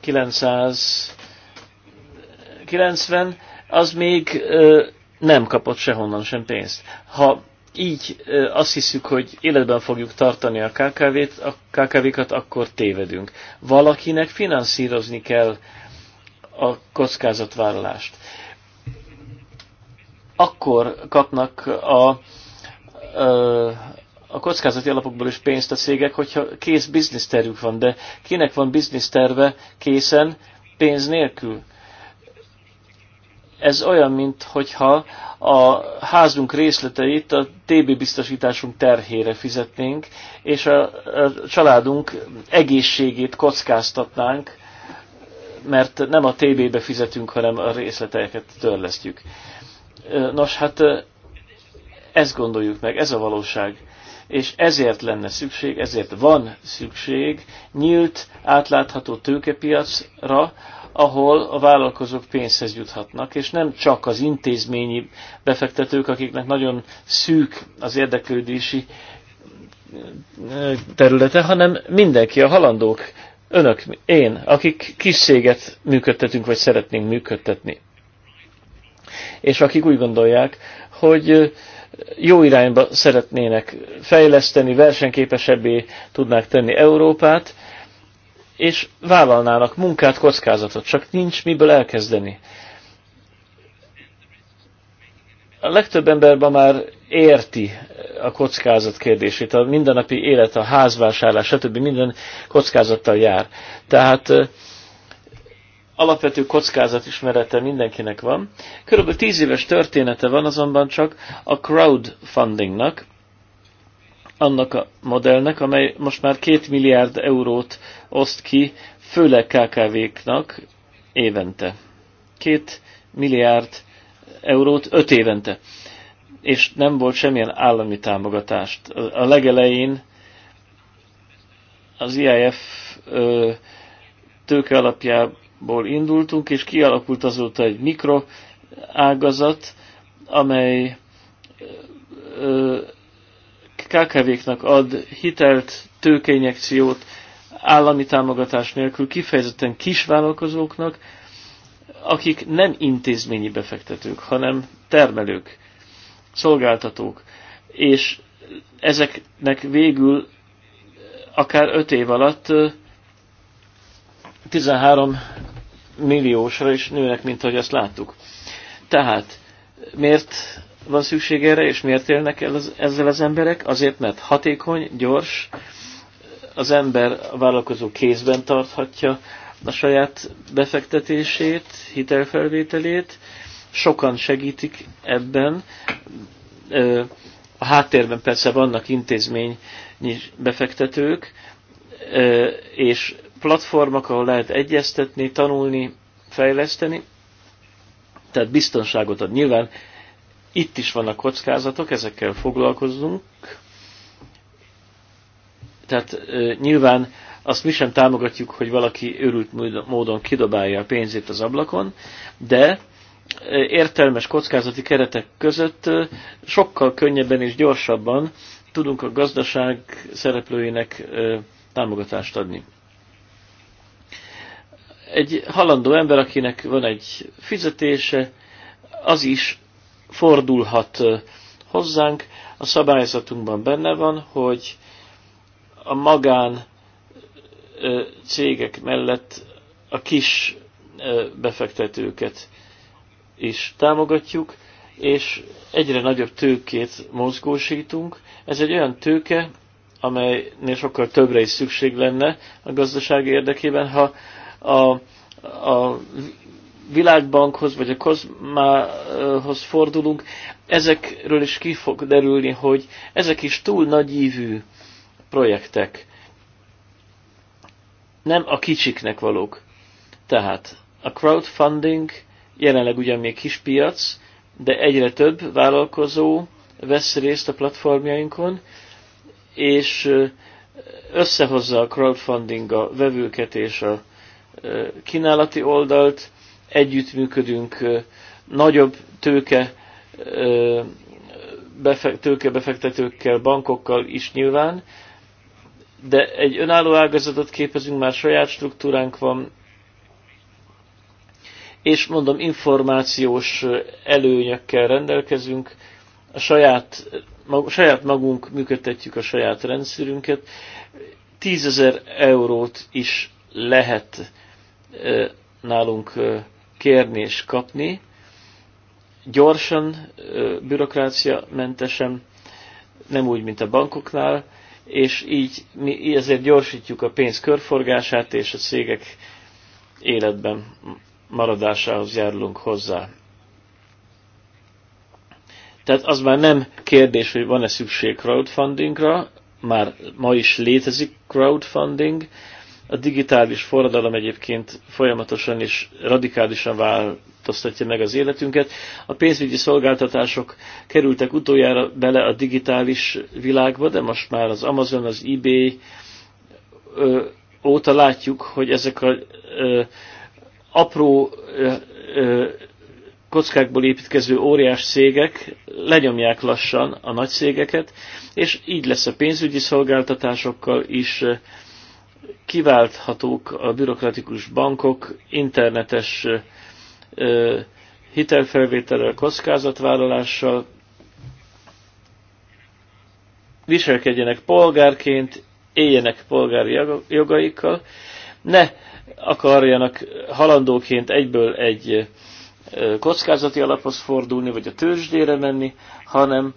B: 990 az még nem kapott sehonnan sem pénzt. Ha így azt hiszük, hogy életben fogjuk tartani a KKV-t, a KKV-kat, akkor tévedünk. Valakinek finanszírozni kell a kockázatvállalást. Akkor kapnak a, a kockázati alapokból is pénzt a cégek, hogyha kész biznisztervük van, de kinek van bizniszterve készen pénz nélkül? Ez olyan, mintha a házunk részleteit a TB biztosításunk terhére fizetnénk, és a, a családunk egészségét kockáztatnánk, mert nem a TB-be fizetünk, hanem a részleteket törlesztjük. Nos, hát ezt gondoljuk meg, ez a valóság. És ezért lenne szükség, ezért van szükség nyílt, átlátható tőkepiacra, ahol a vállalkozók pénzhez juthatnak, és nem csak az intézményi befektetők, akiknek nagyon szűk az érdeklődési területe, hanem mindenki, a halandók, önök, én, akik kis széget működtetünk, vagy szeretnénk működtetni. És akik úgy gondolják, hogy jó irányba szeretnének fejleszteni, versenyképesebbé tudnák tenni Európát, és vállalnának munkát, kockázatot, csak nincs miből elkezdeni. A legtöbb ember ma már érti a kockázat kérdését, a mindennapi élet, a házvásárlás, stb. minden kockázattal jár. Tehát alapvető kockázat ismerete mindenkinek van. Körülbelül tíz éves története van azonban csak a crowdfundingnak, annak a modellnek, amely most már két milliárd eurót oszt ki, főleg KKV-knak évente. Két milliárd eurót öt évente. És nem volt semmilyen állami támogatást. A legelején az IIF ö, tőke alapjából indultunk, és kialakult azóta egy mikroágazat, amely ö, KKV-knak ad hitelt, tőkeinjekciót, állami támogatás nélkül kifejezetten kisvállalkozóknak, akik nem intézményi befektetők, hanem termelők, szolgáltatók, és ezeknek végül akár 5 év alatt 13 milliósra is nőnek, mint ahogy azt láttuk. Tehát miért van szükség erre, és miért élnek el az, ezzel az emberek? Azért, mert hatékony, gyors, az ember a vállalkozó kézben tarthatja a saját befektetését, hitelfelvételét, sokan segítik ebben. A háttérben persze vannak intézmény befektetők, és platformok, ahol lehet egyeztetni, tanulni, fejleszteni, tehát biztonságot ad. Nyilván itt is vannak kockázatok, ezekkel foglalkozunk. Tehát nyilván azt mi sem támogatjuk, hogy valaki őrült módon kidobálja a pénzét az ablakon, de értelmes kockázati keretek között sokkal könnyebben és gyorsabban tudunk a gazdaság szereplőinek támogatást adni. Egy halandó ember, akinek van egy fizetése, az is fordulhat hozzánk. A szabályzatunkban benne van, hogy a magán cégek mellett a kis befektetőket is támogatjuk, és egyre nagyobb tőkét mozgósítunk. Ez egy olyan tőke, amelynél sokkal többre is szükség lenne a gazdaság érdekében, ha a, a Világbankhoz vagy a Kozmához fordulunk, ezekről is ki fog derülni, hogy ezek is túl nagyívű projektek. Nem a kicsiknek valók. Tehát a crowdfunding jelenleg ugyan még kis piac, de egyre több vállalkozó vesz részt a platformjainkon, és összehozza a crowdfunding a vevőket és a kínálati oldalt, együttműködünk, nagyobb tőke, tőkebefektetőkkel, bankokkal is nyilván, de egy önálló ágazatot képezünk, már saját struktúránk van, és mondom, információs előnyökkel rendelkezünk, a saját, mag, saját magunk működtetjük a saját rendszerünket, tízezer eurót is lehet nálunk kérni és kapni, gyorsan, bürokrácia mentesen, nem úgy, mint a bankoknál, és így mi ezért gyorsítjuk a pénz körforgását, és a cégek életben maradásához járulunk hozzá. Tehát az már nem kérdés, hogy van-e szükség crowdfundingra, már ma is létezik crowdfunding, a digitális forradalom egyébként folyamatosan és radikálisan változtatja meg az életünket. A pénzügyi szolgáltatások kerültek utoljára bele a digitális világba, de most már az Amazon, az eBay ö, óta látjuk, hogy ezek a ö, apró ö, ö, kockákból építkező óriás cégek lenyomják lassan a nagy cégeket, és így lesz a pénzügyi szolgáltatásokkal is, kiválthatók a bürokratikus bankok internetes hitelfelvételrel, kockázatvállalással, viselkedjenek polgárként, éljenek polgári jogaikkal, ne akarjanak halandóként egyből egy kockázati alaphoz fordulni, vagy a tőzsdére menni, hanem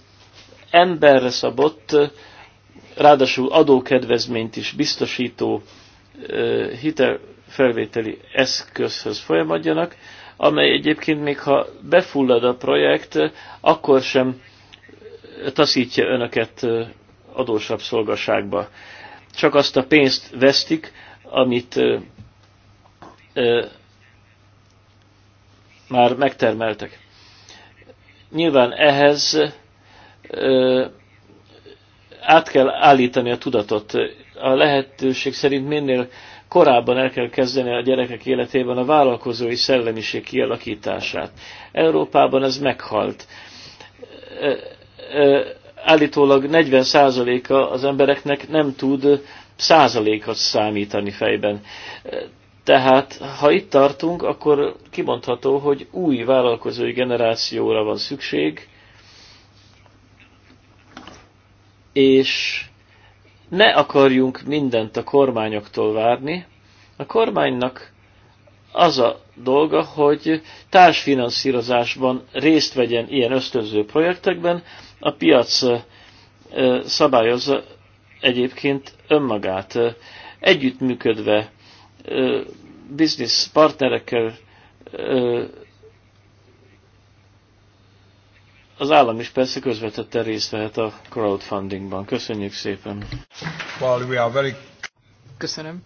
B: emberre szabott ráadásul adókedvezményt is biztosító hitelfelvételi eszközhöz folyamadjanak, amely egyébként még ha befullad a projekt, akkor sem taszítja önöket adósabb szolgaságba. Csak azt a pénzt vesztik, amit már megtermeltek. Nyilván ehhez át kell állítani a tudatot. A lehetőség szerint minél korábban el kell kezdeni a gyerekek életében a vállalkozói szellemiség kialakítását. Európában ez meghalt. Állítólag 40%-a az embereknek nem tud százalékot számítani fejben. Tehát, ha itt tartunk, akkor kimondható, hogy új vállalkozói generációra van szükség, és ne akarjunk mindent a kormányoktól várni. A kormánynak az a dolga, hogy társfinanszírozásban részt vegyen ilyen ösztönző projektekben, a piac szabályozza egyébként önmagát. Együttműködve biznisz partnerekkel az állam is persze közvetetten részt vehet a crowdfundingban. Köszönjük szépen!
A: Well, we are very... Köszönöm.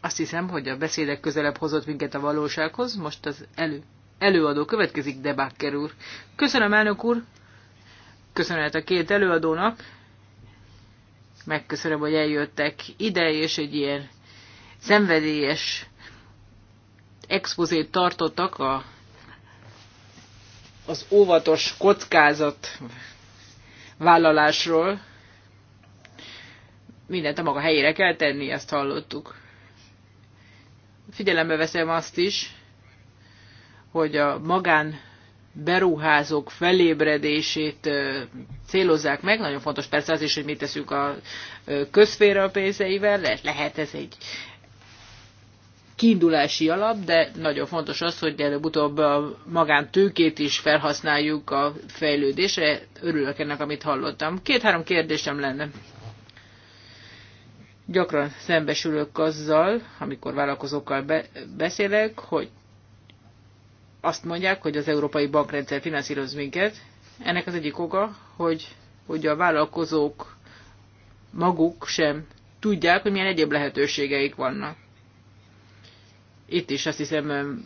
A: Azt hiszem, hogy a beszédek közelebb hozott minket a valósághoz. Most az elő, előadó következik, Debakker úr. Köszönöm, elnök úr! Köszönet a két előadónak. Megköszönöm, hogy eljöttek ide, és egy ilyen szenvedélyes expozét tartottak a, az óvatos kockázat vállalásról. Mindent a maga helyére kell tenni, ezt hallottuk. Figyelembe veszem azt is, hogy a magán beruházók felébredését célozzák meg. Nagyon fontos persze az is, hogy mit teszünk a közféra pénzeivel, lehet ez egy kiindulási alap, de nagyon fontos az, hogy előbb-utóbb a magántőkét is felhasználjuk a fejlődésre. Örülök ennek, amit hallottam. Két-három kérdésem lenne. Gyakran szembesülök azzal, amikor vállalkozókkal be- beszélek, hogy azt mondják, hogy az európai bankrendszer finanszíroz minket. Ennek az egyik oka, hogy, hogy a vállalkozók maguk sem tudják, hogy milyen egyéb lehetőségeik vannak itt is azt hiszem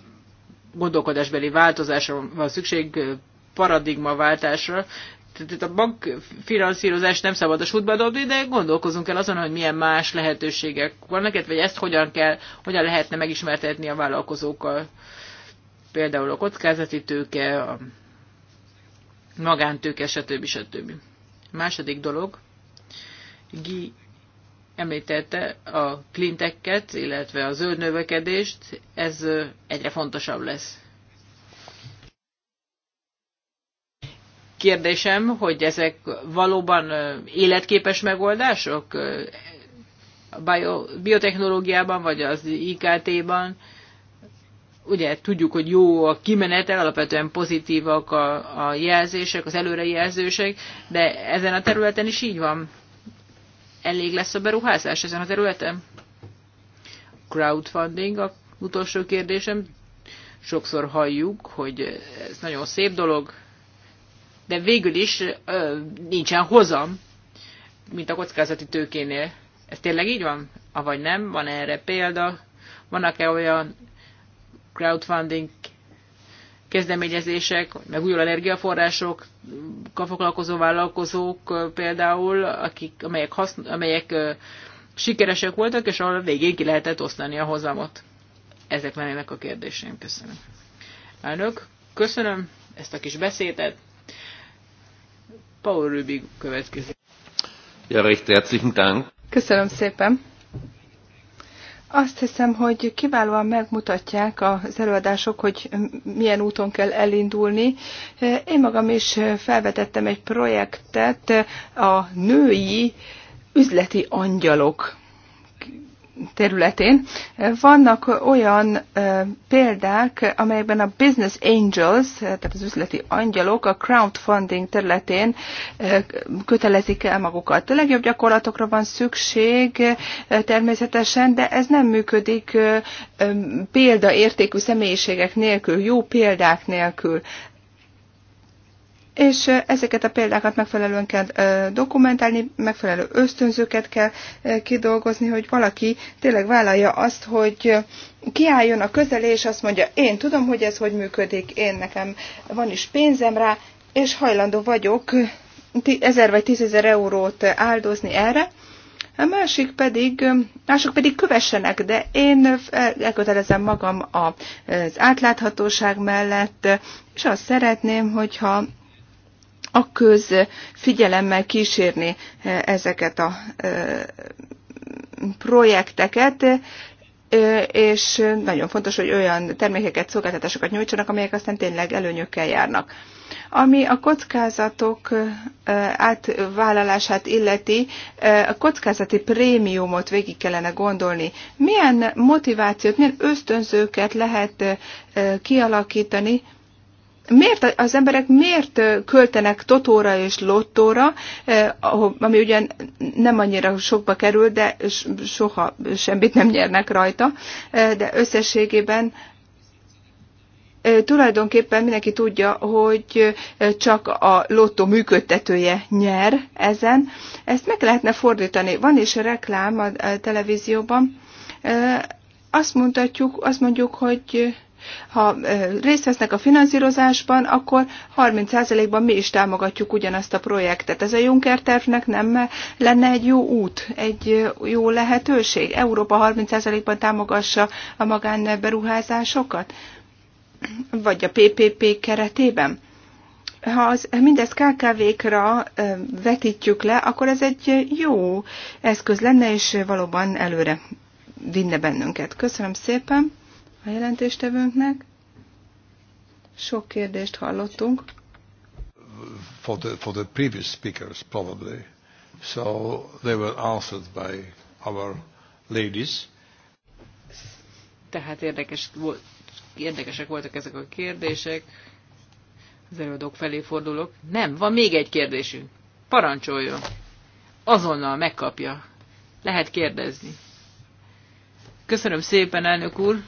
A: gondolkodásbeli változásra van szükség, paradigmaváltásra. Tehát a bankfinanszírozást nem szabad a sútba dobni, de gondolkozunk el azon, hogy milyen más lehetőségek vannak, vagy ezt hogyan, kell, hogyan lehetne megismertetni a vállalkozókkal. Például a kockázati tőke, a magántőke, stb. stb. Második dolog, Guy említette a klinteket, illetve a zöld növekedést, ez egyre fontosabb lesz. Kérdésem, hogy ezek valóban életképes megoldások a bio, biotechnológiában vagy az IKT-ban? Ugye tudjuk, hogy jó a kimenetel, alapvetően pozitívak a, a jelzések, az előrejelzősek, de ezen a területen is így van elég lesz a beruházás ezen a területen? Crowdfunding a utolsó kérdésem. Sokszor halljuk, hogy ez nagyon szép dolog, de végül is ö, nincsen hozam, mint a kockázati tőkénél. Ez tényleg így van? Avagy nem? Van -e erre példa? Vannak-e olyan crowdfunding kezdeményezések, meg újul energiaforrások, foglalkozó vállalkozók például, akik, amelyek, haszn, amelyek sikeresek voltak, és ahol végén ki lehetett osztani a hozamot. Ezek lennének a kérdéseim. Köszönöm. Elnök, köszönöm ezt a kis beszédet.
C: Paul Rübig következik. Ja, recht
B: herzlichen Dank.
C: Köszönöm szépen. Azt hiszem, hogy kiválóan megmutatják az előadások, hogy milyen úton kell elindulni. Én magam is felvetettem egy projektet a női üzleti angyalok területén. Vannak olyan példák, amelyben a business angels, tehát az üzleti angyalok a crowdfunding területén kötelezik el magukat. A legjobb gyakorlatokra van szükség természetesen, de ez nem működik példaértékű személyiségek nélkül, jó példák nélkül és ezeket a példákat megfelelően kell dokumentálni, megfelelő ösztönzőket kell kidolgozni, hogy valaki tényleg vállalja azt, hogy kiálljon a közelé, és azt mondja, én tudom, hogy ez hogy működik, én nekem van is pénzem rá, és hajlandó vagyok ezer vagy tízezer eurót áldozni erre, a másik pedig, mások pedig kövessenek, de én elkötelezem magam az átláthatóság mellett, és azt szeretném, hogyha a köz figyelemmel kísérni eh, ezeket a eh, projekteket, eh, és nagyon fontos, hogy olyan termékeket, szolgáltatásokat nyújtsanak, amelyek aztán tényleg előnyökkel járnak. Ami a kockázatok átvállalását illeti, a kockázati prémiumot végig kellene gondolni. Milyen motivációt, milyen ösztönzőket lehet kialakítani miért az emberek miért költenek totóra és lottóra, ami ugyan nem annyira sokba kerül, de soha semmit nem nyernek rajta, de összességében tulajdonképpen mindenki tudja, hogy csak a lottó működtetője nyer ezen. Ezt meg lehetne fordítani. Van is reklám a televízióban. Azt, mondhatjuk, azt mondjuk, hogy ha részt vesznek a finanszírozásban, akkor 30%-ban mi is támogatjuk ugyanazt a projektet. Ez a Juncker tervnek nem lenne egy jó út, egy jó lehetőség? Európa 30%-ban támogassa a magánberuházásokat? Vagy a PPP keretében? ha az, mindezt KKV-kra vetítjük le, akkor ez egy jó eszköz lenne, és valóban előre vinne bennünket. Köszönöm szépen a jelentéstevőnknek. Sok kérdést hallottunk.
B: For the, for the
A: previous speakers probably. So they were answered by our ladies. Tehát érdekes volt, érdekesek voltak ezek a kérdések. Az előadók felé fordulok. Nem, van még egy kérdésünk. Parancsoljon. Azonnal megkapja. Lehet kérdezni. Köszönöm szépen, elnök úr.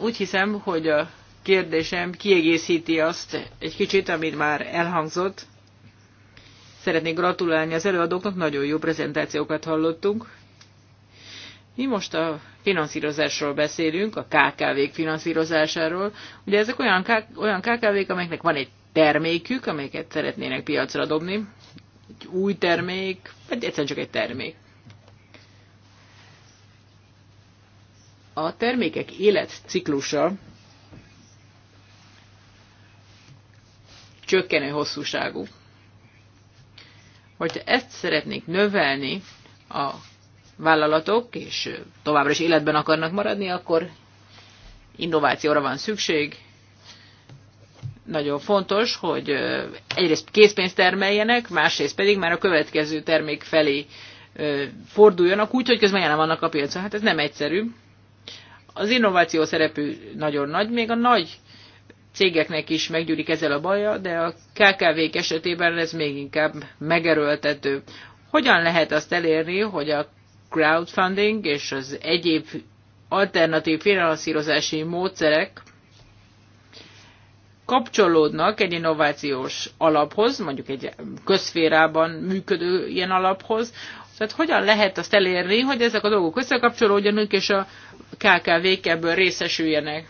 A: Úgy hiszem, hogy a kérdésem kiegészíti azt egy kicsit, amit már elhangzott. Szeretnék gratulálni az előadóknak, nagyon jó prezentációkat hallottunk. Mi most a finanszírozásról beszélünk, a KKV-k finanszírozásáról. Ugye ezek olyan, olyan KKV-k, amelyeknek van egy termékük, amelyeket szeretnének piacra dobni. Egy új termék, vagy egyszerűen csak egy termék. A termékek életciklusa csökkenő hosszúságú. Hogyha ezt szeretnék növelni a vállalatok, és továbbra is életben akarnak maradni, akkor innovációra van szükség. Nagyon fontos, hogy egyrészt készpénzt termeljenek, másrészt pedig már a következő termék felé forduljanak, úgy, hogy közben jelen vannak a piacon. Hát ez nem egyszerű. Az innováció szerepű nagyon nagy, még a nagy cégeknek is meggyűlik ezzel a baja, de a KKV-k esetében ez még inkább megerőltető. Hogyan lehet azt elérni, hogy a crowdfunding és az egyéb alternatív finanszírozási módszerek kapcsolódnak egy innovációs alaphoz, mondjuk egy közférában működő ilyen alaphoz, tehát hogyan lehet azt elérni, hogy ezek a dolgok összekapcsolódjanak, és a KKV-k ebből részesüljenek?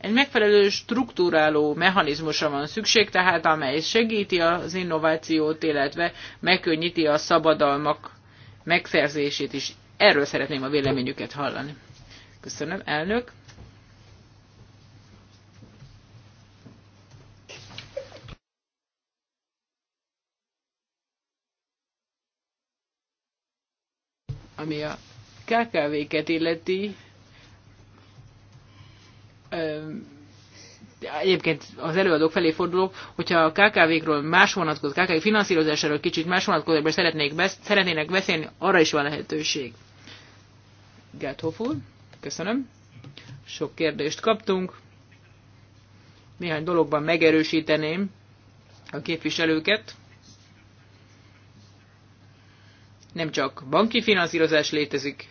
A: Egy megfelelő struktúráló mechanizmusra van szükség, tehát amely segíti az innovációt, illetve megkönnyíti a szabadalmak megszerzését is. Erről szeretném a véleményüket hallani. Köszönöm, elnök. Ami a KKV-ket illeti, egyébként az előadók felé fordulok, hogyha a KKV-król más vonatkozó, KKV finanszírozásáról kicsit más vonatkozókban szeretnék besz- szeretnének beszélni, arra is van lehetőség. Gáthoff köszönöm. Sok kérdést kaptunk. Néhány dologban megerősíteném a képviselőket nem csak banki finanszírozás létezik,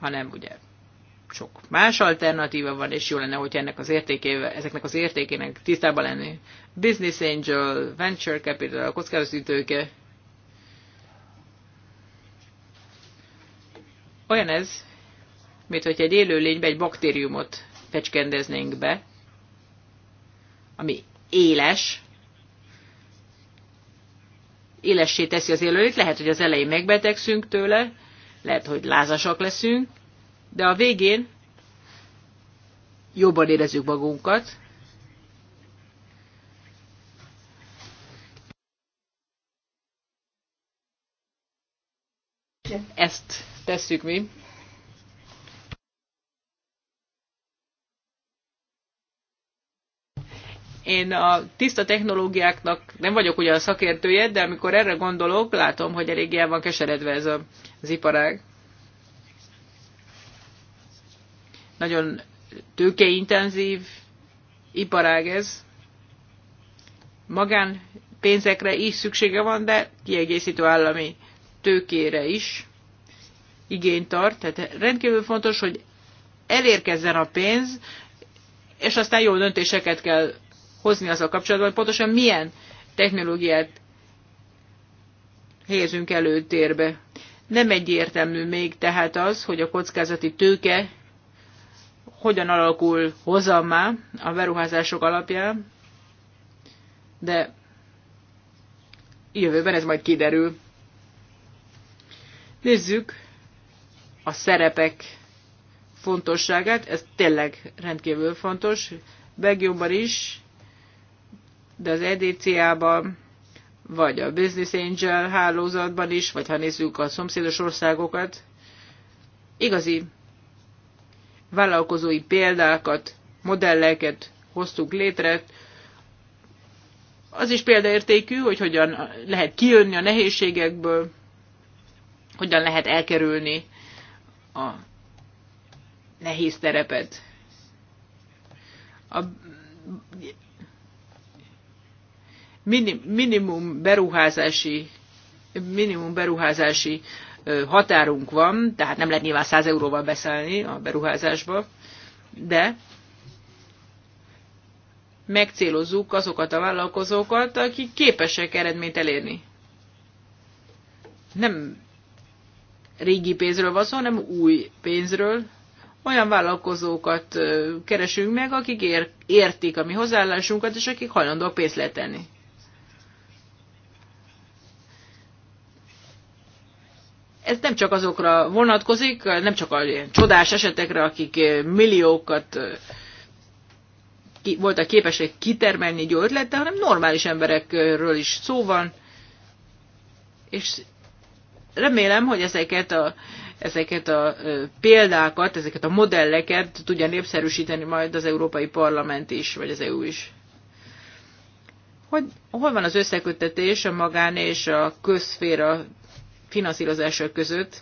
A: hanem ugye sok más alternatíva van, és jó lenne, hogy ennek az értékével, ezeknek az értékének tisztában lenni. Business Angel, Venture Capital, kockázatítőke. Olyan ez, mint hogy egy élő lénybe egy baktériumot fecskendeznénk be, ami éles, élessé teszi az élőlét, lehet, hogy az elején megbetegszünk tőle, lehet, hogy lázasak leszünk, de a végén jobban érezzük magunkat, Ezt tesszük mi. Én a tiszta technológiáknak nem vagyok ugye a szakértője, de amikor erre gondolok, látom, hogy eléggé el van keseredve ez a, az iparág. Nagyon tőkeintenzív iparág ez. Magán pénzekre is szüksége van, de kiegészítő állami tőkére is igény tart. Tehát rendkívül fontos, hogy elérkezzen a pénz, és aztán jó döntéseket kell hozni azzal kapcsolatban, hogy pontosan milyen technológiát helyezünk előtérbe. Nem egyértelmű még tehát az, hogy a kockázati tőke hogyan alakul hozammá a beruházások alapján, de jövőben ez majd kiderül. Nézzük a szerepek fontosságát, ez tényleg rendkívül fontos. Begjobban is de az EDCA-ban, vagy a Business Angel hálózatban is, vagy ha nézzük a szomszédos országokat, igazi vállalkozói példákat, modelleket hoztuk létre. Az is példaértékű, hogy hogyan lehet kijönni a nehézségekből, hogyan lehet elkerülni a nehéz terepet. A minimum beruházási minimum beruházási határunk van, tehát nem lehet nyilván 100 euróval beszállni a beruházásba, de megcélozzuk azokat a vállalkozókat, akik képesek eredményt elérni. Nem régi pénzről van szó, hanem új pénzről. Olyan vállalkozókat keresünk meg, akik ér, értik a mi hozzáállásunkat, és akik hajlandóak pénzt letenni. Ez nem csak azokra vonatkozik, nem csak a csodás esetekre, akik eh, milliókat eh, voltak képesek kitermelni egy ötlete, hanem normális emberekről is szó van, és remélem, hogy ezeket a, ezeket a eh, példákat, ezeket a modelleket tudja népszerűsíteni majd az Európai Parlament is, vagy az EU is. Hogy, hol van az összekötetés a magán és a közféra finanszírozások között.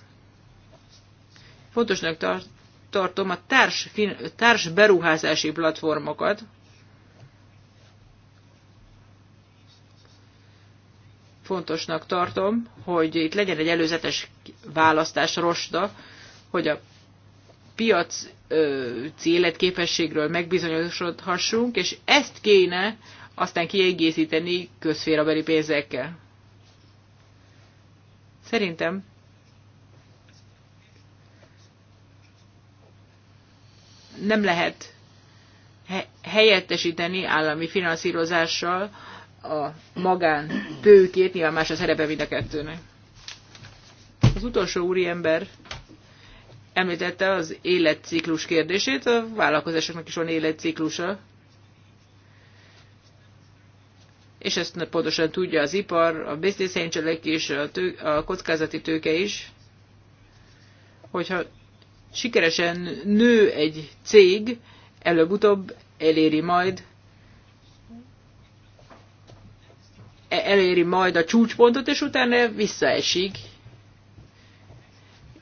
A: Fontosnak tartom a társ, társ beruházási platformokat, fontosnak tartom, hogy itt legyen egy előzetes választás rosta, hogy a piac életképességről megbizonyosodhassunk, és ezt kéne aztán kiegészíteni közférabeli pénzekkel. Szerintem nem lehet helyettesíteni állami finanszírozással a magán tőkét, nyilván más a szerepe mind a kettőnek. Az utolsó úriember említette az életciklus kérdését, a vállalkozásoknak is van életciklusa. és ezt pontosan tudja az ipar, a business angel is, a, tő, a kockázati tőke is, hogyha sikeresen nő egy cég, előbb-utóbb eléri majd e- eléri majd a csúcspontot, és utána visszaesik.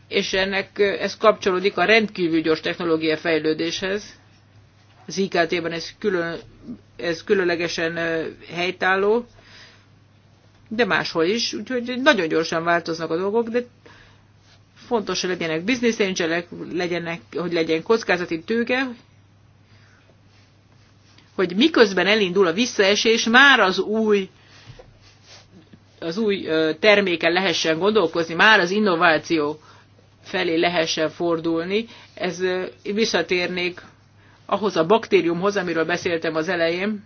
A: És ennek ez kapcsolódik a rendkívül gyors technológia fejlődéshez. Az IKT-ben ez külön ez különlegesen helytálló, de máshol is, úgyhogy nagyon gyorsan változnak a dolgok, de fontos, hogy legyenek business angelek, legyenek, hogy legyen kockázati tőke, hogy miközben elindul a visszaesés, már az új az új terméken lehessen gondolkozni, már az innováció felé lehessen fordulni. Ez visszatérnék ahhoz a baktériumhoz, amiről beszéltem az elején,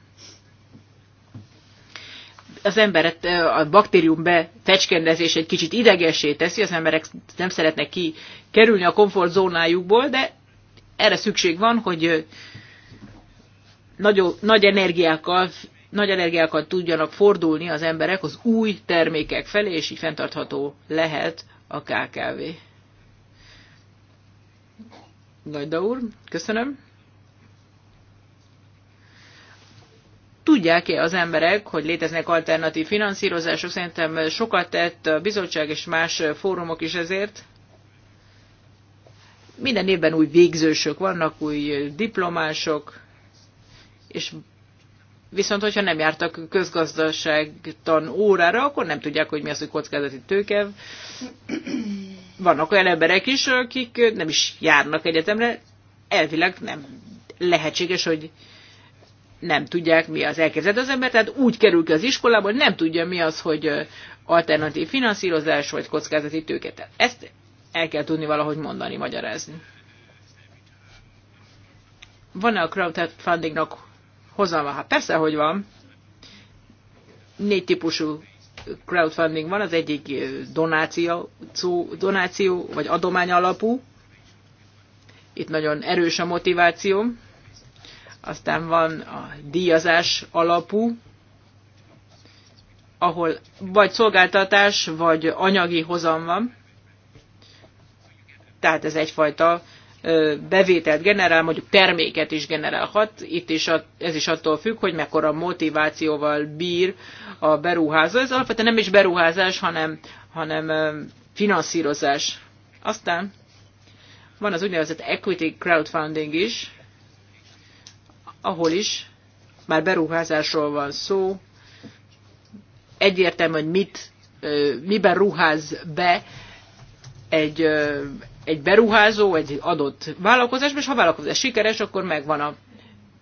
A: az emberet eh, a baktérium befecskendezés egy kicsit idegessé teszi, az emberek nem szeretnek ki kerülni a komfortzónájukból, de erre szükség van, hogy eh, nagy, nagy energiákkal nagy energiákkal tudjanak fordulni az emberek az új termékek felé, és így fenntartható lehet a KKV. nagy úr, köszönöm. Tudják-e az emberek, hogy léteznek alternatív finanszírozások? Szerintem sokat tett a bizottság és más fórumok is ezért. Minden évben új végzősök vannak, új diplomások, és viszont hogyha nem jártak közgazdaságtan órára, akkor nem tudják, hogy mi az, hogy kockázati tőke. Vannak olyan emberek is, akik nem is járnak egyetemre, elvileg nem lehetséges, hogy nem tudják, mi az elkezdett az ember, tehát úgy kerül ki az iskolából, nem tudja, mi az, hogy alternatív finanszírozás vagy kockázati tőke. Tehát ezt el kell tudni valahogy mondani, magyarázni. Van-e a crowdfundingnak hozama? Hát persze, hogy van. Négy típusú crowdfunding van, az egyik donáció, donáció vagy adomány alapú. Itt nagyon erős a motiváció. Aztán van a díjazás alapú, ahol vagy szolgáltatás, vagy anyagi hozam van. Tehát ez egyfajta bevételt generál, mondjuk terméket is generálhat. Itt is ez is attól függ, hogy mekkora motivációval bír a beruházó. Ez alapvetően nem is beruházás, hanem, hanem finanszírozás. Aztán van az úgynevezett equity crowdfunding is, ahol is már beruházásról van szó, egyértelmű, hogy mit, miben ruház be egy, egy beruházó, egy adott vállalkozás, és ha a vállalkozás sikeres, akkor megvan a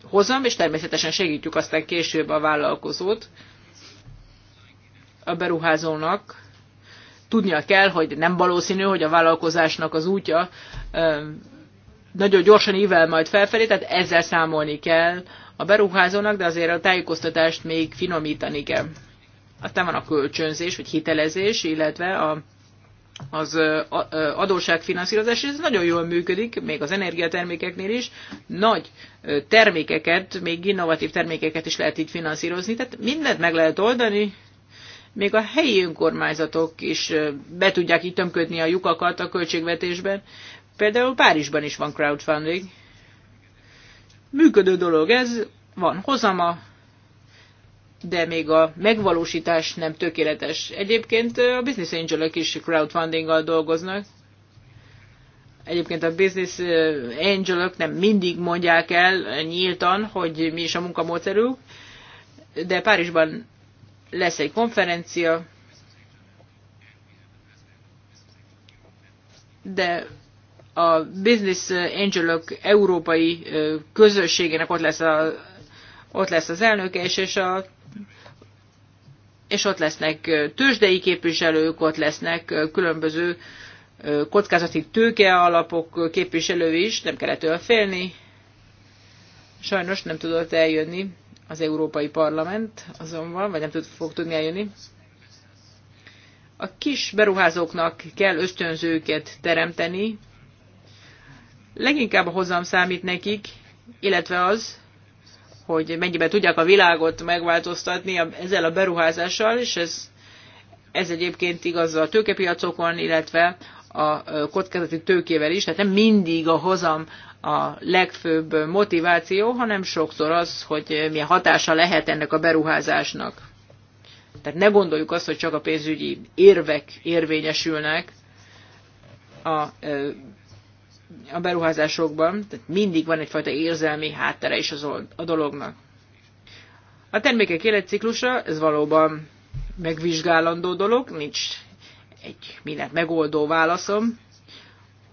A: hozam, és természetesen segítjük aztán később a vállalkozót. A beruházónak tudnia kell, hogy nem valószínű, hogy a vállalkozásnak az útja nagyon gyorsan ível majd felfelé, tehát ezzel számolni kell a beruházónak, de azért a tájékoztatást még finomítani kell. Aztán van a kölcsönzés, vagy hitelezés, illetve a, az adósságfinanszírozás, ez nagyon jól működik, még az energiatermékeknél is. Nagy termékeket, még innovatív termékeket is lehet így finanszírozni, tehát mindent meg lehet oldani, még a helyi önkormányzatok is be tudják így tömködni a lyukakat a költségvetésben, Például Párizsban is van crowdfunding. Működő dolog ez, van hozama, de még a megvalósítás nem tökéletes. Egyébként a business angelek is crowdfundinggal dolgoznak. Egyébként a business angelök nem mindig mondják el nyíltan, hogy mi is a munkamódszerük, de Párizsban lesz egy konferencia, de a Business Angelok európai közösségének ott lesz, a, ott lesz az elnöke, és, és, a, és ott lesznek tőzsdei képviselők, ott lesznek különböző kockázati tőke alapok képviselői is, nem kellett olyan félni. Sajnos nem tudott eljönni az Európai Parlament azonban, vagy nem tud, fog tudni eljönni. A kis beruházóknak kell ösztönzőket teremteni, Leginkább a hozzám számít nekik, illetve az, hogy mennyiben tudják a világot megváltoztatni ezzel a beruházással, és ez, ez egyébként igaz a tőkepiacokon, illetve a kockázati tőkével is, tehát nem mindig a hozam a legfőbb motiváció, hanem sokszor az, hogy milyen hatása lehet ennek a beruházásnak. Tehát ne gondoljuk azt, hogy csak a pénzügyi érvek érvényesülnek a a beruházásokban, tehát mindig van egyfajta érzelmi háttere is az a dolognak. A termékek életciklusa, ez valóban megvizsgálandó dolog, nincs egy mindent megoldó válaszom,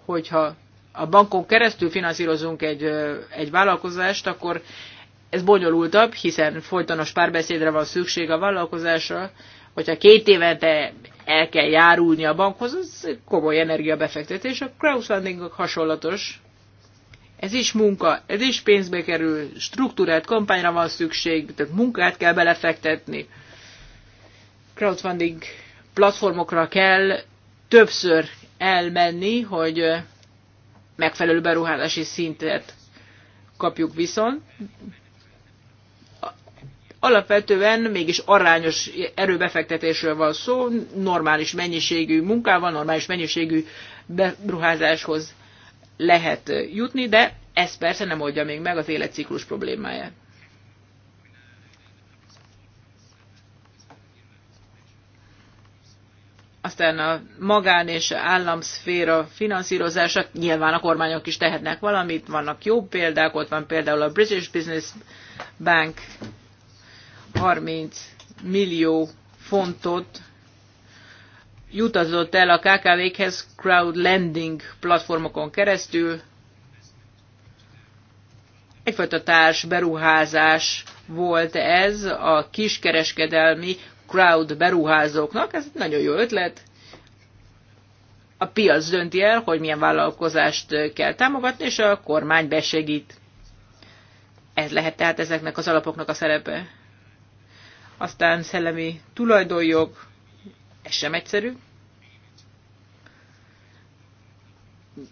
A: hogyha a bankon keresztül finanszírozunk egy, egy vállalkozást, akkor ez bonyolultabb, hiszen folytonos párbeszédre van szükség a vállalkozásra, hogyha két évente el kell járulni a bankhoz, az komoly energiabefektetés. A crowdfunding hasonlatos. Ez is munka, ez is pénzbe kerül, struktúrált kampányra van szükség, tehát munkát kell belefektetni. Crowdfunding platformokra kell többször elmenni, hogy megfelelő beruházási szintet kapjuk viszont. Alapvetően mégis arányos erőbefektetésről van szó, normális mennyiségű munkával, normális mennyiségű beruházáshoz lehet jutni, de ez persze nem oldja még meg az életciklus problémáját. Aztán a magán és államszféra finanszírozása, nyilván a kormányok is tehetnek valamit, vannak jó példák, ott van például a British Business Bank, 30 millió fontot jutazott el a KKV-khez crowdlending platformokon keresztül. Egyfajta társ beruházás volt ez a kiskereskedelmi crowd beruházóknak. Ez nagyon jó ötlet. A piac dönti el, hogy milyen vállalkozást kell támogatni, és a kormány besegít. Ez lehet tehát ezeknek az alapoknak a szerepe. Aztán szellemi tulajdonjog, ez sem egyszerű.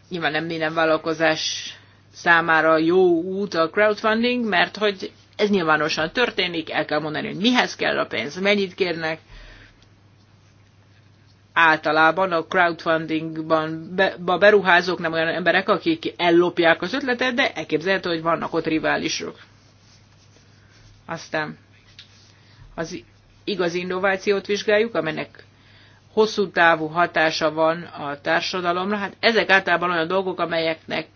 A: Nyilván nem minden vállalkozás számára jó út a crowdfunding, mert hogy ez nyilvánosan történik, el kell mondani, hogy mihez kell a pénz, mennyit kérnek. Általában a crowdfundingban be, beruházók nem olyan emberek, akik ellopják az ötletet, de elképzelhető, hogy vannak ott riválisok. Aztán az igazi innovációt vizsgáljuk, amelynek hosszú távú hatása van a társadalomra. Hát ezek általában olyan dolgok, amelyeknek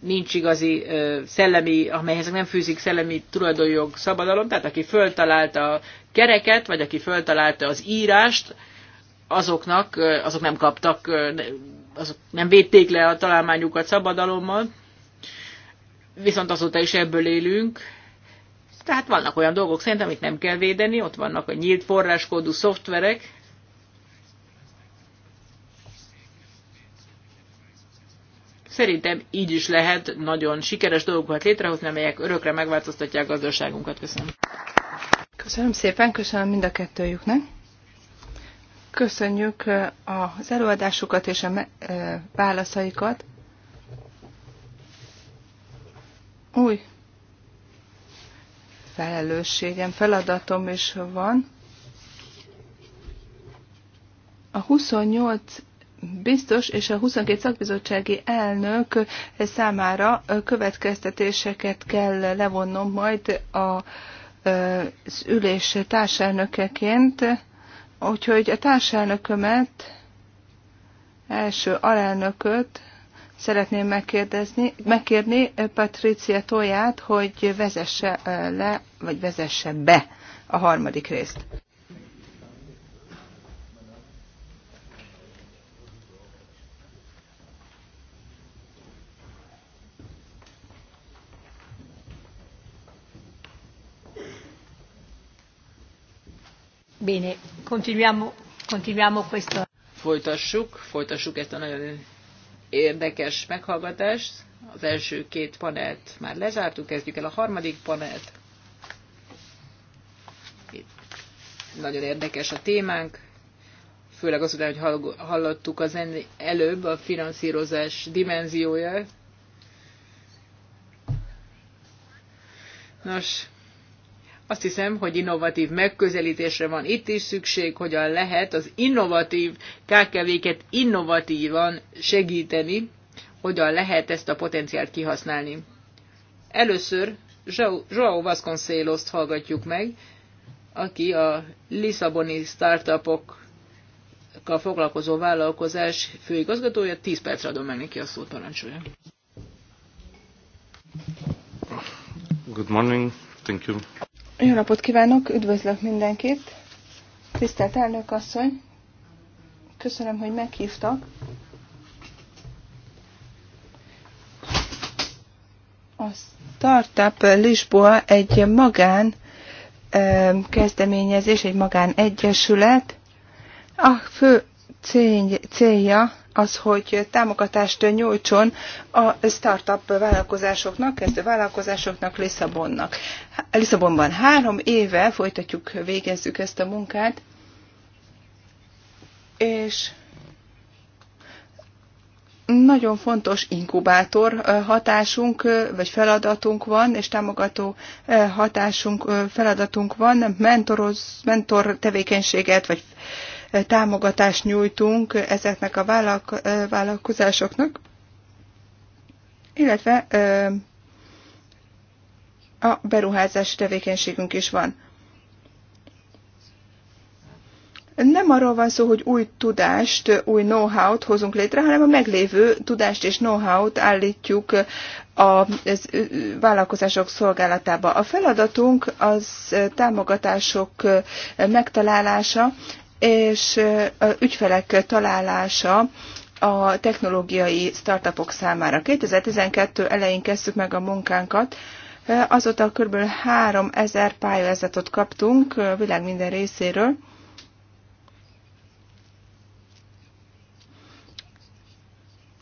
A: nincs igazi ö, szellemi, amelyhez nem fűzik szellemi tulajdonjog szabadalom, tehát aki föltalálta a kereket, vagy aki föltalálta az írást, azoknak, azok nem kaptak, azok nem védték le a találmányukat szabadalommal, viszont azóta is ebből élünk, tehát vannak olyan dolgok szerintem, amit nem kell védeni, ott vannak a nyílt forráskódú szoftverek, Szerintem így is lehet nagyon sikeres dolgokat létrehozni, amelyek örökre megváltoztatják a gazdaságunkat. Köszönöm.
C: Köszönöm szépen, köszönöm mind a kettőjüknek. Köszönjük az előadásukat és a válaszaikat. Új felelősségem, feladatom is van. A 28 biztos és a 22 szakbizottsági elnök számára következtetéseket kell levonnom majd a az ülés társelnökeként, úgyhogy a társelnökömet, első alelnököt, Szeretném megkérdezni, megkérni eh, Patricia Toját, hogy vezesse eh, le, vagy vezesse be a harmadik részt.
A: Bene, continuiamo, continuiamo questo. Folytassuk, folytassuk ezt a nagyon érdekes meghallgatást. Az első két panelt már lezártuk, kezdjük el a harmadik panelt. Itt nagyon érdekes a témánk, főleg az, hogy hallottuk az előbb a finanszírozás dimenziója. Nos, azt hiszem, hogy innovatív megközelítésre van itt is szükség, hogyan lehet az innovatív KKV-ket innovatívan segíteni, hogyan lehet ezt a potenciált kihasználni. Először João vasconcelos hallgatjuk meg, aki a Lisszaboni startupokkal foglalkozó vállalkozás főigazgatója. 10 percre adom meg neki a szót, parancsolja.
C: Good morning. Thank you jó napot kívánok, üdvözlök mindenkit. Tisztelt elnök asszony, köszönöm, hogy meghívtak. A Startup Lisboa egy magán eh, kezdeményezés, egy magán egyesület. A fő célja az, hogy támogatást nyújtson a startup vállalkozásoknak, kezdő vállalkozásoknak Lisszabonnak. Lisszabonban három éve folytatjuk, végezzük ezt a munkát, és nagyon fontos inkubátor hatásunk, vagy feladatunk van, és támogató hatásunk, feladatunk van, mentoroz, mentor tevékenységet, vagy támogatást nyújtunk ezeknek a vállalkozásoknak, illetve a beruházás tevékenységünk is van. Nem arról van szó, hogy új tudást, új know-how-t hozunk létre, hanem a meglévő tudást és know-how-t állítjuk a vállalkozások szolgálatába. A feladatunk az támogatások megtalálása, és a ügyfelek találása a technológiai startupok számára. 2012 elején kezdtük meg a munkánkat, azóta kb. 3000 pályázatot kaptunk világ minden részéről,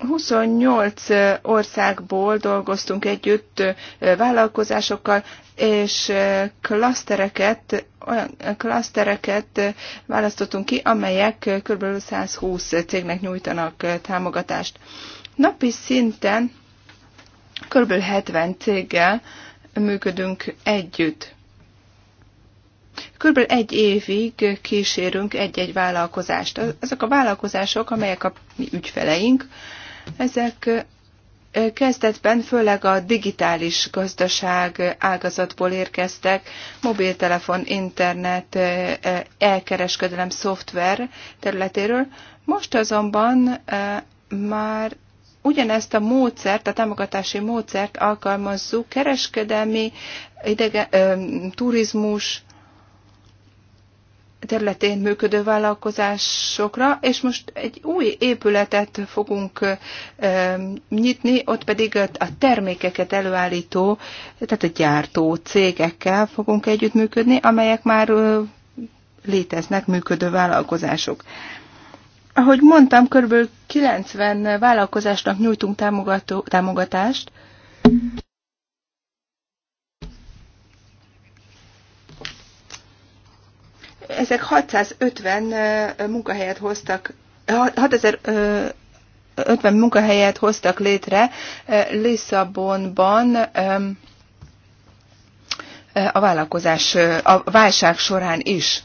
C: 28 eh, országból dolgoztunk együtt eh, vállalkozásokkal, és eh, klasztereket, olyan klasztereket választottunk ki, amelyek kb. 120 cégnek nyújtanak támogatást. Napi szinten kb. 70 céggel működünk együtt. Körülbelül egy évig kísérünk egy-egy vállalkozást. Ezek a vállalkozások, amelyek a mi ügyfeleink, ezek kezdetben főleg a digitális gazdaság ágazatból érkeztek, mobiltelefon, internet, elkereskedelem, szoftver területéről. Most azonban már ugyanezt a módszert, a támogatási módszert alkalmazzuk kereskedelmi, idege, turizmus, területén működő vállalkozásokra, és most egy új épületet fogunk nyitni, ott pedig a termékeket előállító, tehát a gyártó cégekkel fogunk együttműködni, amelyek már léteznek működő vállalkozások. Ahogy mondtam, kb. 90 vállalkozásnak nyújtunk támogató, támogatást, Ezek 650 munkahelyet hoztak, 6050 munkahelyet hoztak létre Lisszabonban a vállalkozás a válság során is.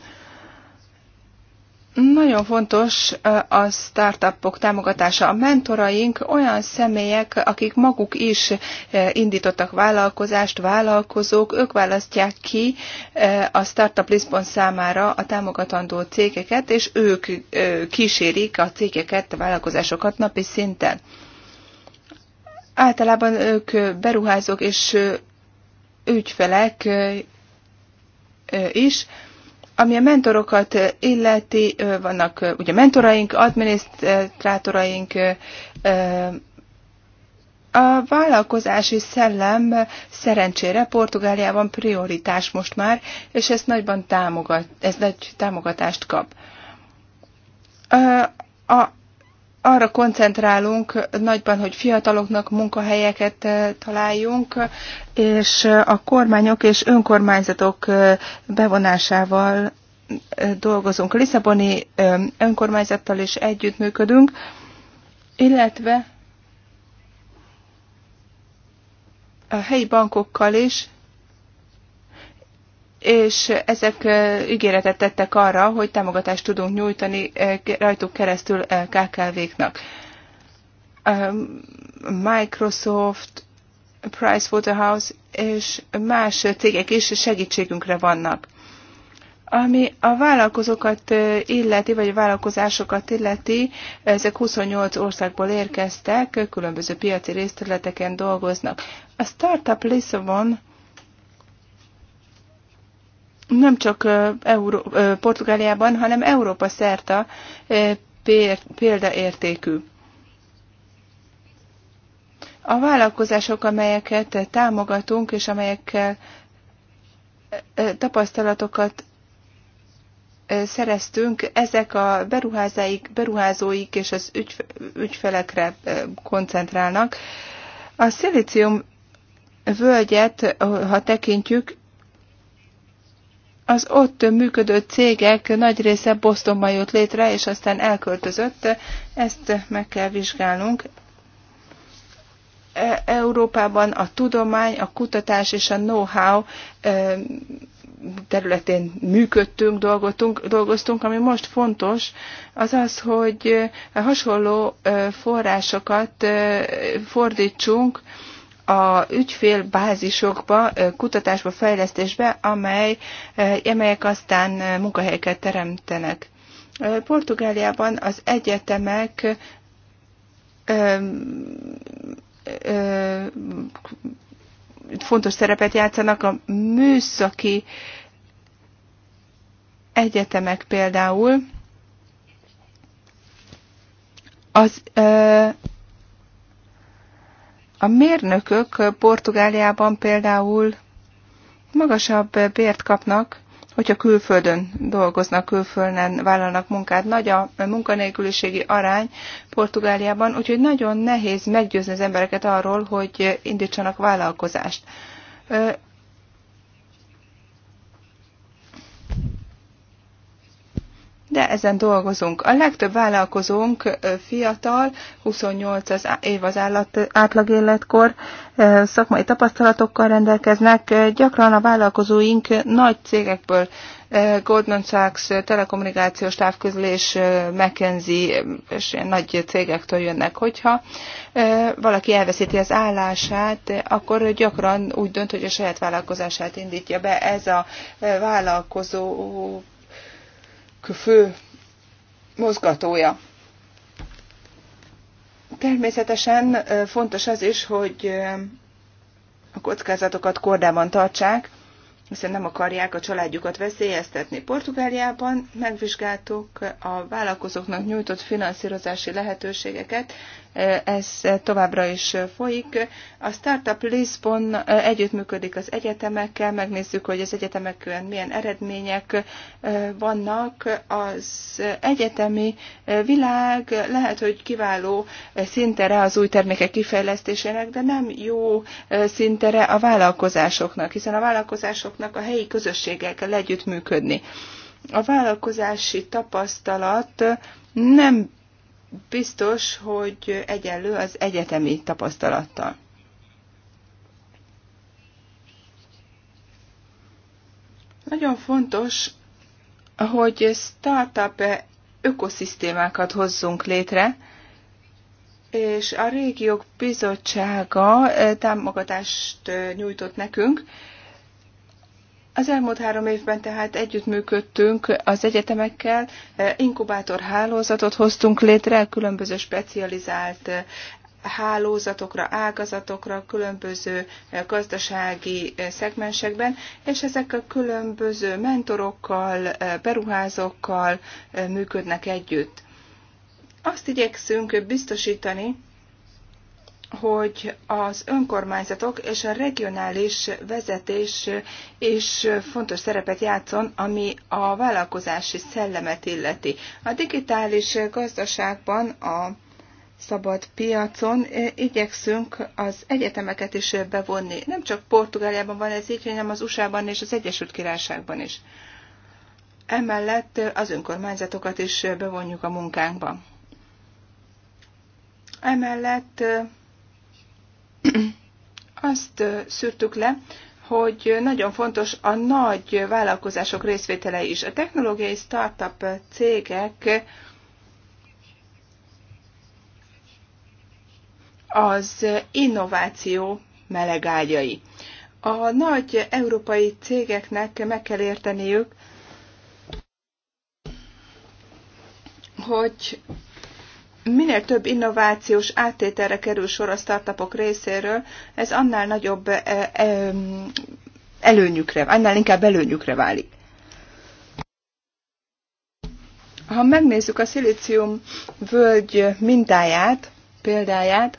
C: Nagyon fontos a startupok támogatása. A mentoraink olyan személyek, akik maguk is indítottak vállalkozást, vállalkozók, ők választják ki a Startup Lisbon számára a támogatandó cégeket, és ők kísérik a cégeket, a vállalkozásokat napi szinten. Általában ők beruházók és ügyfelek is, ami a mentorokat illeti, vannak ugye mentoraink, adminisztrátoraink, a vállalkozási szellem szerencsére Portugáliában prioritás most már, és ez nagyban támogat, ez nagy támogatást kap. A arra koncentrálunk nagyban, hogy fiataloknak munkahelyeket eh, találjunk, és eh, a kormányok és önkormányzatok eh, bevonásával dolgozunk. A Lisszaboni önkormányzattal is együttműködünk, illetve a helyi bankokkal is, és ezek ígéretet tettek arra, hogy támogatást tudunk nyújtani rajtuk keresztül KKV-knak. Microsoft, Pricewaterhouse és más cégek is segítségünkre vannak. Ami a vállalkozókat illeti, vagy a vállalkozásokat illeti, ezek 28 országból érkeztek, különböző piaci részterületeken dolgoznak. A Startup Lisbon nem csak Euró- Portugáliában, hanem Európa szerte példaértékű. A vállalkozások, amelyeket támogatunk, és amelyekkel tapasztalatokat szereztünk, ezek a beruházáik, beruházóik és az ügyfelekre koncentrálnak. A szilícium völgyet, ha tekintjük, az ott működő cégek nagy része Bostonban jött létre, és aztán elköltözött. Ezt meg kell vizsgálnunk. E, Európában a tudomány, a kutatás és a know-how e, területén működtünk, dolgoztunk, dolgoztunk, ami most fontos, az az, hogy hasonló e, forrásokat fordítsunk, a ügyfélbázisokba, kutatásba, fejlesztésbe, amely, amelyek aztán munkahelyeket teremtenek. Portugáliában az egyetemek fontos szerepet játszanak a műszaki egyetemek például. Az a mérnökök Portugáliában például magasabb bért kapnak, hogyha külföldön dolgoznak, külföldön vállalnak munkát. Nagy a munkanélküliségi arány Portugáliában, úgyhogy nagyon nehéz meggyőzni az embereket arról, hogy indítsanak vállalkozást. de ezen dolgozunk. A legtöbb vállalkozónk fiatal, 28 az év az állat, átlag életkor, szakmai tapasztalatokkal rendelkeznek. Gyakran a vállalkozóink nagy cégekből, Goldman Sachs, telekommunikációs távközlés, McKenzie és nagy cégektől jönnek. Hogyha valaki elveszíti az állását, akkor gyakran úgy dönt, hogy a saját vállalkozását indítja be. Ez a vállalkozó fő mozgatója. Természetesen fontos az is, hogy a kockázatokat kordában tartsák, hiszen nem akarják a családjukat veszélyeztetni. Portugáliában megvizsgáltuk a vállalkozóknak nyújtott finanszírozási lehetőségeket, ez továbbra is folyik. A Startup Lisbon együttműködik az egyetemekkel, megnézzük, hogy az egyetemek milyen eredmények vannak. Az egyetemi világ lehet, hogy kiváló szintere az új termékek kifejlesztésének, de nem jó szintere a vállalkozásoknak, hiszen a vállalkozásoknak a helyi közösséggel kell együttműködni a vállalkozási tapasztalat nem biztos, hogy egyenlő az egyetemi tapasztalattal. Nagyon fontos, hogy startup ökoszisztémákat hozzunk létre, és a régiók bizottsága eh, támogatást eh, nyújtott nekünk, az elmúlt három évben tehát együttműködtünk az egyetemekkel, eh, inkubátor hálózatot hoztunk létre, különböző specializált eh, hálózatokra, ágazatokra, különböző eh, gazdasági szegmensekben, és ezek a különböző mentorokkal, beruházókkal működnek együtt. Azt igyekszünk biztosítani, hogy az önkormányzatok és a regionális vezetés is fontos szerepet játszon, ami a vállalkozási szellemet illeti. A digitális gazdaságban a szabad piacon eh, igyekszünk az egyetemeket is bevonni. Nem csak Portugáliában van ez így, hanem az USA-ban és az Egyesült Királyságban is. Emellett az önkormányzatokat is bevonjuk a munkánkba. Emellett eh, azt szűrtük le, hogy nagyon fontos a nagy vállalkozások részvétele is. A technológiai startup cégek az innováció melegágyai. A nagy európai cégeknek meg kell érteniük, hogy minél több innovációs áttételre kerül sor a startupok részéről, ez annál nagyobb e, e, előnyükre, annál inkább előnyükre válik. Ha megnézzük a szilícium völgy mintáját, példáját,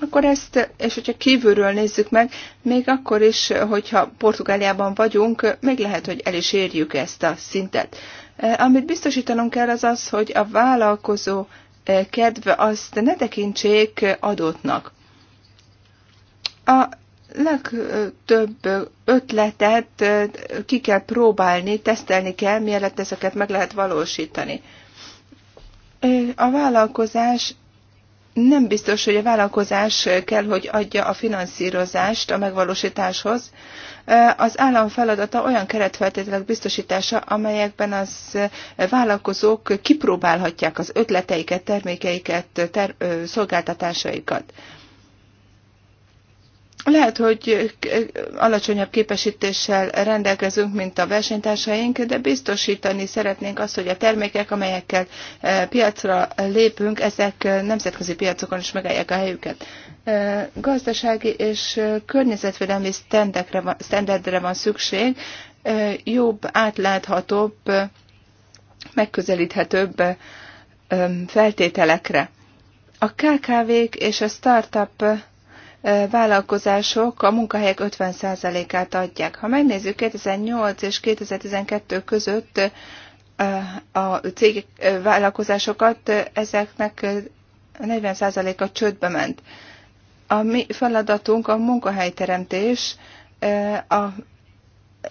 C: akkor ezt, és hogyha kívülről nézzük meg, még akkor is, hogyha Portugáliában vagyunk, még lehet, hogy el is érjük ezt a szintet. Amit biztosítanunk kell az az, hogy a vállalkozó kedve azt ne tekintsék adótnak. A legtöbb ötletet ki kell próbálni, tesztelni kell, mielőtt ezeket meg lehet valósítani. A vállalkozás nem biztos, hogy a vállalkozás kell, hogy adja a finanszírozást a megvalósításhoz, az állam feladata olyan keretfeltételek biztosítása, amelyekben az vállalkozók kipróbálhatják az ötleteiket, termékeiket, ter- szolgáltatásaikat. Lehet, hogy alacsonyabb képesítéssel rendelkezünk, mint a versenytársaink, de biztosítani szeretnénk azt, hogy a termékek, amelyekkel piacra lépünk, ezek nemzetközi piacokon is megállják a helyüket gazdasági és környezetvédelmi standardre van szükség, jobb, átláthatóbb, megközelíthetőbb feltételekre. A KKV-k és a startup vállalkozások a munkahelyek 50%-át adják. Ha megnézzük 2008 és 2012 között a cég vállalkozásokat, ezeknek 40%-a csődbe ment. A mi feladatunk a munkahelyteremtés, a,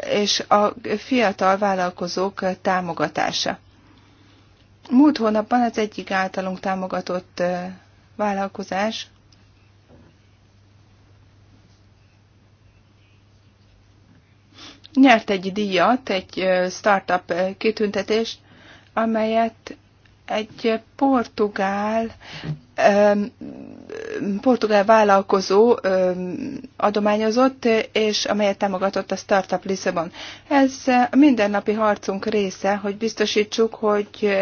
C: és a fiatal vállalkozók támogatása. Múlt hónapban az egyik általunk támogatott vállalkozás nyert egy díjat, egy startup kitüntetést, amelyet egy portugál portugál vállalkozó adományozott, és amelyet támogatott a Startup Lisbon. Ez a mindennapi harcunk része, hogy biztosítsuk, hogy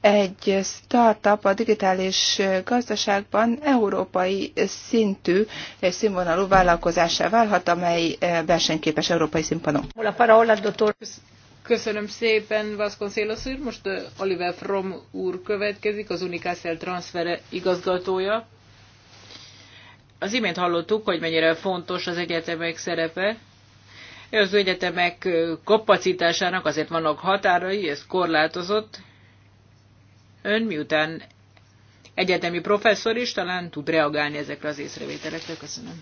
C: egy startup a digitális gazdaságban európai szintű és színvonalú vállalkozásá válhat, amely versenyképes európai színpadon.
A: Köszönöm szépen, Vasconcelos úr. Most Oliver From úr következik, az Unicastel transfere igazgatója. Az imént hallottuk, hogy mennyire fontos az egyetemek szerepe. Az egyetemek kapacitásának azért vannak határai, ez korlátozott. Ön miután egyetemi professzor is talán tud reagálni ezekre az észrevételekre. Köszönöm.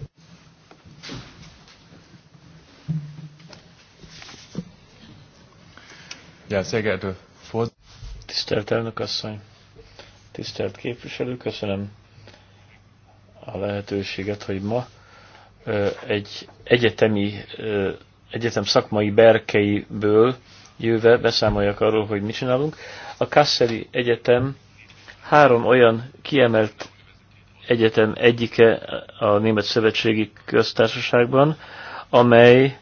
B: Ja, Tisztelt elnök asszony, tisztelt képviselő, köszönöm a lehetőséget, hogy ma egy egyetemi, egyetem szakmai berkeiből jöve beszámoljak arról, hogy mit csinálunk. A Kasseli Egyetem három olyan kiemelt egyetem egyike a Német Szövetségi Köztársaságban, amely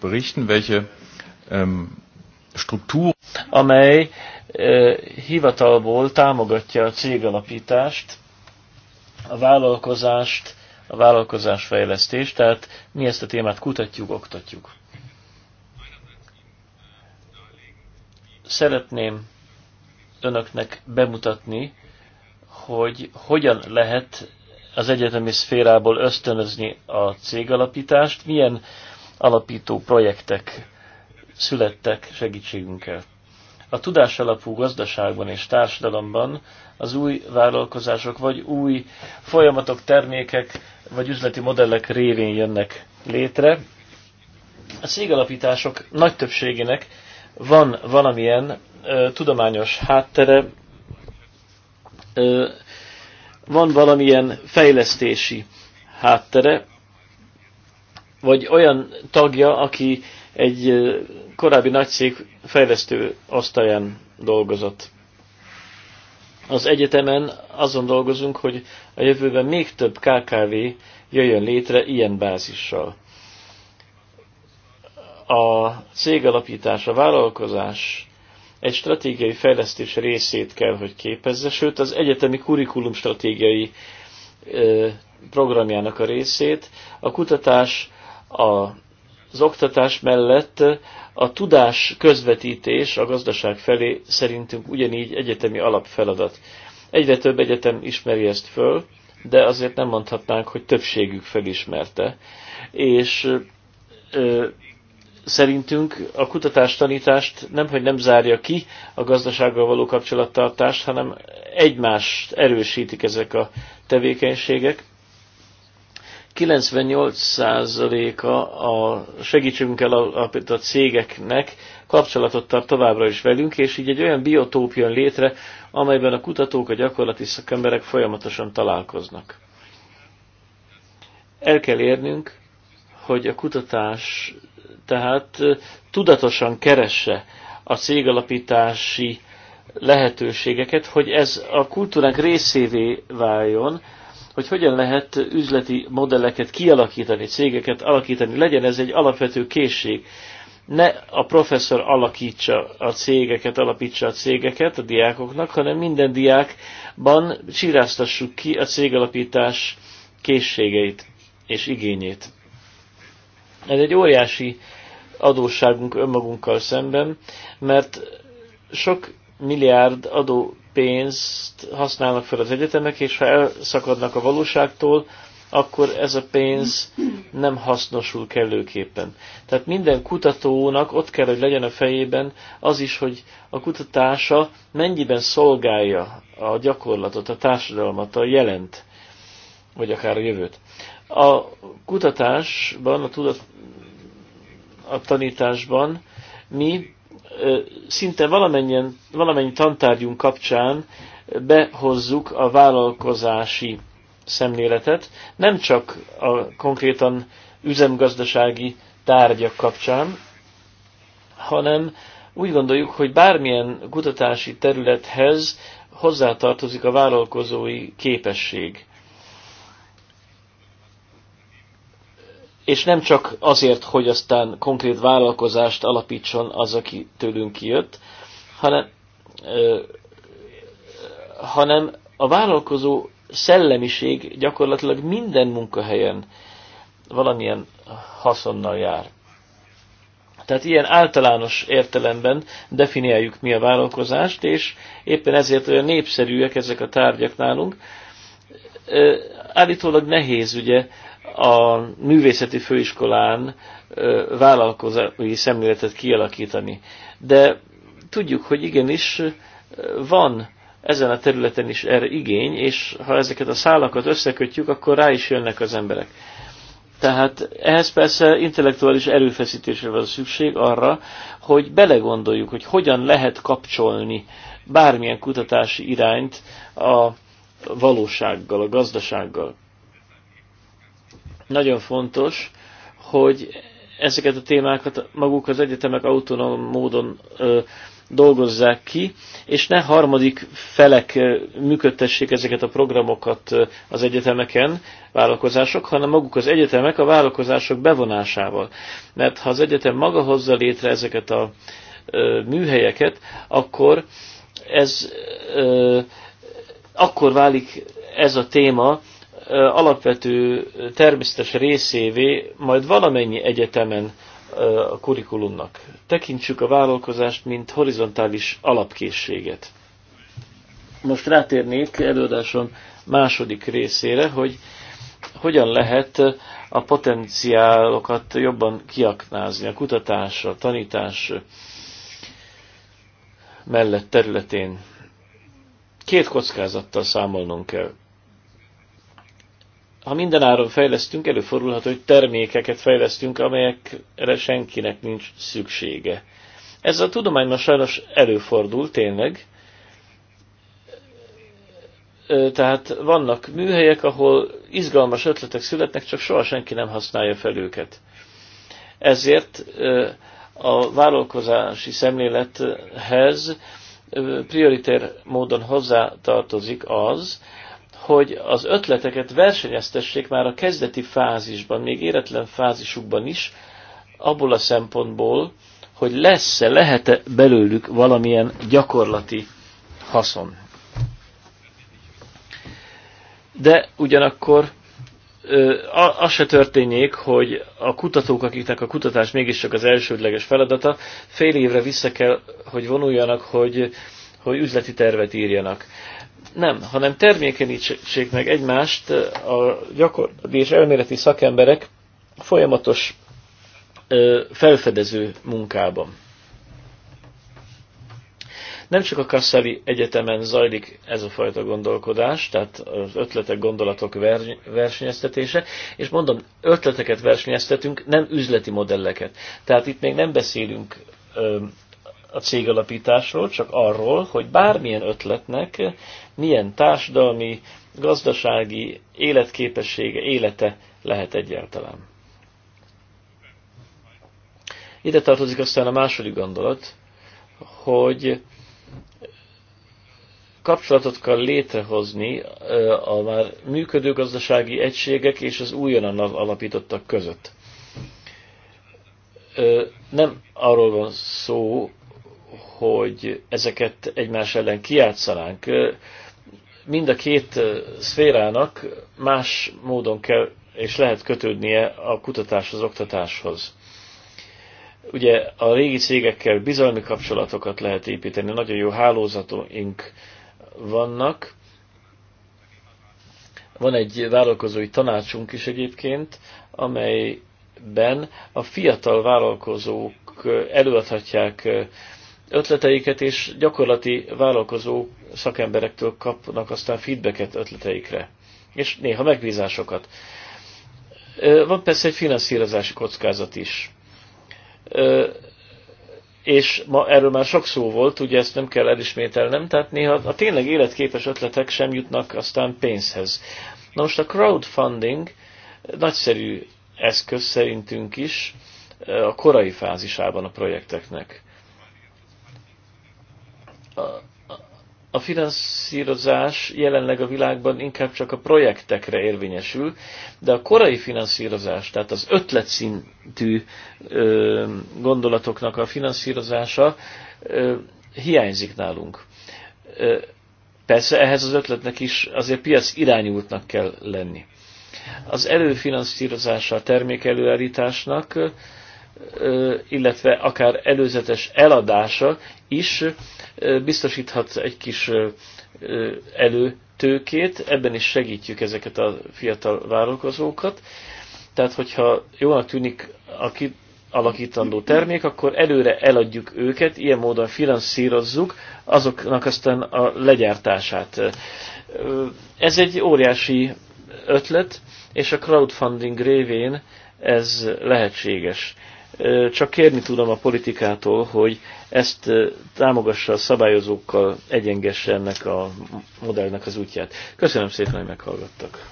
B: berichten, welche ähm, struktúr, amely hivatalból támogatja a cégalapítást, a vállalkozást, a vállalkozásfejlesztést, tehát mi ezt a témát kutatjuk, oktatjuk. Szeretném önöknek bemutatni, hogy hogyan lehet az egyetemi szférából ösztönözni a cégalapítást, milyen alapító projektek születtek segítségünkkel. A tudás alapú gazdaságban és társadalomban az új vállalkozások vagy új folyamatok, termékek vagy üzleti modellek révén jönnek létre. A szégalapítások nagy többségének van valamilyen ö, tudományos háttere, ö, van valamilyen fejlesztési háttere, vagy olyan tagja, aki egy korábbi nagycég fejlesztő osztályán dolgozott. Az egyetemen azon dolgozunk, hogy a jövőben még több KKV jöjjön létre ilyen bázissal. A cég alapítás, a vállalkozás egy stratégiai fejlesztés részét kell, hogy képezze, sőt az egyetemi kurikulum stratégiai programjának a részét. A kutatás, a az oktatás mellett a tudás közvetítés a gazdaság felé szerintünk ugyanígy egyetemi alapfeladat. Egyre több egyetem ismeri ezt föl, de azért nem mondhatnánk, hogy többségük felismerte. És ö, szerintünk a kutatástanítást nem, hogy nem zárja ki a gazdasággal való kapcsolattartást, hanem egymást erősítik ezek a tevékenységek. 98%-a a segítségünkkel a, a, a cégeknek kapcsolatot tart továbbra is velünk, és így egy olyan biotóp jön létre, amelyben a kutatók, a gyakorlati szakemberek folyamatosan találkoznak. El kell érnünk, hogy a kutatás tehát tudatosan keresse a cégalapítási lehetőségeket, hogy ez a kultúránk részévé váljon, hogy hogyan lehet üzleti modelleket kialakítani, cégeket alakítani, legyen ez egy alapvető készség. Ne a professzor alakítsa a cégeket, alapítsa a cégeket a diákoknak, hanem minden diákban csiráztassuk ki a cégalapítás készségeit és igényét. Ez egy óriási adósságunk önmagunkkal szemben, mert sok milliárd adó pénzt használnak fel az egyetemek, és ha elszakadnak a valóságtól, akkor ez a pénz nem hasznosul kellőképpen. Tehát minden kutatónak ott kell, hogy legyen a fejében az is, hogy a kutatása mennyiben szolgálja a gyakorlatot, a társadalmat, a jelent, vagy akár a jövőt. A kutatásban, a tudat, a tanításban mi szinte valamennyien, valamennyi tantárgyunk kapcsán behozzuk a vállalkozási szemléletet, nem csak a konkrétan üzemgazdasági tárgyak kapcsán, hanem úgy gondoljuk, hogy bármilyen kutatási területhez hozzátartozik a vállalkozói képesség. és nem csak azért, hogy aztán konkrét vállalkozást alapítson az, aki tőlünk kijött, hanem, ö, hanem a vállalkozó szellemiség gyakorlatilag minden munkahelyen valamilyen haszonnal jár. Tehát ilyen általános értelemben definiáljuk mi a vállalkozást, és éppen ezért olyan népszerűek ezek a tárgyak nálunk. Állítólag nehéz ugye a művészeti főiskolán vállalkozói szemléletet kialakítani. De tudjuk, hogy igenis van ezen a területen is erre igény, és ha ezeket a szálakat összekötjük, akkor rá is jönnek az emberek. Tehát ehhez persze intellektuális erőfeszítésre van szükség arra, hogy belegondoljuk, hogy hogyan lehet kapcsolni bármilyen kutatási irányt a valósággal, a gazdasággal. Nagyon fontos, hogy ezeket a témákat maguk az egyetemek autonóm módon ö, dolgozzák ki, és ne harmadik felek működtessék ezeket a programokat az egyetemeken, vállalkozások, hanem maguk az egyetemek a vállalkozások bevonásával. Mert ha az egyetem maga hozza létre ezeket a ö, műhelyeket, akkor ez ö, akkor válik ez a téma alapvető természetes részévé majd valamennyi egyetemen a kurikulumnak. Tekintsük a vállalkozást, mint horizontális alapkészséget. Most rátérnék előadásom második részére, hogy hogyan lehet a potenciálokat jobban kiaknázni a kutatás, a tanítás mellett területén. Két kockázattal számolnunk kell ha mindenáron fejlesztünk, előfordulhat, hogy termékeket fejlesztünk, amelyekre senkinek nincs szüksége. Ez a tudományban sajnos előfordul, tényleg. Tehát vannak műhelyek, ahol izgalmas ötletek születnek, csak soha senki nem használja fel őket. Ezért a vállalkozási szemlélethez prioritér módon hozzá tartozik az, hogy az ötleteket versenyeztessék már a kezdeti fázisban, még éretlen fázisukban is, abból a szempontból, hogy lesz-e, lehet-e belőlük valamilyen gyakorlati haszon. De ugyanakkor az se történjék, hogy a kutatók, akiknek a kutatás mégiscsak az elsődleges feladata, fél évre vissza kell, hogy vonuljanak, hogy, hogy üzleti tervet írjanak. Nem, hanem termékenítsék meg egymást a gyakorlati és elméleti szakemberek folyamatos felfedező munkában. Nem csak a Kasszeli Egyetemen zajlik ez a fajta gondolkodás, tehát az ötletek, gondolatok versenyeztetése, és mondom, ötleteket versenyeztetünk, nem üzleti modelleket. Tehát itt még nem beszélünk a cégalapításról, csak arról, hogy bármilyen ötletnek milyen társadalmi, gazdasági életképessége, élete lehet egyáltalán. Ide tartozik aztán a második gondolat, hogy kapcsolatot kell létrehozni a már működő gazdasági egységek és az újonnan alapítottak között. Nem arról van szó, hogy ezeket egymás ellen kiátszanánk. Mind a két szférának más módon kell és lehet kötődnie a kutatáshoz, oktatáshoz. Ugye a régi cégekkel bizalmi kapcsolatokat lehet építeni, nagyon jó hálózatunk vannak. Van egy vállalkozói tanácsunk is egyébként, amelyben a fiatal vállalkozók előadhatják ötleteiket, és gyakorlati vállalkozó szakemberektől kapnak aztán feedbacket ötleteikre, és néha megbízásokat. Van persze egy finanszírozási kockázat is. És ma erről már sok szó volt, ugye ezt nem kell elismételnem, tehát néha a tényleg életképes ötletek sem jutnak aztán pénzhez. Na most a crowdfunding nagyszerű eszköz szerintünk is a korai fázisában a projekteknek a finanszírozás jelenleg a világban inkább csak a projektekre érvényesül, de a korai finanszírozás, tehát az ötletszintű ö, gondolatoknak a finanszírozása ö, hiányzik nálunk. Ö, persze ehhez az ötletnek is azért piac irányultnak kell lenni. Az előfinanszírozása a termék előállításnak illetve akár előzetes eladása is biztosíthat egy kis előtőkét, ebben is segítjük ezeket a fiatal vállalkozókat. Tehát, hogyha jól tűnik a alakítandó termék, akkor előre eladjuk őket, ilyen módon finanszírozzuk azoknak aztán a legyártását. Ez egy óriási ötlet, és a crowdfunding révén ez lehetséges. Csak kérni tudom a politikától, hogy ezt támogassa a szabályozókkal, egyengesse ennek a modellnek az útját. Köszönöm szépen, hogy meghallgattak.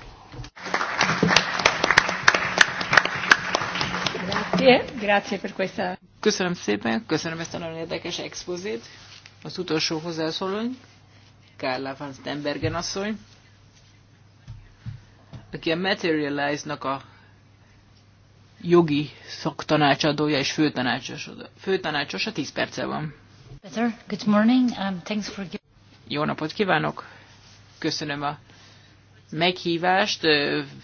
A: Köszönöm szépen, köszönöm ezt a nagyon érdekes expozit. Az utolsó hozzászólóny, Kárla van Stenbergen asszony, aki a Materialize-nak a jogi szaktanácsadója és főtanácsos, főtanácsosa. 10 perce van. Peter, good
C: morning. Um, thanks for...
A: Jó napot kívánok! Köszönöm a meghívást.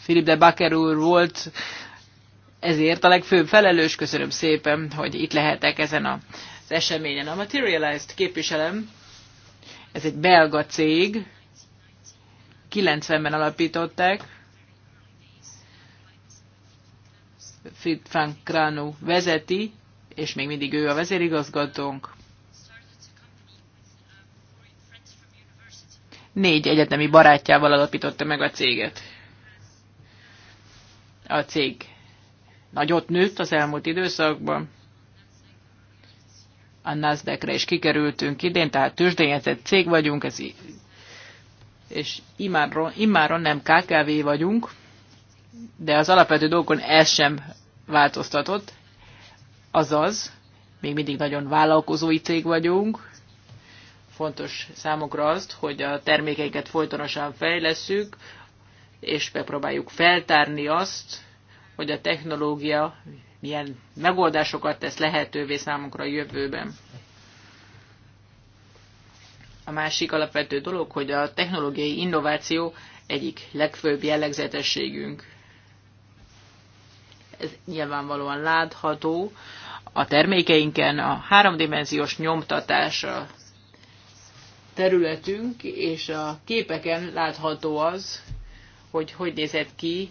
A: Philip de Baker úr volt ezért a legfőbb felelős. Köszönöm szépen, hogy itt lehetek ezen az eseményen. A Materialized képviselem, ez egy belga cég, 90-ben alapították, Fritfán Kránó vezeti, és még mindig ő a vezérigazgatónk. Négy egyetemi barátjával alapította meg a céget. A cég nagyot nőtt az elmúlt időszakban. A nasdaq is kikerültünk idén, tehát tőzsdényezett cég vagyunk, ez és immáron, immáron nem KKV vagyunk, de az alapvető dolgokon ez sem változtatott. Azaz, még mindig nagyon vállalkozói cég vagyunk, fontos számokra azt, hogy a termékeiket folytonosan fejleszünk, és megpróbáljuk feltárni azt, hogy a technológia milyen megoldásokat tesz lehetővé számunkra a jövőben. A másik alapvető dolog, hogy a technológiai innováció egyik legfőbb jellegzetességünk ez nyilvánvalóan látható a termékeinken, a háromdimenziós nyomtatás a területünk, és a képeken látható az, hogy hogy nézett ki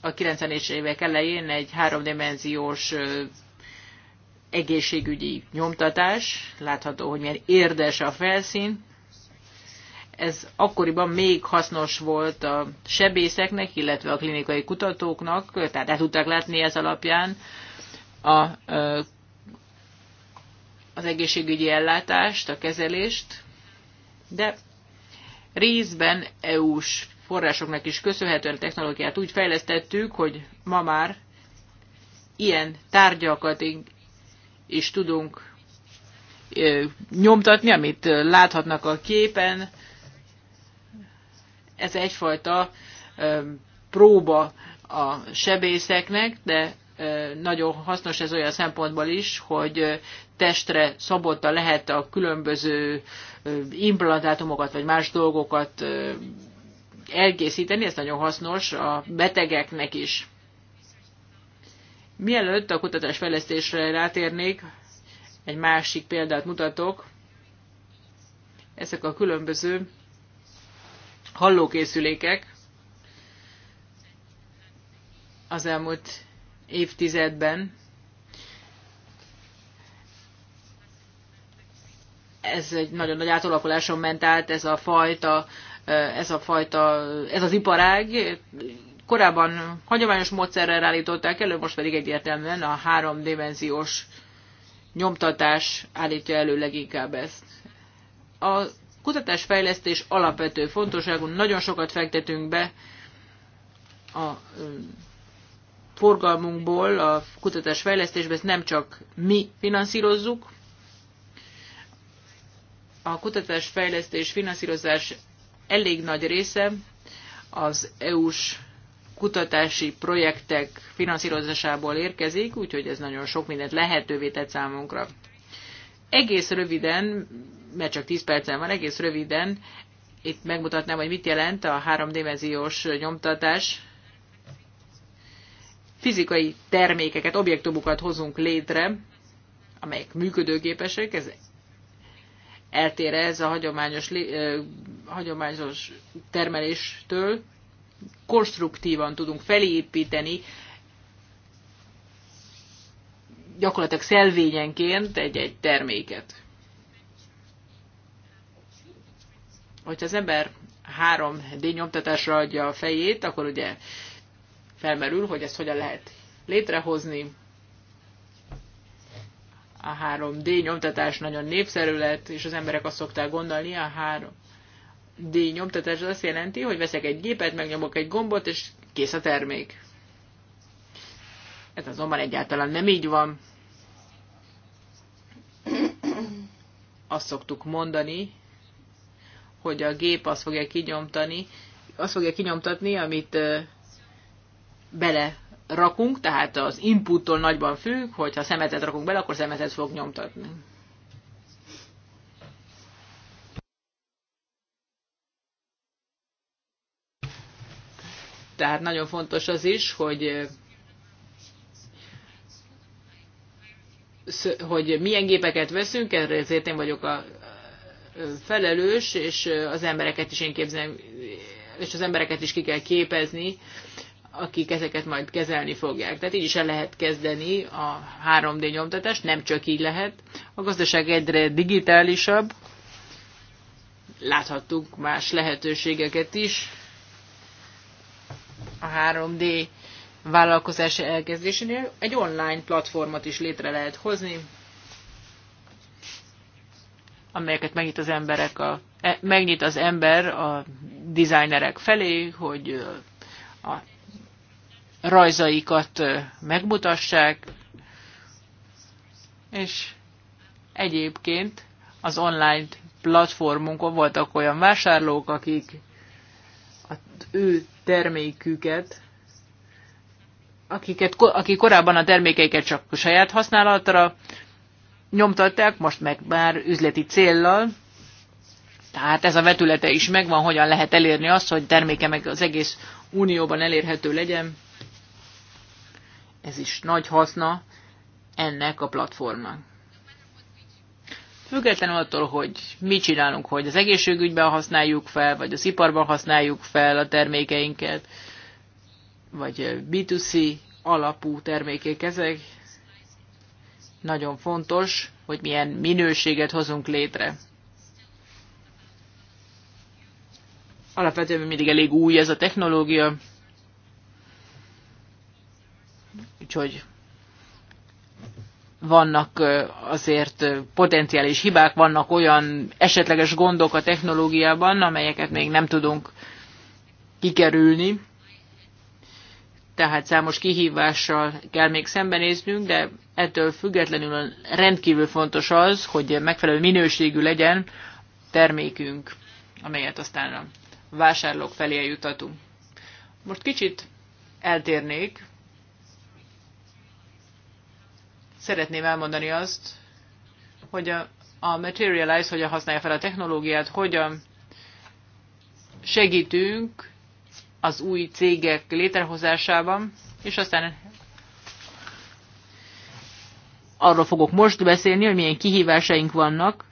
A: a 90-es évek elején egy háromdimenziós egészségügyi nyomtatás, látható, hogy milyen érdes a felszín, ez akkoriban még hasznos volt a sebészeknek, illetve a klinikai kutatóknak, tehát el tudták látni ez alapján a, az egészségügyi ellátást, a kezelést, de részben EU-s forrásoknak is köszönhetően a technológiát úgy fejlesztettük, hogy ma már ilyen tárgyakat is tudunk nyomtatni, amit láthatnak a képen, ez egyfajta próba a sebészeknek, de nagyon hasznos ez olyan szempontból is, hogy testre szabotta lehet a különböző implantátumokat vagy más dolgokat elkészíteni, ez nagyon hasznos a betegeknek is. Mielőtt a kutatás fejlesztésre rátérnék, egy másik példát mutatok. Ezek a különböző hallókészülékek az elmúlt évtizedben ez egy nagyon nagy átalakuláson ment át ez a fajta, ez a fajta, ez az iparág. Korábban hagyományos módszerrel állították elő, most pedig egyértelműen a háromdimenziós nyomtatás állítja elő leginkább ezt. A Kutatásfejlesztés alapvető fontosságú, nagyon sokat fektetünk be a forgalmunkból, a kutatásfejlesztésbe, ezt nem csak mi finanszírozzuk. A kutatásfejlesztés finanszírozás elég nagy része az EU-s kutatási projektek finanszírozásából érkezik, úgyhogy ez nagyon sok mindent lehetővé tett számunkra egész röviden, mert csak 10 percen van, egész röviden itt megmutatnám, hogy mit jelent a háromdimenziós nyomtatás. Fizikai termékeket, objektumokat hozunk létre, amelyek működőképesek, ez eltér ez a hagyományos, hagyományos termeléstől, konstruktívan tudunk felépíteni gyakorlatilag szelvényenként egy-egy terméket. Hogyha az ember 3D nyomtatásra adja a fejét, akkor ugye felmerül, hogy ezt hogyan lehet létrehozni. A 3D nyomtatás nagyon népszerű lett, és az emberek azt szokták gondolni, a 3D nyomtatás az azt jelenti, hogy veszek egy gépet, megnyomok egy gombot, és kész a termék. Ez azonban egyáltalán nem így van. Azt szoktuk mondani, hogy a gép azt fogja kinyomtani, azt fogja kinyomtatni, amit bele rakunk, tehát az inputtól nagyban függ, hogyha szemetet rakunk bele, akkor szemetet fog nyomtatni. Tehát nagyon fontos az is, hogy hogy milyen gépeket veszünk, erre ezért én vagyok a felelős, és az embereket is én képzelem, és az embereket is ki kell képezni, akik ezeket majd kezelni fogják. Tehát így is el lehet kezdeni a 3D nyomtatást, nem csak így lehet. A gazdaság egyre digitálisabb, láthattuk más lehetőségeket is. A 3D vállalkozás elkezdésénél egy online platformot is létre lehet hozni, amelyeket megnyit az emberek a, e, megnyit az ember a designerek felé, hogy a rajzaikat megmutassák, és egyébként az online platformunkon voltak olyan vásárlók, akik az ő terméküket akiket, akik korábban a termékeiket csak a saját használatra nyomtatták, most meg már üzleti céllal. Tehát ez a vetülete is megvan, hogyan lehet elérni azt, hogy terméke meg az egész unióban elérhető legyen. Ez is nagy haszna ennek a platformnak. Függetlenül attól, hogy mi csinálunk, hogy az egészségügyben használjuk fel, vagy az iparban használjuk fel a termékeinket, vagy B2C alapú termékek ezek. Nagyon fontos, hogy milyen minőséget hozunk létre. Alapvetően mindig elég új ez a technológia, úgyhogy vannak azért potenciális hibák, vannak olyan esetleges gondok a technológiában, amelyeket még nem tudunk kikerülni tehát számos kihívással kell még szembenéznünk, de ettől függetlenül rendkívül fontos az, hogy megfelelő minőségű legyen termékünk, amelyet aztán a vásárlók felé eljutatunk. Most kicsit eltérnék. Szeretném elmondani azt, hogy a, a Materialize hogyan használja fel a technológiát, hogyan segítünk az új cégek létrehozásában, és aztán arról fogok most beszélni, hogy milyen kihívásaink vannak,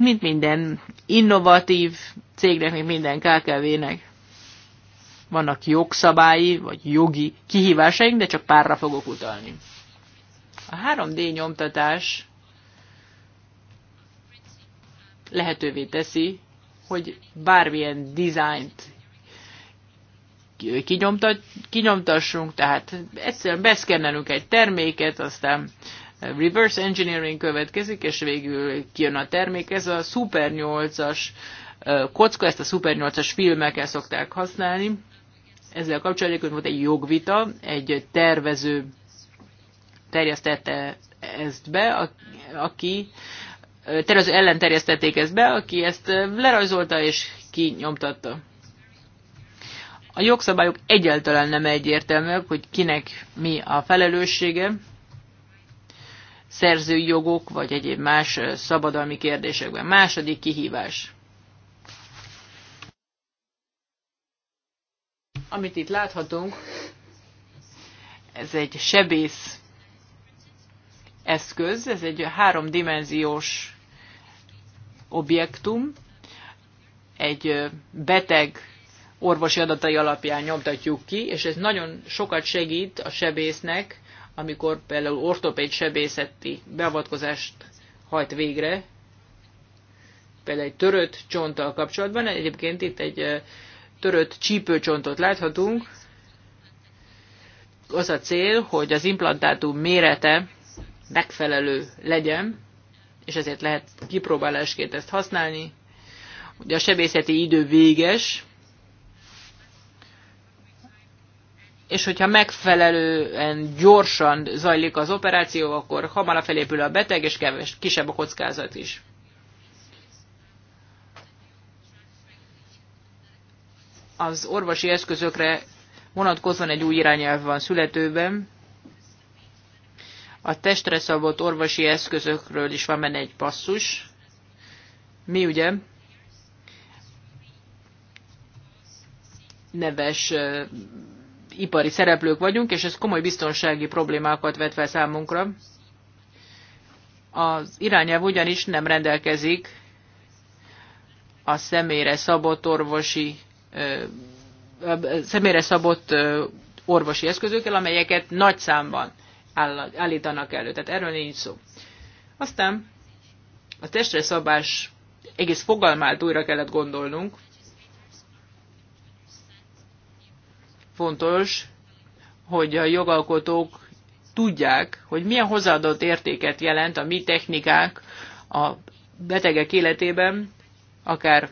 A: mint minden innovatív cégnek, mint minden KKV-nek. Vannak jogszabályi vagy jogi kihívásaink, de csak párra fogok utalni. A 3D nyomtatás lehetővé teszi, hogy bármilyen dizájnt kinyomtassunk, tehát egyszerűen beszkennelünk egy terméket, aztán reverse engineering következik, és végül kijön a termék. Ez a Super 8-as kocka, ezt a Super 8-as filmekkel szokták használni. Ezzel kapcsolatban volt egy jogvita, egy tervező terjesztette ezt be, aki tervező ellen terjesztették ezt be, aki ezt lerajzolta és kinyomtatta. A jogszabályok egyáltalán nem egyértelműek, hogy kinek mi a felelőssége, szerzői jogok vagy egyéb más szabadalmi kérdésekben. Második kihívás. Amit itt láthatunk, ez egy sebész eszköz, ez egy háromdimenziós objektum, egy beteg orvosi adatai alapján nyomtatjuk ki, és ez nagyon sokat segít a sebésznek, amikor például ortopéd sebészeti beavatkozást hajt végre, például egy törött csonttal kapcsolatban. Egyébként itt egy törött csípőcsontot láthatunk. Az a cél, hogy az implantátum mérete megfelelő legyen, és ezért lehet kipróbálásként ezt használni. Ugye a sebészeti idő véges, és hogyha megfelelően gyorsan zajlik az operáció, akkor hamarabb felépül a beteg, és keves, kisebb a kockázat is. Az orvosi eszközökre vonatkozóan egy új irányelv van születőben. A testre szabott orvosi eszközökről is van benne egy passzus. Mi ugye neves ipari szereplők vagyunk, és ez komoly biztonsági problémákat vet fel számunkra. Az irányelv ugyanis nem rendelkezik a személyre szabott orvosi személyre szabott orvosi eszközökkel, amelyeket nagy számban állítanak elő. Tehát erről nincs szó. Aztán a testre szabás egész fogalmát újra kellett gondolnunk. Fontos, hogy a jogalkotók tudják, hogy milyen hozzáadott értéket jelent a mi technikák a betegek életében, akár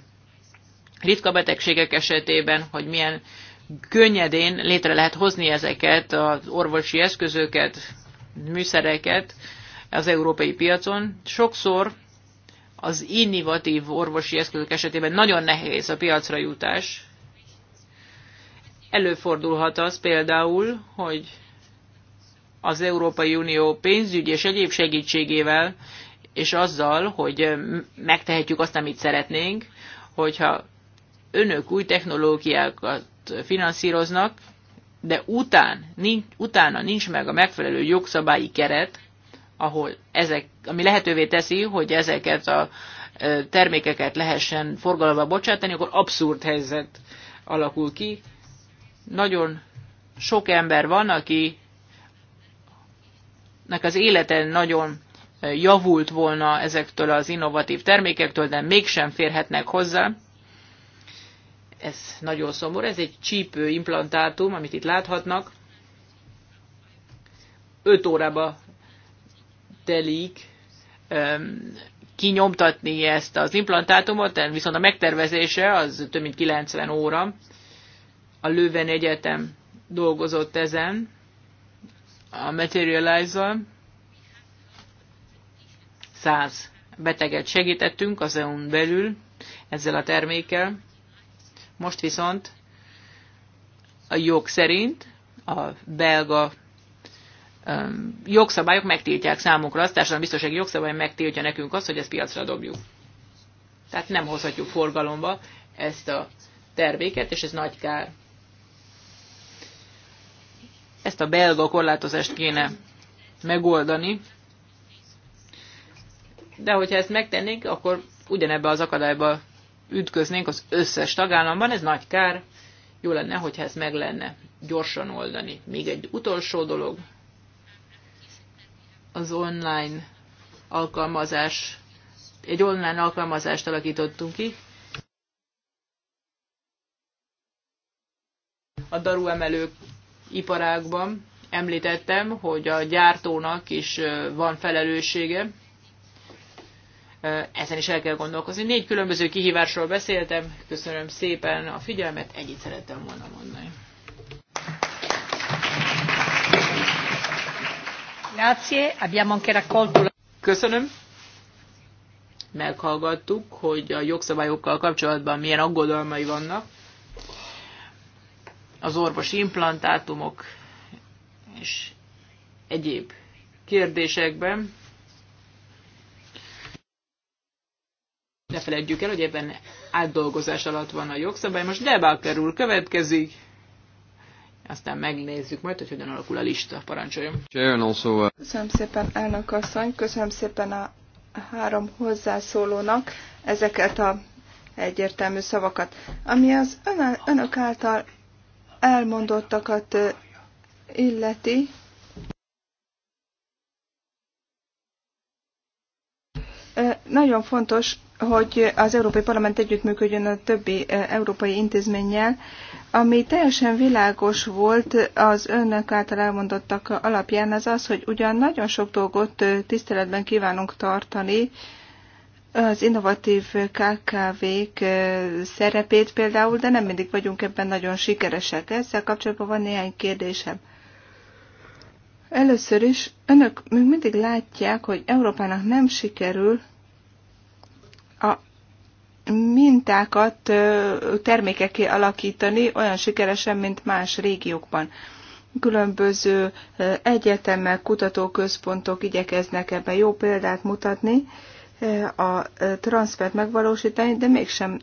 A: ritka betegségek esetében, hogy milyen könnyedén létre lehet hozni ezeket az orvosi eszközöket, műszereket az európai piacon. Sokszor az innovatív orvosi eszközök esetében nagyon nehéz a piacra jutás, Előfordulhat az például, hogy az Európai Unió pénzügy és egyéb segítségével, és azzal, hogy megtehetjük azt, amit szeretnénk, hogyha önök új technológiákat finanszíroznak, de után, nincs, utána nincs meg a megfelelő jogszabályi keret, ahol ezek, ami lehetővé teszi, hogy ezeket a termékeket lehessen forgalomba bocsátani, akkor abszurd helyzet alakul ki nagyon sok ember van, aki nek az élete nagyon javult volna ezektől az innovatív termékektől, de mégsem férhetnek hozzá. Ez nagyon szomorú, ez egy csípő implantátum, amit itt láthatnak. 5 órába telik kinyomtatni ezt az implantátumot, viszont a megtervezése az több mint 90 óra a Löwen Egyetem dolgozott ezen, a Materializer. Száz beteget segítettünk az EU-n belül ezzel a termékkel. Most viszont a jog szerint a belga jogszabályok megtiltják számunkra azt, társadalmi biztonsági jogszabály megtiltja nekünk azt, hogy ezt piacra dobjuk. Tehát nem hozhatjuk forgalomba ezt a terméket, és ez nagy kár. Ezt a belga korlátozást kéne megoldani, de hogyha ezt megtennék, akkor ugyanebbe az akadályba ütköznénk az összes tagállamban, ez nagy kár, jó lenne, hogyha ezt meg lenne gyorsan oldani. Még egy utolsó dolog, az online alkalmazás, egy online alkalmazást alakítottunk ki, a daru emelők iparágban. Említettem, hogy a gyártónak is van felelőssége. Ezen is el kell gondolkozni. Négy különböző kihívásról beszéltem. Köszönöm szépen a figyelmet. Ennyit szerettem volna mondani. Grazie, abbiamo anche raccolto Köszönöm. Meghallgattuk, hogy a jogszabályokkal kapcsolatban milyen aggodalmai vannak az orvosi implantátumok és egyéb kérdésekben. Ne felejtjük el, hogy ebben átdolgozás alatt van a jogszabály. Most Debaker úr következik, aztán megnézzük majd, hogy hogyan alakul a lista. Parancsoljon.
C: Uh, köszönöm szépen, elnök asszony, köszönöm szépen a három hozzászólónak ezeket a egyértelmű szavakat. Ami az ön, önök által elmondottakat illeti, nagyon fontos, hogy az Európai Parlament együttműködjön a többi európai intézménnyel, ami teljesen világos volt az önök által elmondottak alapján, az az, hogy ugyan nagyon sok dolgot tiszteletben kívánunk tartani, az innovatív KKV-k szerepét például, de nem mindig vagyunk ebben nagyon sikeresek. Ezzel kapcsolatban van néhány kérdésem. Először is, önök még mindig látják, hogy Európának nem sikerül a mintákat termékeké alakítani olyan sikeresen, mint más régiókban különböző egyetemek, kutatóközpontok igyekeznek ebben jó példát mutatni, a transfert megvalósítani, de mégsem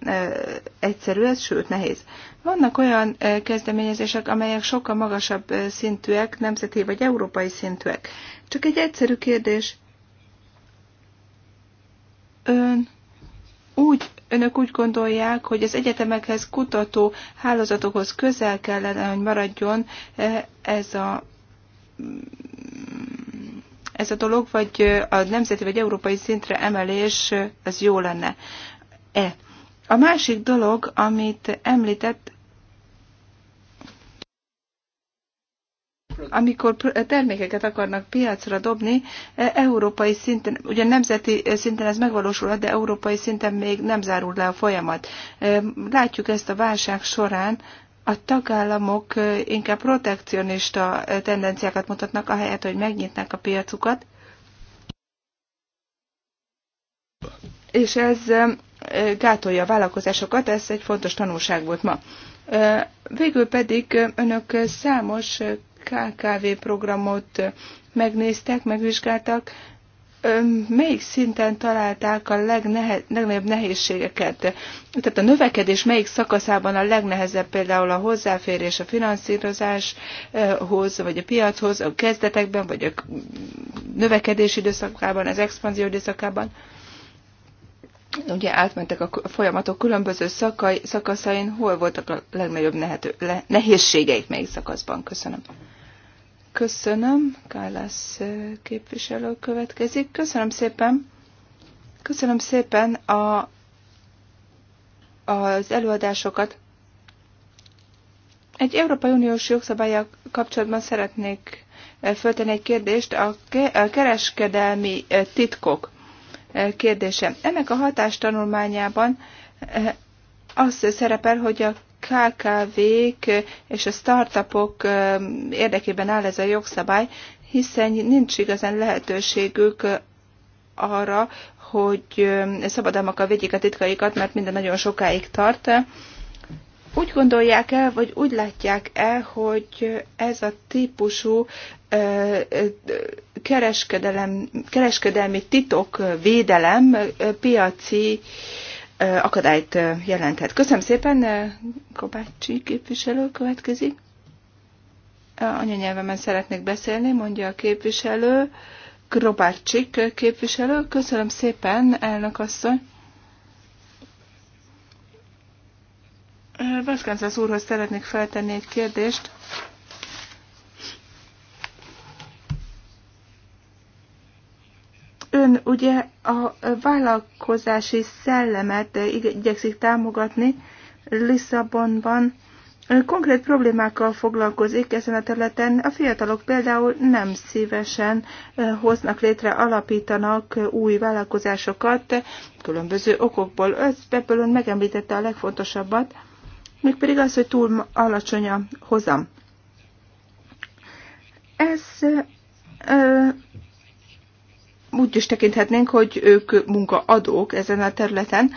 C: egyszerű ez, sőt nehéz. Vannak olyan kezdeményezések, amelyek sokkal magasabb szintűek, nemzeti vagy európai szintűek. Csak egy egyszerű kérdés. Ön úgy, önök úgy gondolják, hogy az egyetemekhez, kutató hálózatokhoz közel kellene, hogy maradjon ez a ez a dolog, vagy a nemzeti vagy európai szintre emelés, ez jó lenne. E. A másik dolog, amit említett, amikor termékeket akarnak piacra dobni, e, európai szinten, ugye nemzeti e, szinten ez megvalósulhat, de európai szinten még nem zárul le a folyamat. E, látjuk ezt a válság során, a tagállamok inkább protekcionista tendenciákat mutatnak, ahelyett, hogy megnyitnák a piacukat. És ez gátolja a vállalkozásokat, ez egy fontos tanulság volt ma. Végül pedig önök számos KKV programot megnéztek, megvizsgáltak, melyik szinten találták a legnehe, legnagyobb nehézségeket? Tehát a növekedés melyik szakaszában a legnehezebb például a hozzáférés a finanszírozáshoz, vagy a piachoz, a kezdetekben, vagy a növekedés időszakában, az expanzió időszakában? Ugye átmentek a folyamatok különböző szakai, szakaszain, hol voltak a legnagyobb nehető, le, nehézségeik melyik szakaszban? Köszönöm. Köszönöm, Kállász képviselő következik. Köszönöm szépen. Köszönöm szépen a, az előadásokat. Egy Európai Uniós jogszabályjal kapcsolatban szeretnék föltenni egy kérdést, a kereskedelmi titkok kérdése. Ennek a hatástanulmányában az szerepel, hogy a KKV-k és a startupok érdekében áll ez a jogszabály, hiszen nincs igazán lehetőségük arra, hogy szabadalmakkal vegyék a titkaikat, mert minden nagyon sokáig tart. Úgy gondolják el, vagy úgy látják el, hogy ez a típusú kereskedelem, kereskedelmi titok, védelem piaci akadályt jelenthet. Köszönöm szépen, Kobácsi képviselő következik. Anyanyelvemen szeretnék beszélni, mondja a képviselő. Grobárcsik képviselő. Köszönöm szépen, elnök asszony. Veszkánszász úrhoz szeretnék feltenni egy kérdést. Ön ugye a vállalkozási szellemet igyekszik támogatni Lisszabonban. Konkrét problémákkal foglalkozik ezen a területen. A fiatalok például nem szívesen hoznak létre, alapítanak új vállalkozásokat különböző okokból. Ebből ön megemlítette a legfontosabbat, mégpedig az, hogy túl alacsony a hozam. Ez úgy is tekinthetnénk, hogy ők munkaadók ezen a területen.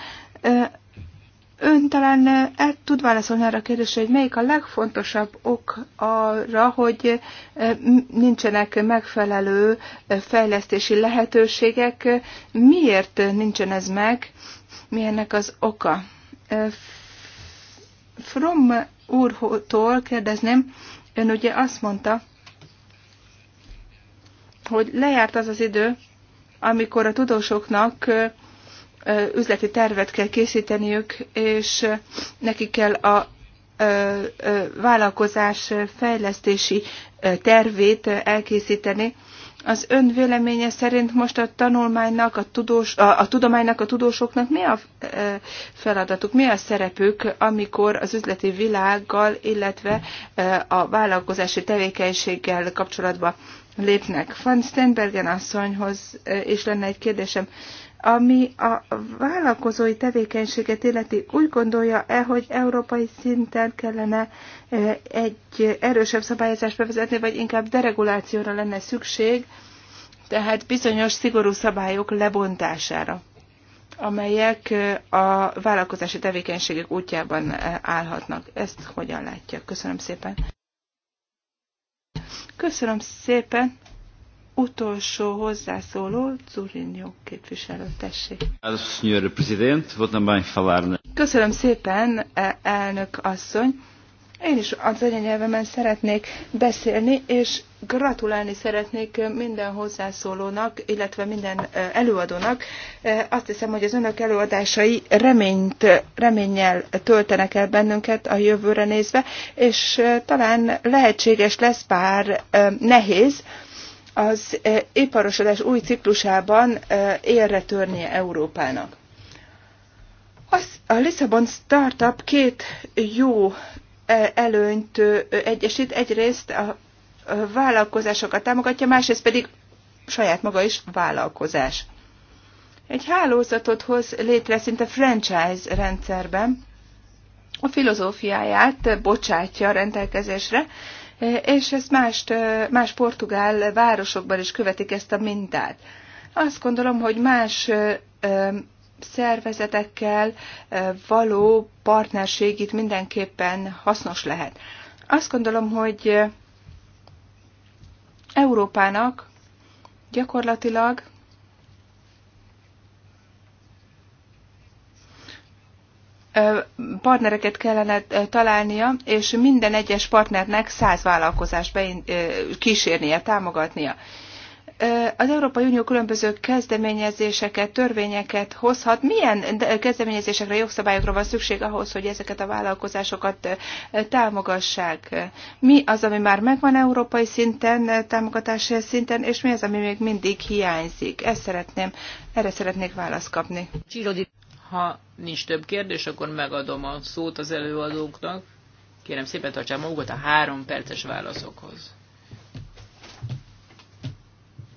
C: Ön talán el tud válaszolni arra a kérdésre, hogy melyik a legfontosabb ok arra, hogy nincsenek megfelelő fejlesztési lehetőségek. Miért nincsen ez meg? Mi ennek az oka? From úrtól kérdezném, ön ugye azt mondta, hogy lejárt az az idő, amikor a tudósoknak üzleti tervet kell készíteniük, és nekik kell a vállalkozás fejlesztési tervét elkészíteni. Az ön véleménye szerint most a tanulmánynak, a, tudós, a, a tudománynak, a tudósoknak mi a feladatuk, mi a szerepük, amikor az üzleti világgal, illetve a vállalkozási tevékenységgel kapcsolatban lépnek. Van Stenbergen asszonyhoz és lenne egy kérdésem. Ami a vállalkozói tevékenységet illeti, úgy gondolja-e, hogy európai szinten kellene egy erősebb szabályozást bevezetni, vagy inkább deregulációra lenne szükség, tehát bizonyos szigorú szabályok lebontására, amelyek a vállalkozási tevékenységek útjában állhatnak. Ezt hogyan látja? Köszönöm szépen. Köszönöm szépen. Utolsó hozzászóló, Zurinyó képviselő, tessék. Köszönöm szépen, e- elnök asszony. Én is az anyanyelvemen szeretnék beszélni, és gratulálni szeretnék minden hozzászólónak, illetve minden előadónak. Azt hiszem, hogy az önök előadásai reményt, reménnyel töltenek el bennünket a jövőre nézve, és talán lehetséges lesz, bár nehéz, az iparosodás új ciklusában élre törnie Európának. Az, a Lisszabon Startup két jó E, előnyt egyesít, egyrészt a vállalkozásokat támogatja, másrészt pedig saját maga is vállalkozás. Egy hálózatot hoz létre szinte franchise rendszerben, a filozófiáját bocsátja a rendelkezésre, e, és ezt más, más portugál városokban is követik ezt a mintát. Azt gondolom, hogy más szervezetekkel való partnerség itt mindenképpen hasznos lehet. Azt gondolom, hogy Európának gyakorlatilag partnereket kellene találnia, és minden egyes partnernek száz vállalkozást kísérnie, támogatnia az Európai Unió különböző kezdeményezéseket, törvényeket hozhat. Milyen kezdeményezésekre, jogszabályokra van szükség ahhoz, hogy ezeket a vállalkozásokat támogassák? Mi az, ami már megvan európai szinten, támogatási szinten, és mi az, ami még mindig hiányzik? Ezt szeretném, erre szeretnék választ kapni.
A: Ha nincs több kérdés, akkor megadom a szót az előadóknak. Kérem szépen tartsák magukat a három perces válaszokhoz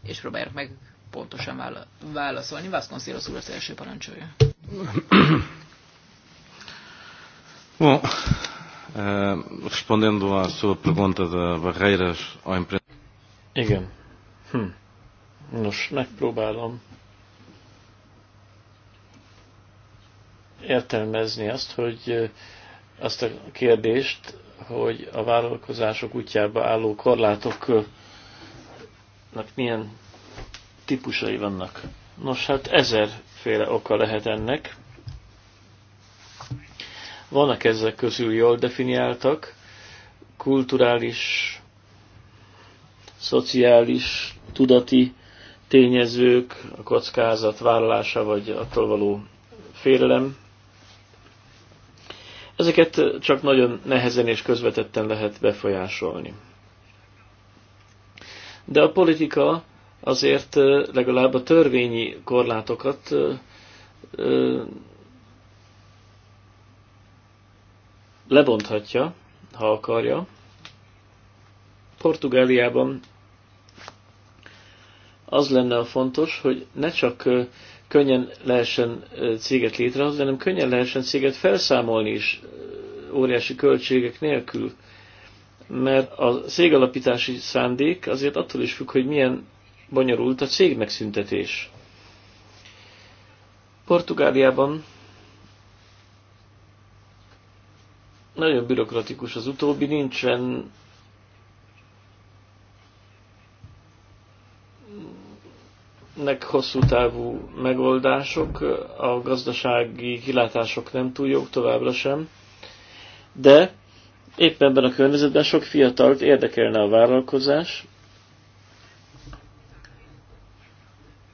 A: és próbálják meg pontosan válaszolni. Vasconcelos úr az első parancsolja.
C: Bom,
B: uh, respondendo à sua pergunta de barreiras ao empreendimento. Igen. Hm. Nos, megpróbálom értelmezni azt, hogy eh, azt a kérdést, hogy a vállalkozások útjába álló korlátok eh, milyen típusai vannak. Nos, hát ezerféle oka lehet ennek. Vannak ezek közül jól definiáltak, kulturális, szociális, tudati tényezők, a kockázat vállalása vagy attól való félelem. Ezeket csak nagyon nehezen és közvetetten lehet befolyásolni de a politika azért legalább a törvényi korlátokat lebonthatja, ha akarja. Portugáliában az lenne a fontos, hogy ne csak könnyen lehessen céget létrehozni, hanem könnyen lehessen céget felszámolni is óriási költségek nélkül mert a cégalapítási szándék azért attól is függ, hogy milyen bonyolult a cég megszüntetés. Portugáliában nagyon bürokratikus az utóbbi, nincsen nek hosszú távú megoldások, a gazdasági kilátások nem túl jók továbbra sem, de Éppen ebben a környezetben sok fiatalt érdekelne a vállalkozás,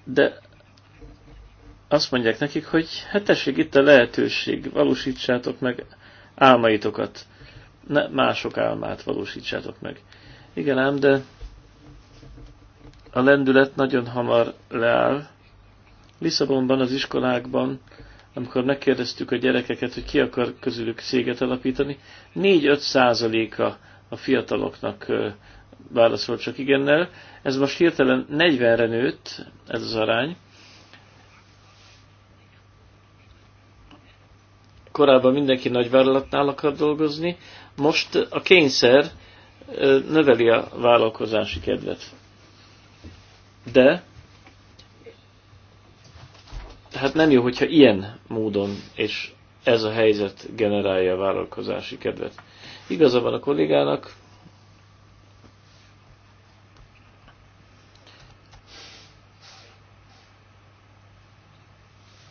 B: de azt mondják nekik, hogy hát tessék, itt a lehetőség, valósítsátok meg álmaitokat, ne mások álmát valósítsátok meg. Igen ám, de a lendület nagyon hamar leáll. Lisszabonban, az iskolákban, amikor megkérdeztük a gyerekeket, hogy ki akar közülük céget alapítani, 4-5 százaléka a fiataloknak válaszolt csak igennel. Ez most hirtelen 40-re nőtt, ez az arány. Korábban mindenki nagyvállalatnál akar dolgozni, most a kényszer növeli a vállalkozási kedvet. De hát nem jó, hogyha ilyen módon és ez a helyzet generálja a vállalkozási kedvet. Igaza van a kollégának,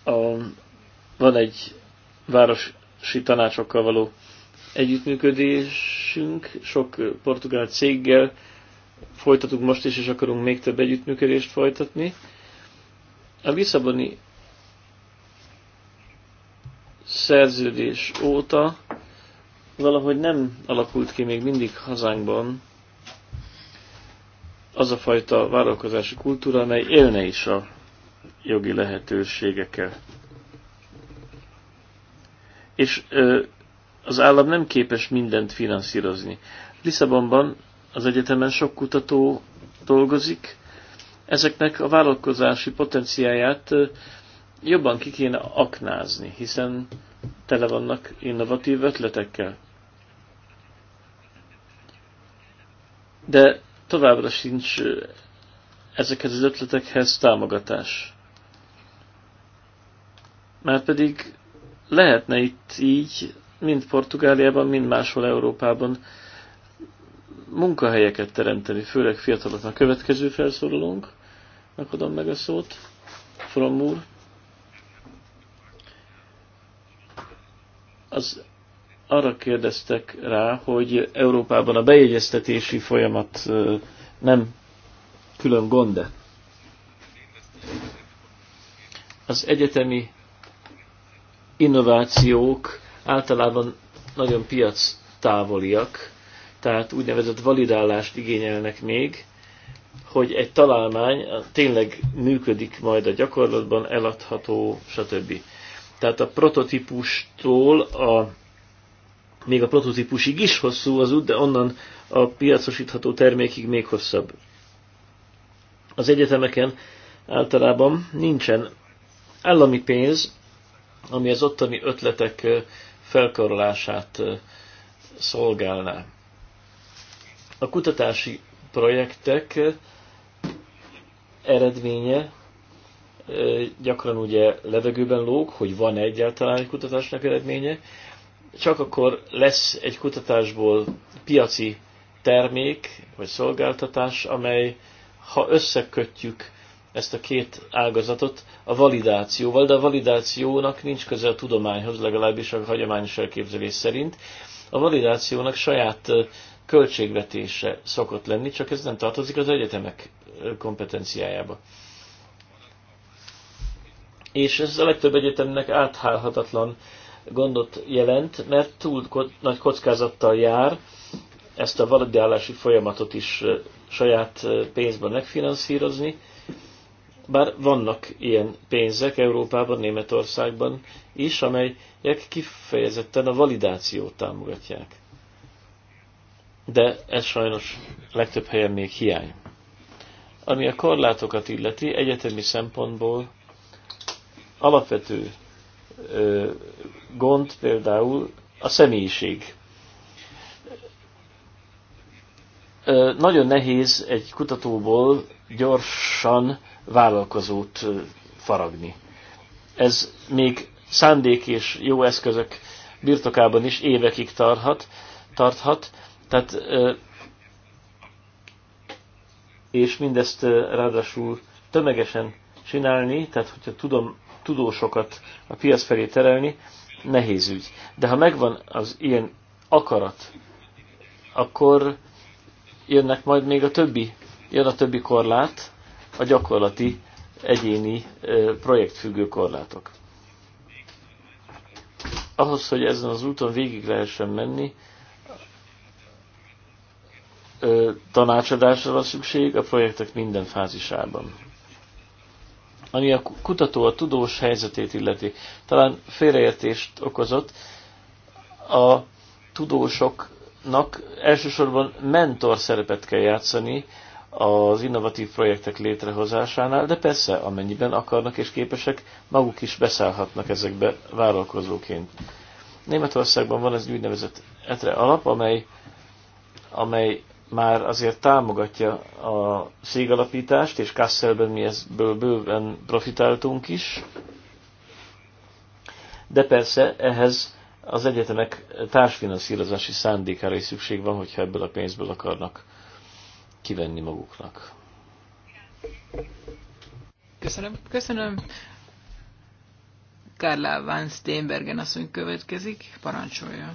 B: a, van egy városi tanácsokkal való együttműködésünk, sok portugál céggel folytatunk most is, és akarunk még több együttműködést folytatni. A Lisszaboni szerződés óta valahogy nem alakult ki még mindig hazánkban az a fajta vállalkozási kultúra, amely élne is a jogi lehetőségekkel. És ö, az állam nem képes mindent finanszírozni. Lisszabonban az egyetemen sok kutató dolgozik, ezeknek a vállalkozási potenciáját jobban ki kéne aknázni, hiszen tele vannak innovatív ötletekkel. De továbbra sincs ezekhez az ötletekhez támogatás. Mert pedig lehetne itt így, mind Portugáliában, mind máshol Európában munkahelyeket teremteni, főleg fiataloknak. Következő felszólalónk, Megadom meg a szót, From úr. az arra kérdeztek rá, hogy Európában a bejegyeztetési folyamat nem külön gond -e. Az egyetemi innovációk általában nagyon piac távoliak, tehát úgynevezett validálást igényelnek még, hogy egy találmány tényleg működik majd a gyakorlatban, eladható, stb. Tehát a prototípustól a, még a prototípusig is hosszú az út, de onnan a piacosítható termékig még hosszabb. Az egyetemeken általában nincsen állami pénz, ami az ottani ötletek felkarolását szolgálná. A kutatási projektek eredménye gyakran ugye levegőben lóg, hogy van -e egyáltalán egy kutatásnak eredménye, csak akkor lesz egy kutatásból piaci termék vagy szolgáltatás, amely, ha összekötjük ezt a két ágazatot a validációval, de a validációnak nincs köze a tudományhoz, legalábbis a hagyományos elképzelés szerint. A validációnak saját költségvetése szokott lenni, csak ez nem tartozik az egyetemek kompetenciájába és ez a legtöbb egyetemnek áthálhatatlan gondot jelent, mert túl nagy kockázattal jár ezt a validálási folyamatot is saját pénzben megfinanszírozni, bár vannak ilyen pénzek Európában, Németországban is, amelyek kifejezetten a validációt támogatják. De ez sajnos legtöbb helyen még hiány. Ami a korlátokat illeti, egyetemi szempontból alapvető gond például a személyiség. Nagyon nehéz egy kutatóból gyorsan vállalkozót faragni. Ez még szándék és jó eszközök birtokában is évekig tarhat, tarthat, tehát és mindezt ráadásul tömegesen csinálni, tehát hogyha tudom tudósokat a piac felé terelni, nehéz ügy. De ha megvan az ilyen akarat, akkor jönnek majd még a többi, jön a többi korlát, a gyakorlati egyéni projektfüggő korlátok. Ahhoz, hogy ezen az úton végig lehessen menni, tanácsadásra van szükség a projektek minden fázisában ami a kutató, a tudós helyzetét illeti. Talán félreértést okozott. A tudósoknak elsősorban mentor szerepet kell játszani az innovatív projektek létrehozásánál, de persze, amennyiben akarnak és képesek, maguk is beszállhatnak ezekbe vállalkozóként. Németországban van ez egy úgynevezett ETRE alap, amely, amely már azért támogatja a szégalapítást, és Kasszelben mi ezből bőven profitáltunk is. De persze ehhez az egyetemek társfinanszírozási szándékára is szükség van, hogyha ebből a pénzből akarnak kivenni maguknak.
A: Köszönöm, köszönöm. Karla Van Steenbergen asszony következik, parancsolja.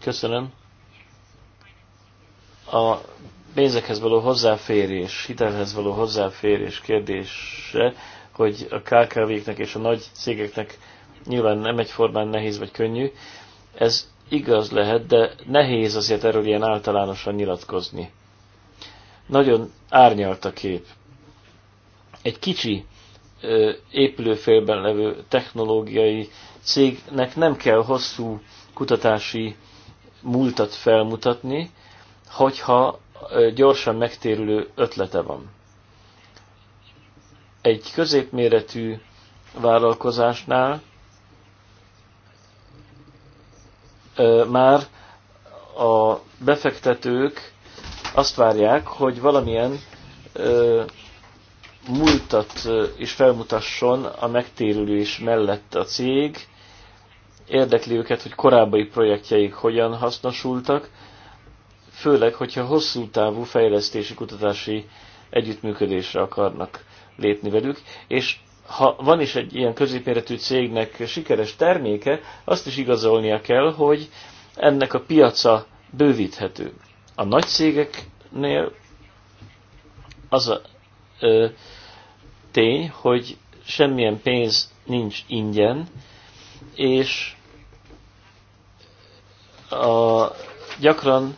B: Köszönöm a pénzekhez való hozzáférés, hitelhez való hozzáférés kérdése, hogy a KKV-knek és a nagy cégeknek nyilván nem egyformán nehéz vagy könnyű, ez igaz lehet, de nehéz azért erről ilyen általánosan nyilatkozni. Nagyon árnyalt a kép. Egy kicsi épülőfélben levő technológiai cégnek nem kell hosszú kutatási múltat felmutatni, hogyha gyorsan megtérülő ötlete van. Egy középméretű vállalkozásnál már a befektetők azt várják, hogy valamilyen múltat is felmutasson a megtérülés mellett a cég, érdekli őket, hogy korábbi projektjeik hogyan hasznosultak, főleg, hogyha hosszú távú fejlesztési, kutatási együttműködésre akarnak lépni velük, és ha van is egy ilyen középéretű cégnek sikeres terméke, azt is igazolnia kell, hogy ennek a piaca bővíthető. A nagy cégeknél az a ö, tény, hogy semmilyen pénz nincs ingyen, és a, gyakran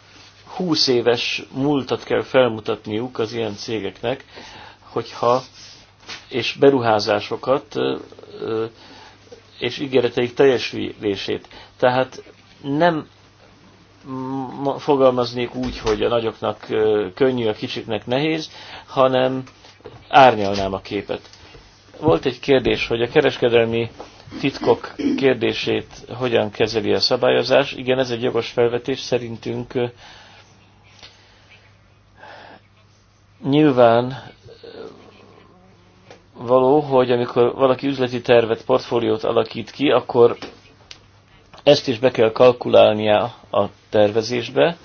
B: 20 éves múltat kell felmutatniuk az ilyen cégeknek, hogyha és beruházásokat és ígéreteik teljesülését. Tehát nem fogalmaznék úgy, hogy a nagyoknak könnyű, a kicsiknek nehéz, hanem árnyalnám a képet. Volt egy kérdés, hogy a kereskedelmi titkok kérdését hogyan kezeli a szabályozás. Igen, ez egy jogos felvetés, szerintünk nyilván eh, való, hogy amikor valaki üzleti tervet, portfóliót alakít ki, akkor ezt is be kell kalkulálnia a tervezésbe,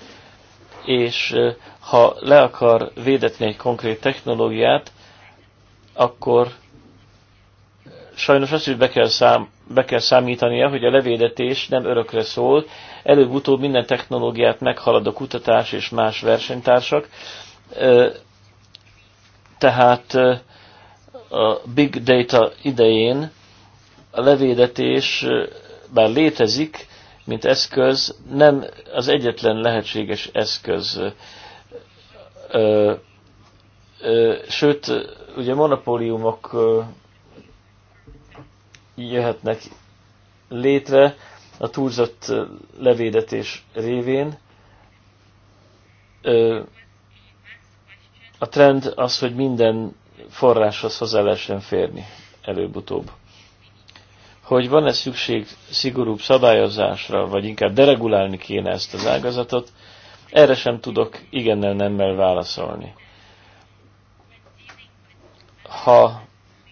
B: és eh, ha le akar védetni egy konkrét technológiát, akkor eh, sajnos azt is be kell, szám, be kell számítania, hogy a levédetés nem örökre szól, előbb-utóbb minden technológiát meghalad a kutatás és más versenytársak, tehát a big data idején a levédetés bár létezik, mint eszköz, nem az egyetlen lehetséges eszköz. sőt, ugye monopóliumok jöhetnek létre a túlzott levédetés révén. A trend az, hogy minden forráshoz hozzá lehessen férni előbb-utóbb. Hogy van-e szükség szigorúbb szabályozásra, vagy inkább deregulálni kéne ezt az ágazatot, erre sem tudok igennel nemmel válaszolni. Ha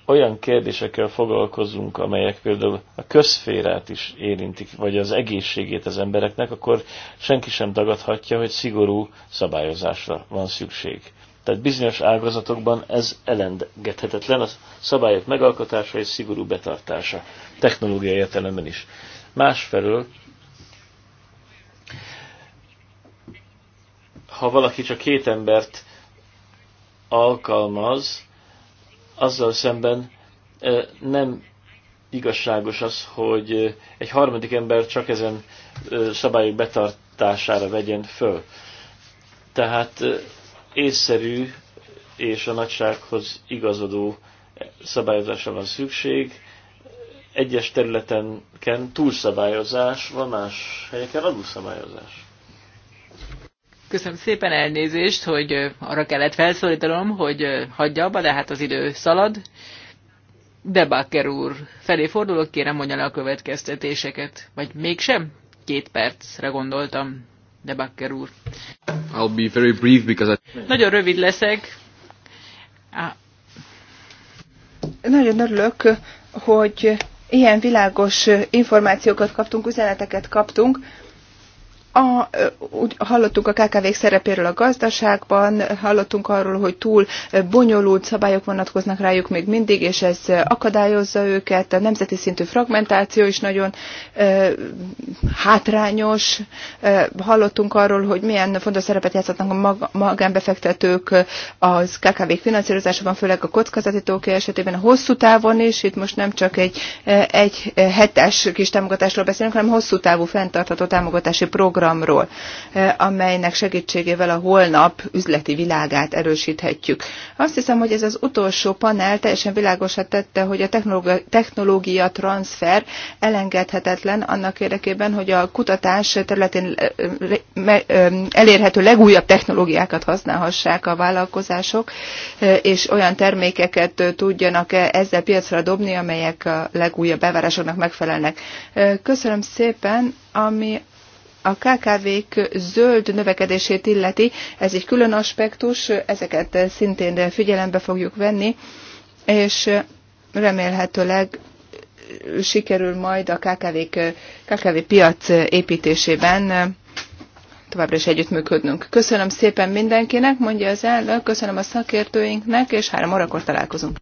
B: olyan kérdésekkel foglalkozunk, amelyek például a közférát is érintik, vagy az egészségét az embereknek, akkor senki sem tagadhatja, hogy szigorú szabályozásra van szükség. Tehát bizonyos ágazatokban ez elengedhetetlen, a szabályok megalkotása és szigorú betartása, technológiai értelemben is. Másfelől, ha valaki csak két embert alkalmaz, azzal szemben nem igazságos az, hogy egy harmadik ember csak ezen szabályok betartására vegyen föl. Tehát észszerű és a nagysághoz igazodó szabályozásra van szükség. Egyes területenken túlszabályozás, van más helyeken alulszabályozás.
A: Köszönöm szépen elnézést, hogy arra kellett felszólítanom, hogy hagyja abba, de hát az idő szalad. Debaker úr, felé fordulok, kérem mondja le a következtetéseket. Vagy mégsem? Két percre gondoltam de Bakker úr. I'll be very brief because I... Nagyon rövid leszek. Ah.
C: Nagyon örülök, hogy ilyen világos információkat kaptunk, üzeneteket kaptunk a, úgy hallottunk a kkv szerepéről a gazdaságban, hallottunk arról, hogy túl bonyolult szabályok vonatkoznak rájuk még mindig, és ez akadályozza őket. A nemzeti szintű fragmentáció is nagyon e, hátrányos. E, hallottunk arról, hogy milyen fontos szerepet játszhatnak a mag, magánbefektetők az kkv finanszírozásában, főleg a kockázati tőke esetében a hosszú távon is. Itt most nem csak egy, egy hetes kis támogatásról beszélünk, hanem hosszú távú fenntartható támogatási program programról, eh, amelynek segítségével a holnap üzleti világát erősíthetjük. Azt hiszem, hogy ez az utolsó panel teljesen világosat tette, hogy a technológia, technológia transfer elengedhetetlen annak érdekében, hogy a kutatás területén eh, eh, elérhető legújabb technológiákat használhassák a vállalkozások, és olyan termékeket tudjanak ezzel piacra dobni, amelyek a legújabb elvárásoknak megfelelnek. Köszönöm szépen, ami a KKV-k zöld növekedését illeti, ez egy külön aspektus, ezeket szintén figyelembe fogjuk venni, és remélhetőleg sikerül majd a KKV, KKV piac építésében továbbra is együttműködnünk. Köszönöm szépen mindenkinek, mondja az elnök, köszönöm a szakértőinknek, és három órakor találkozunk.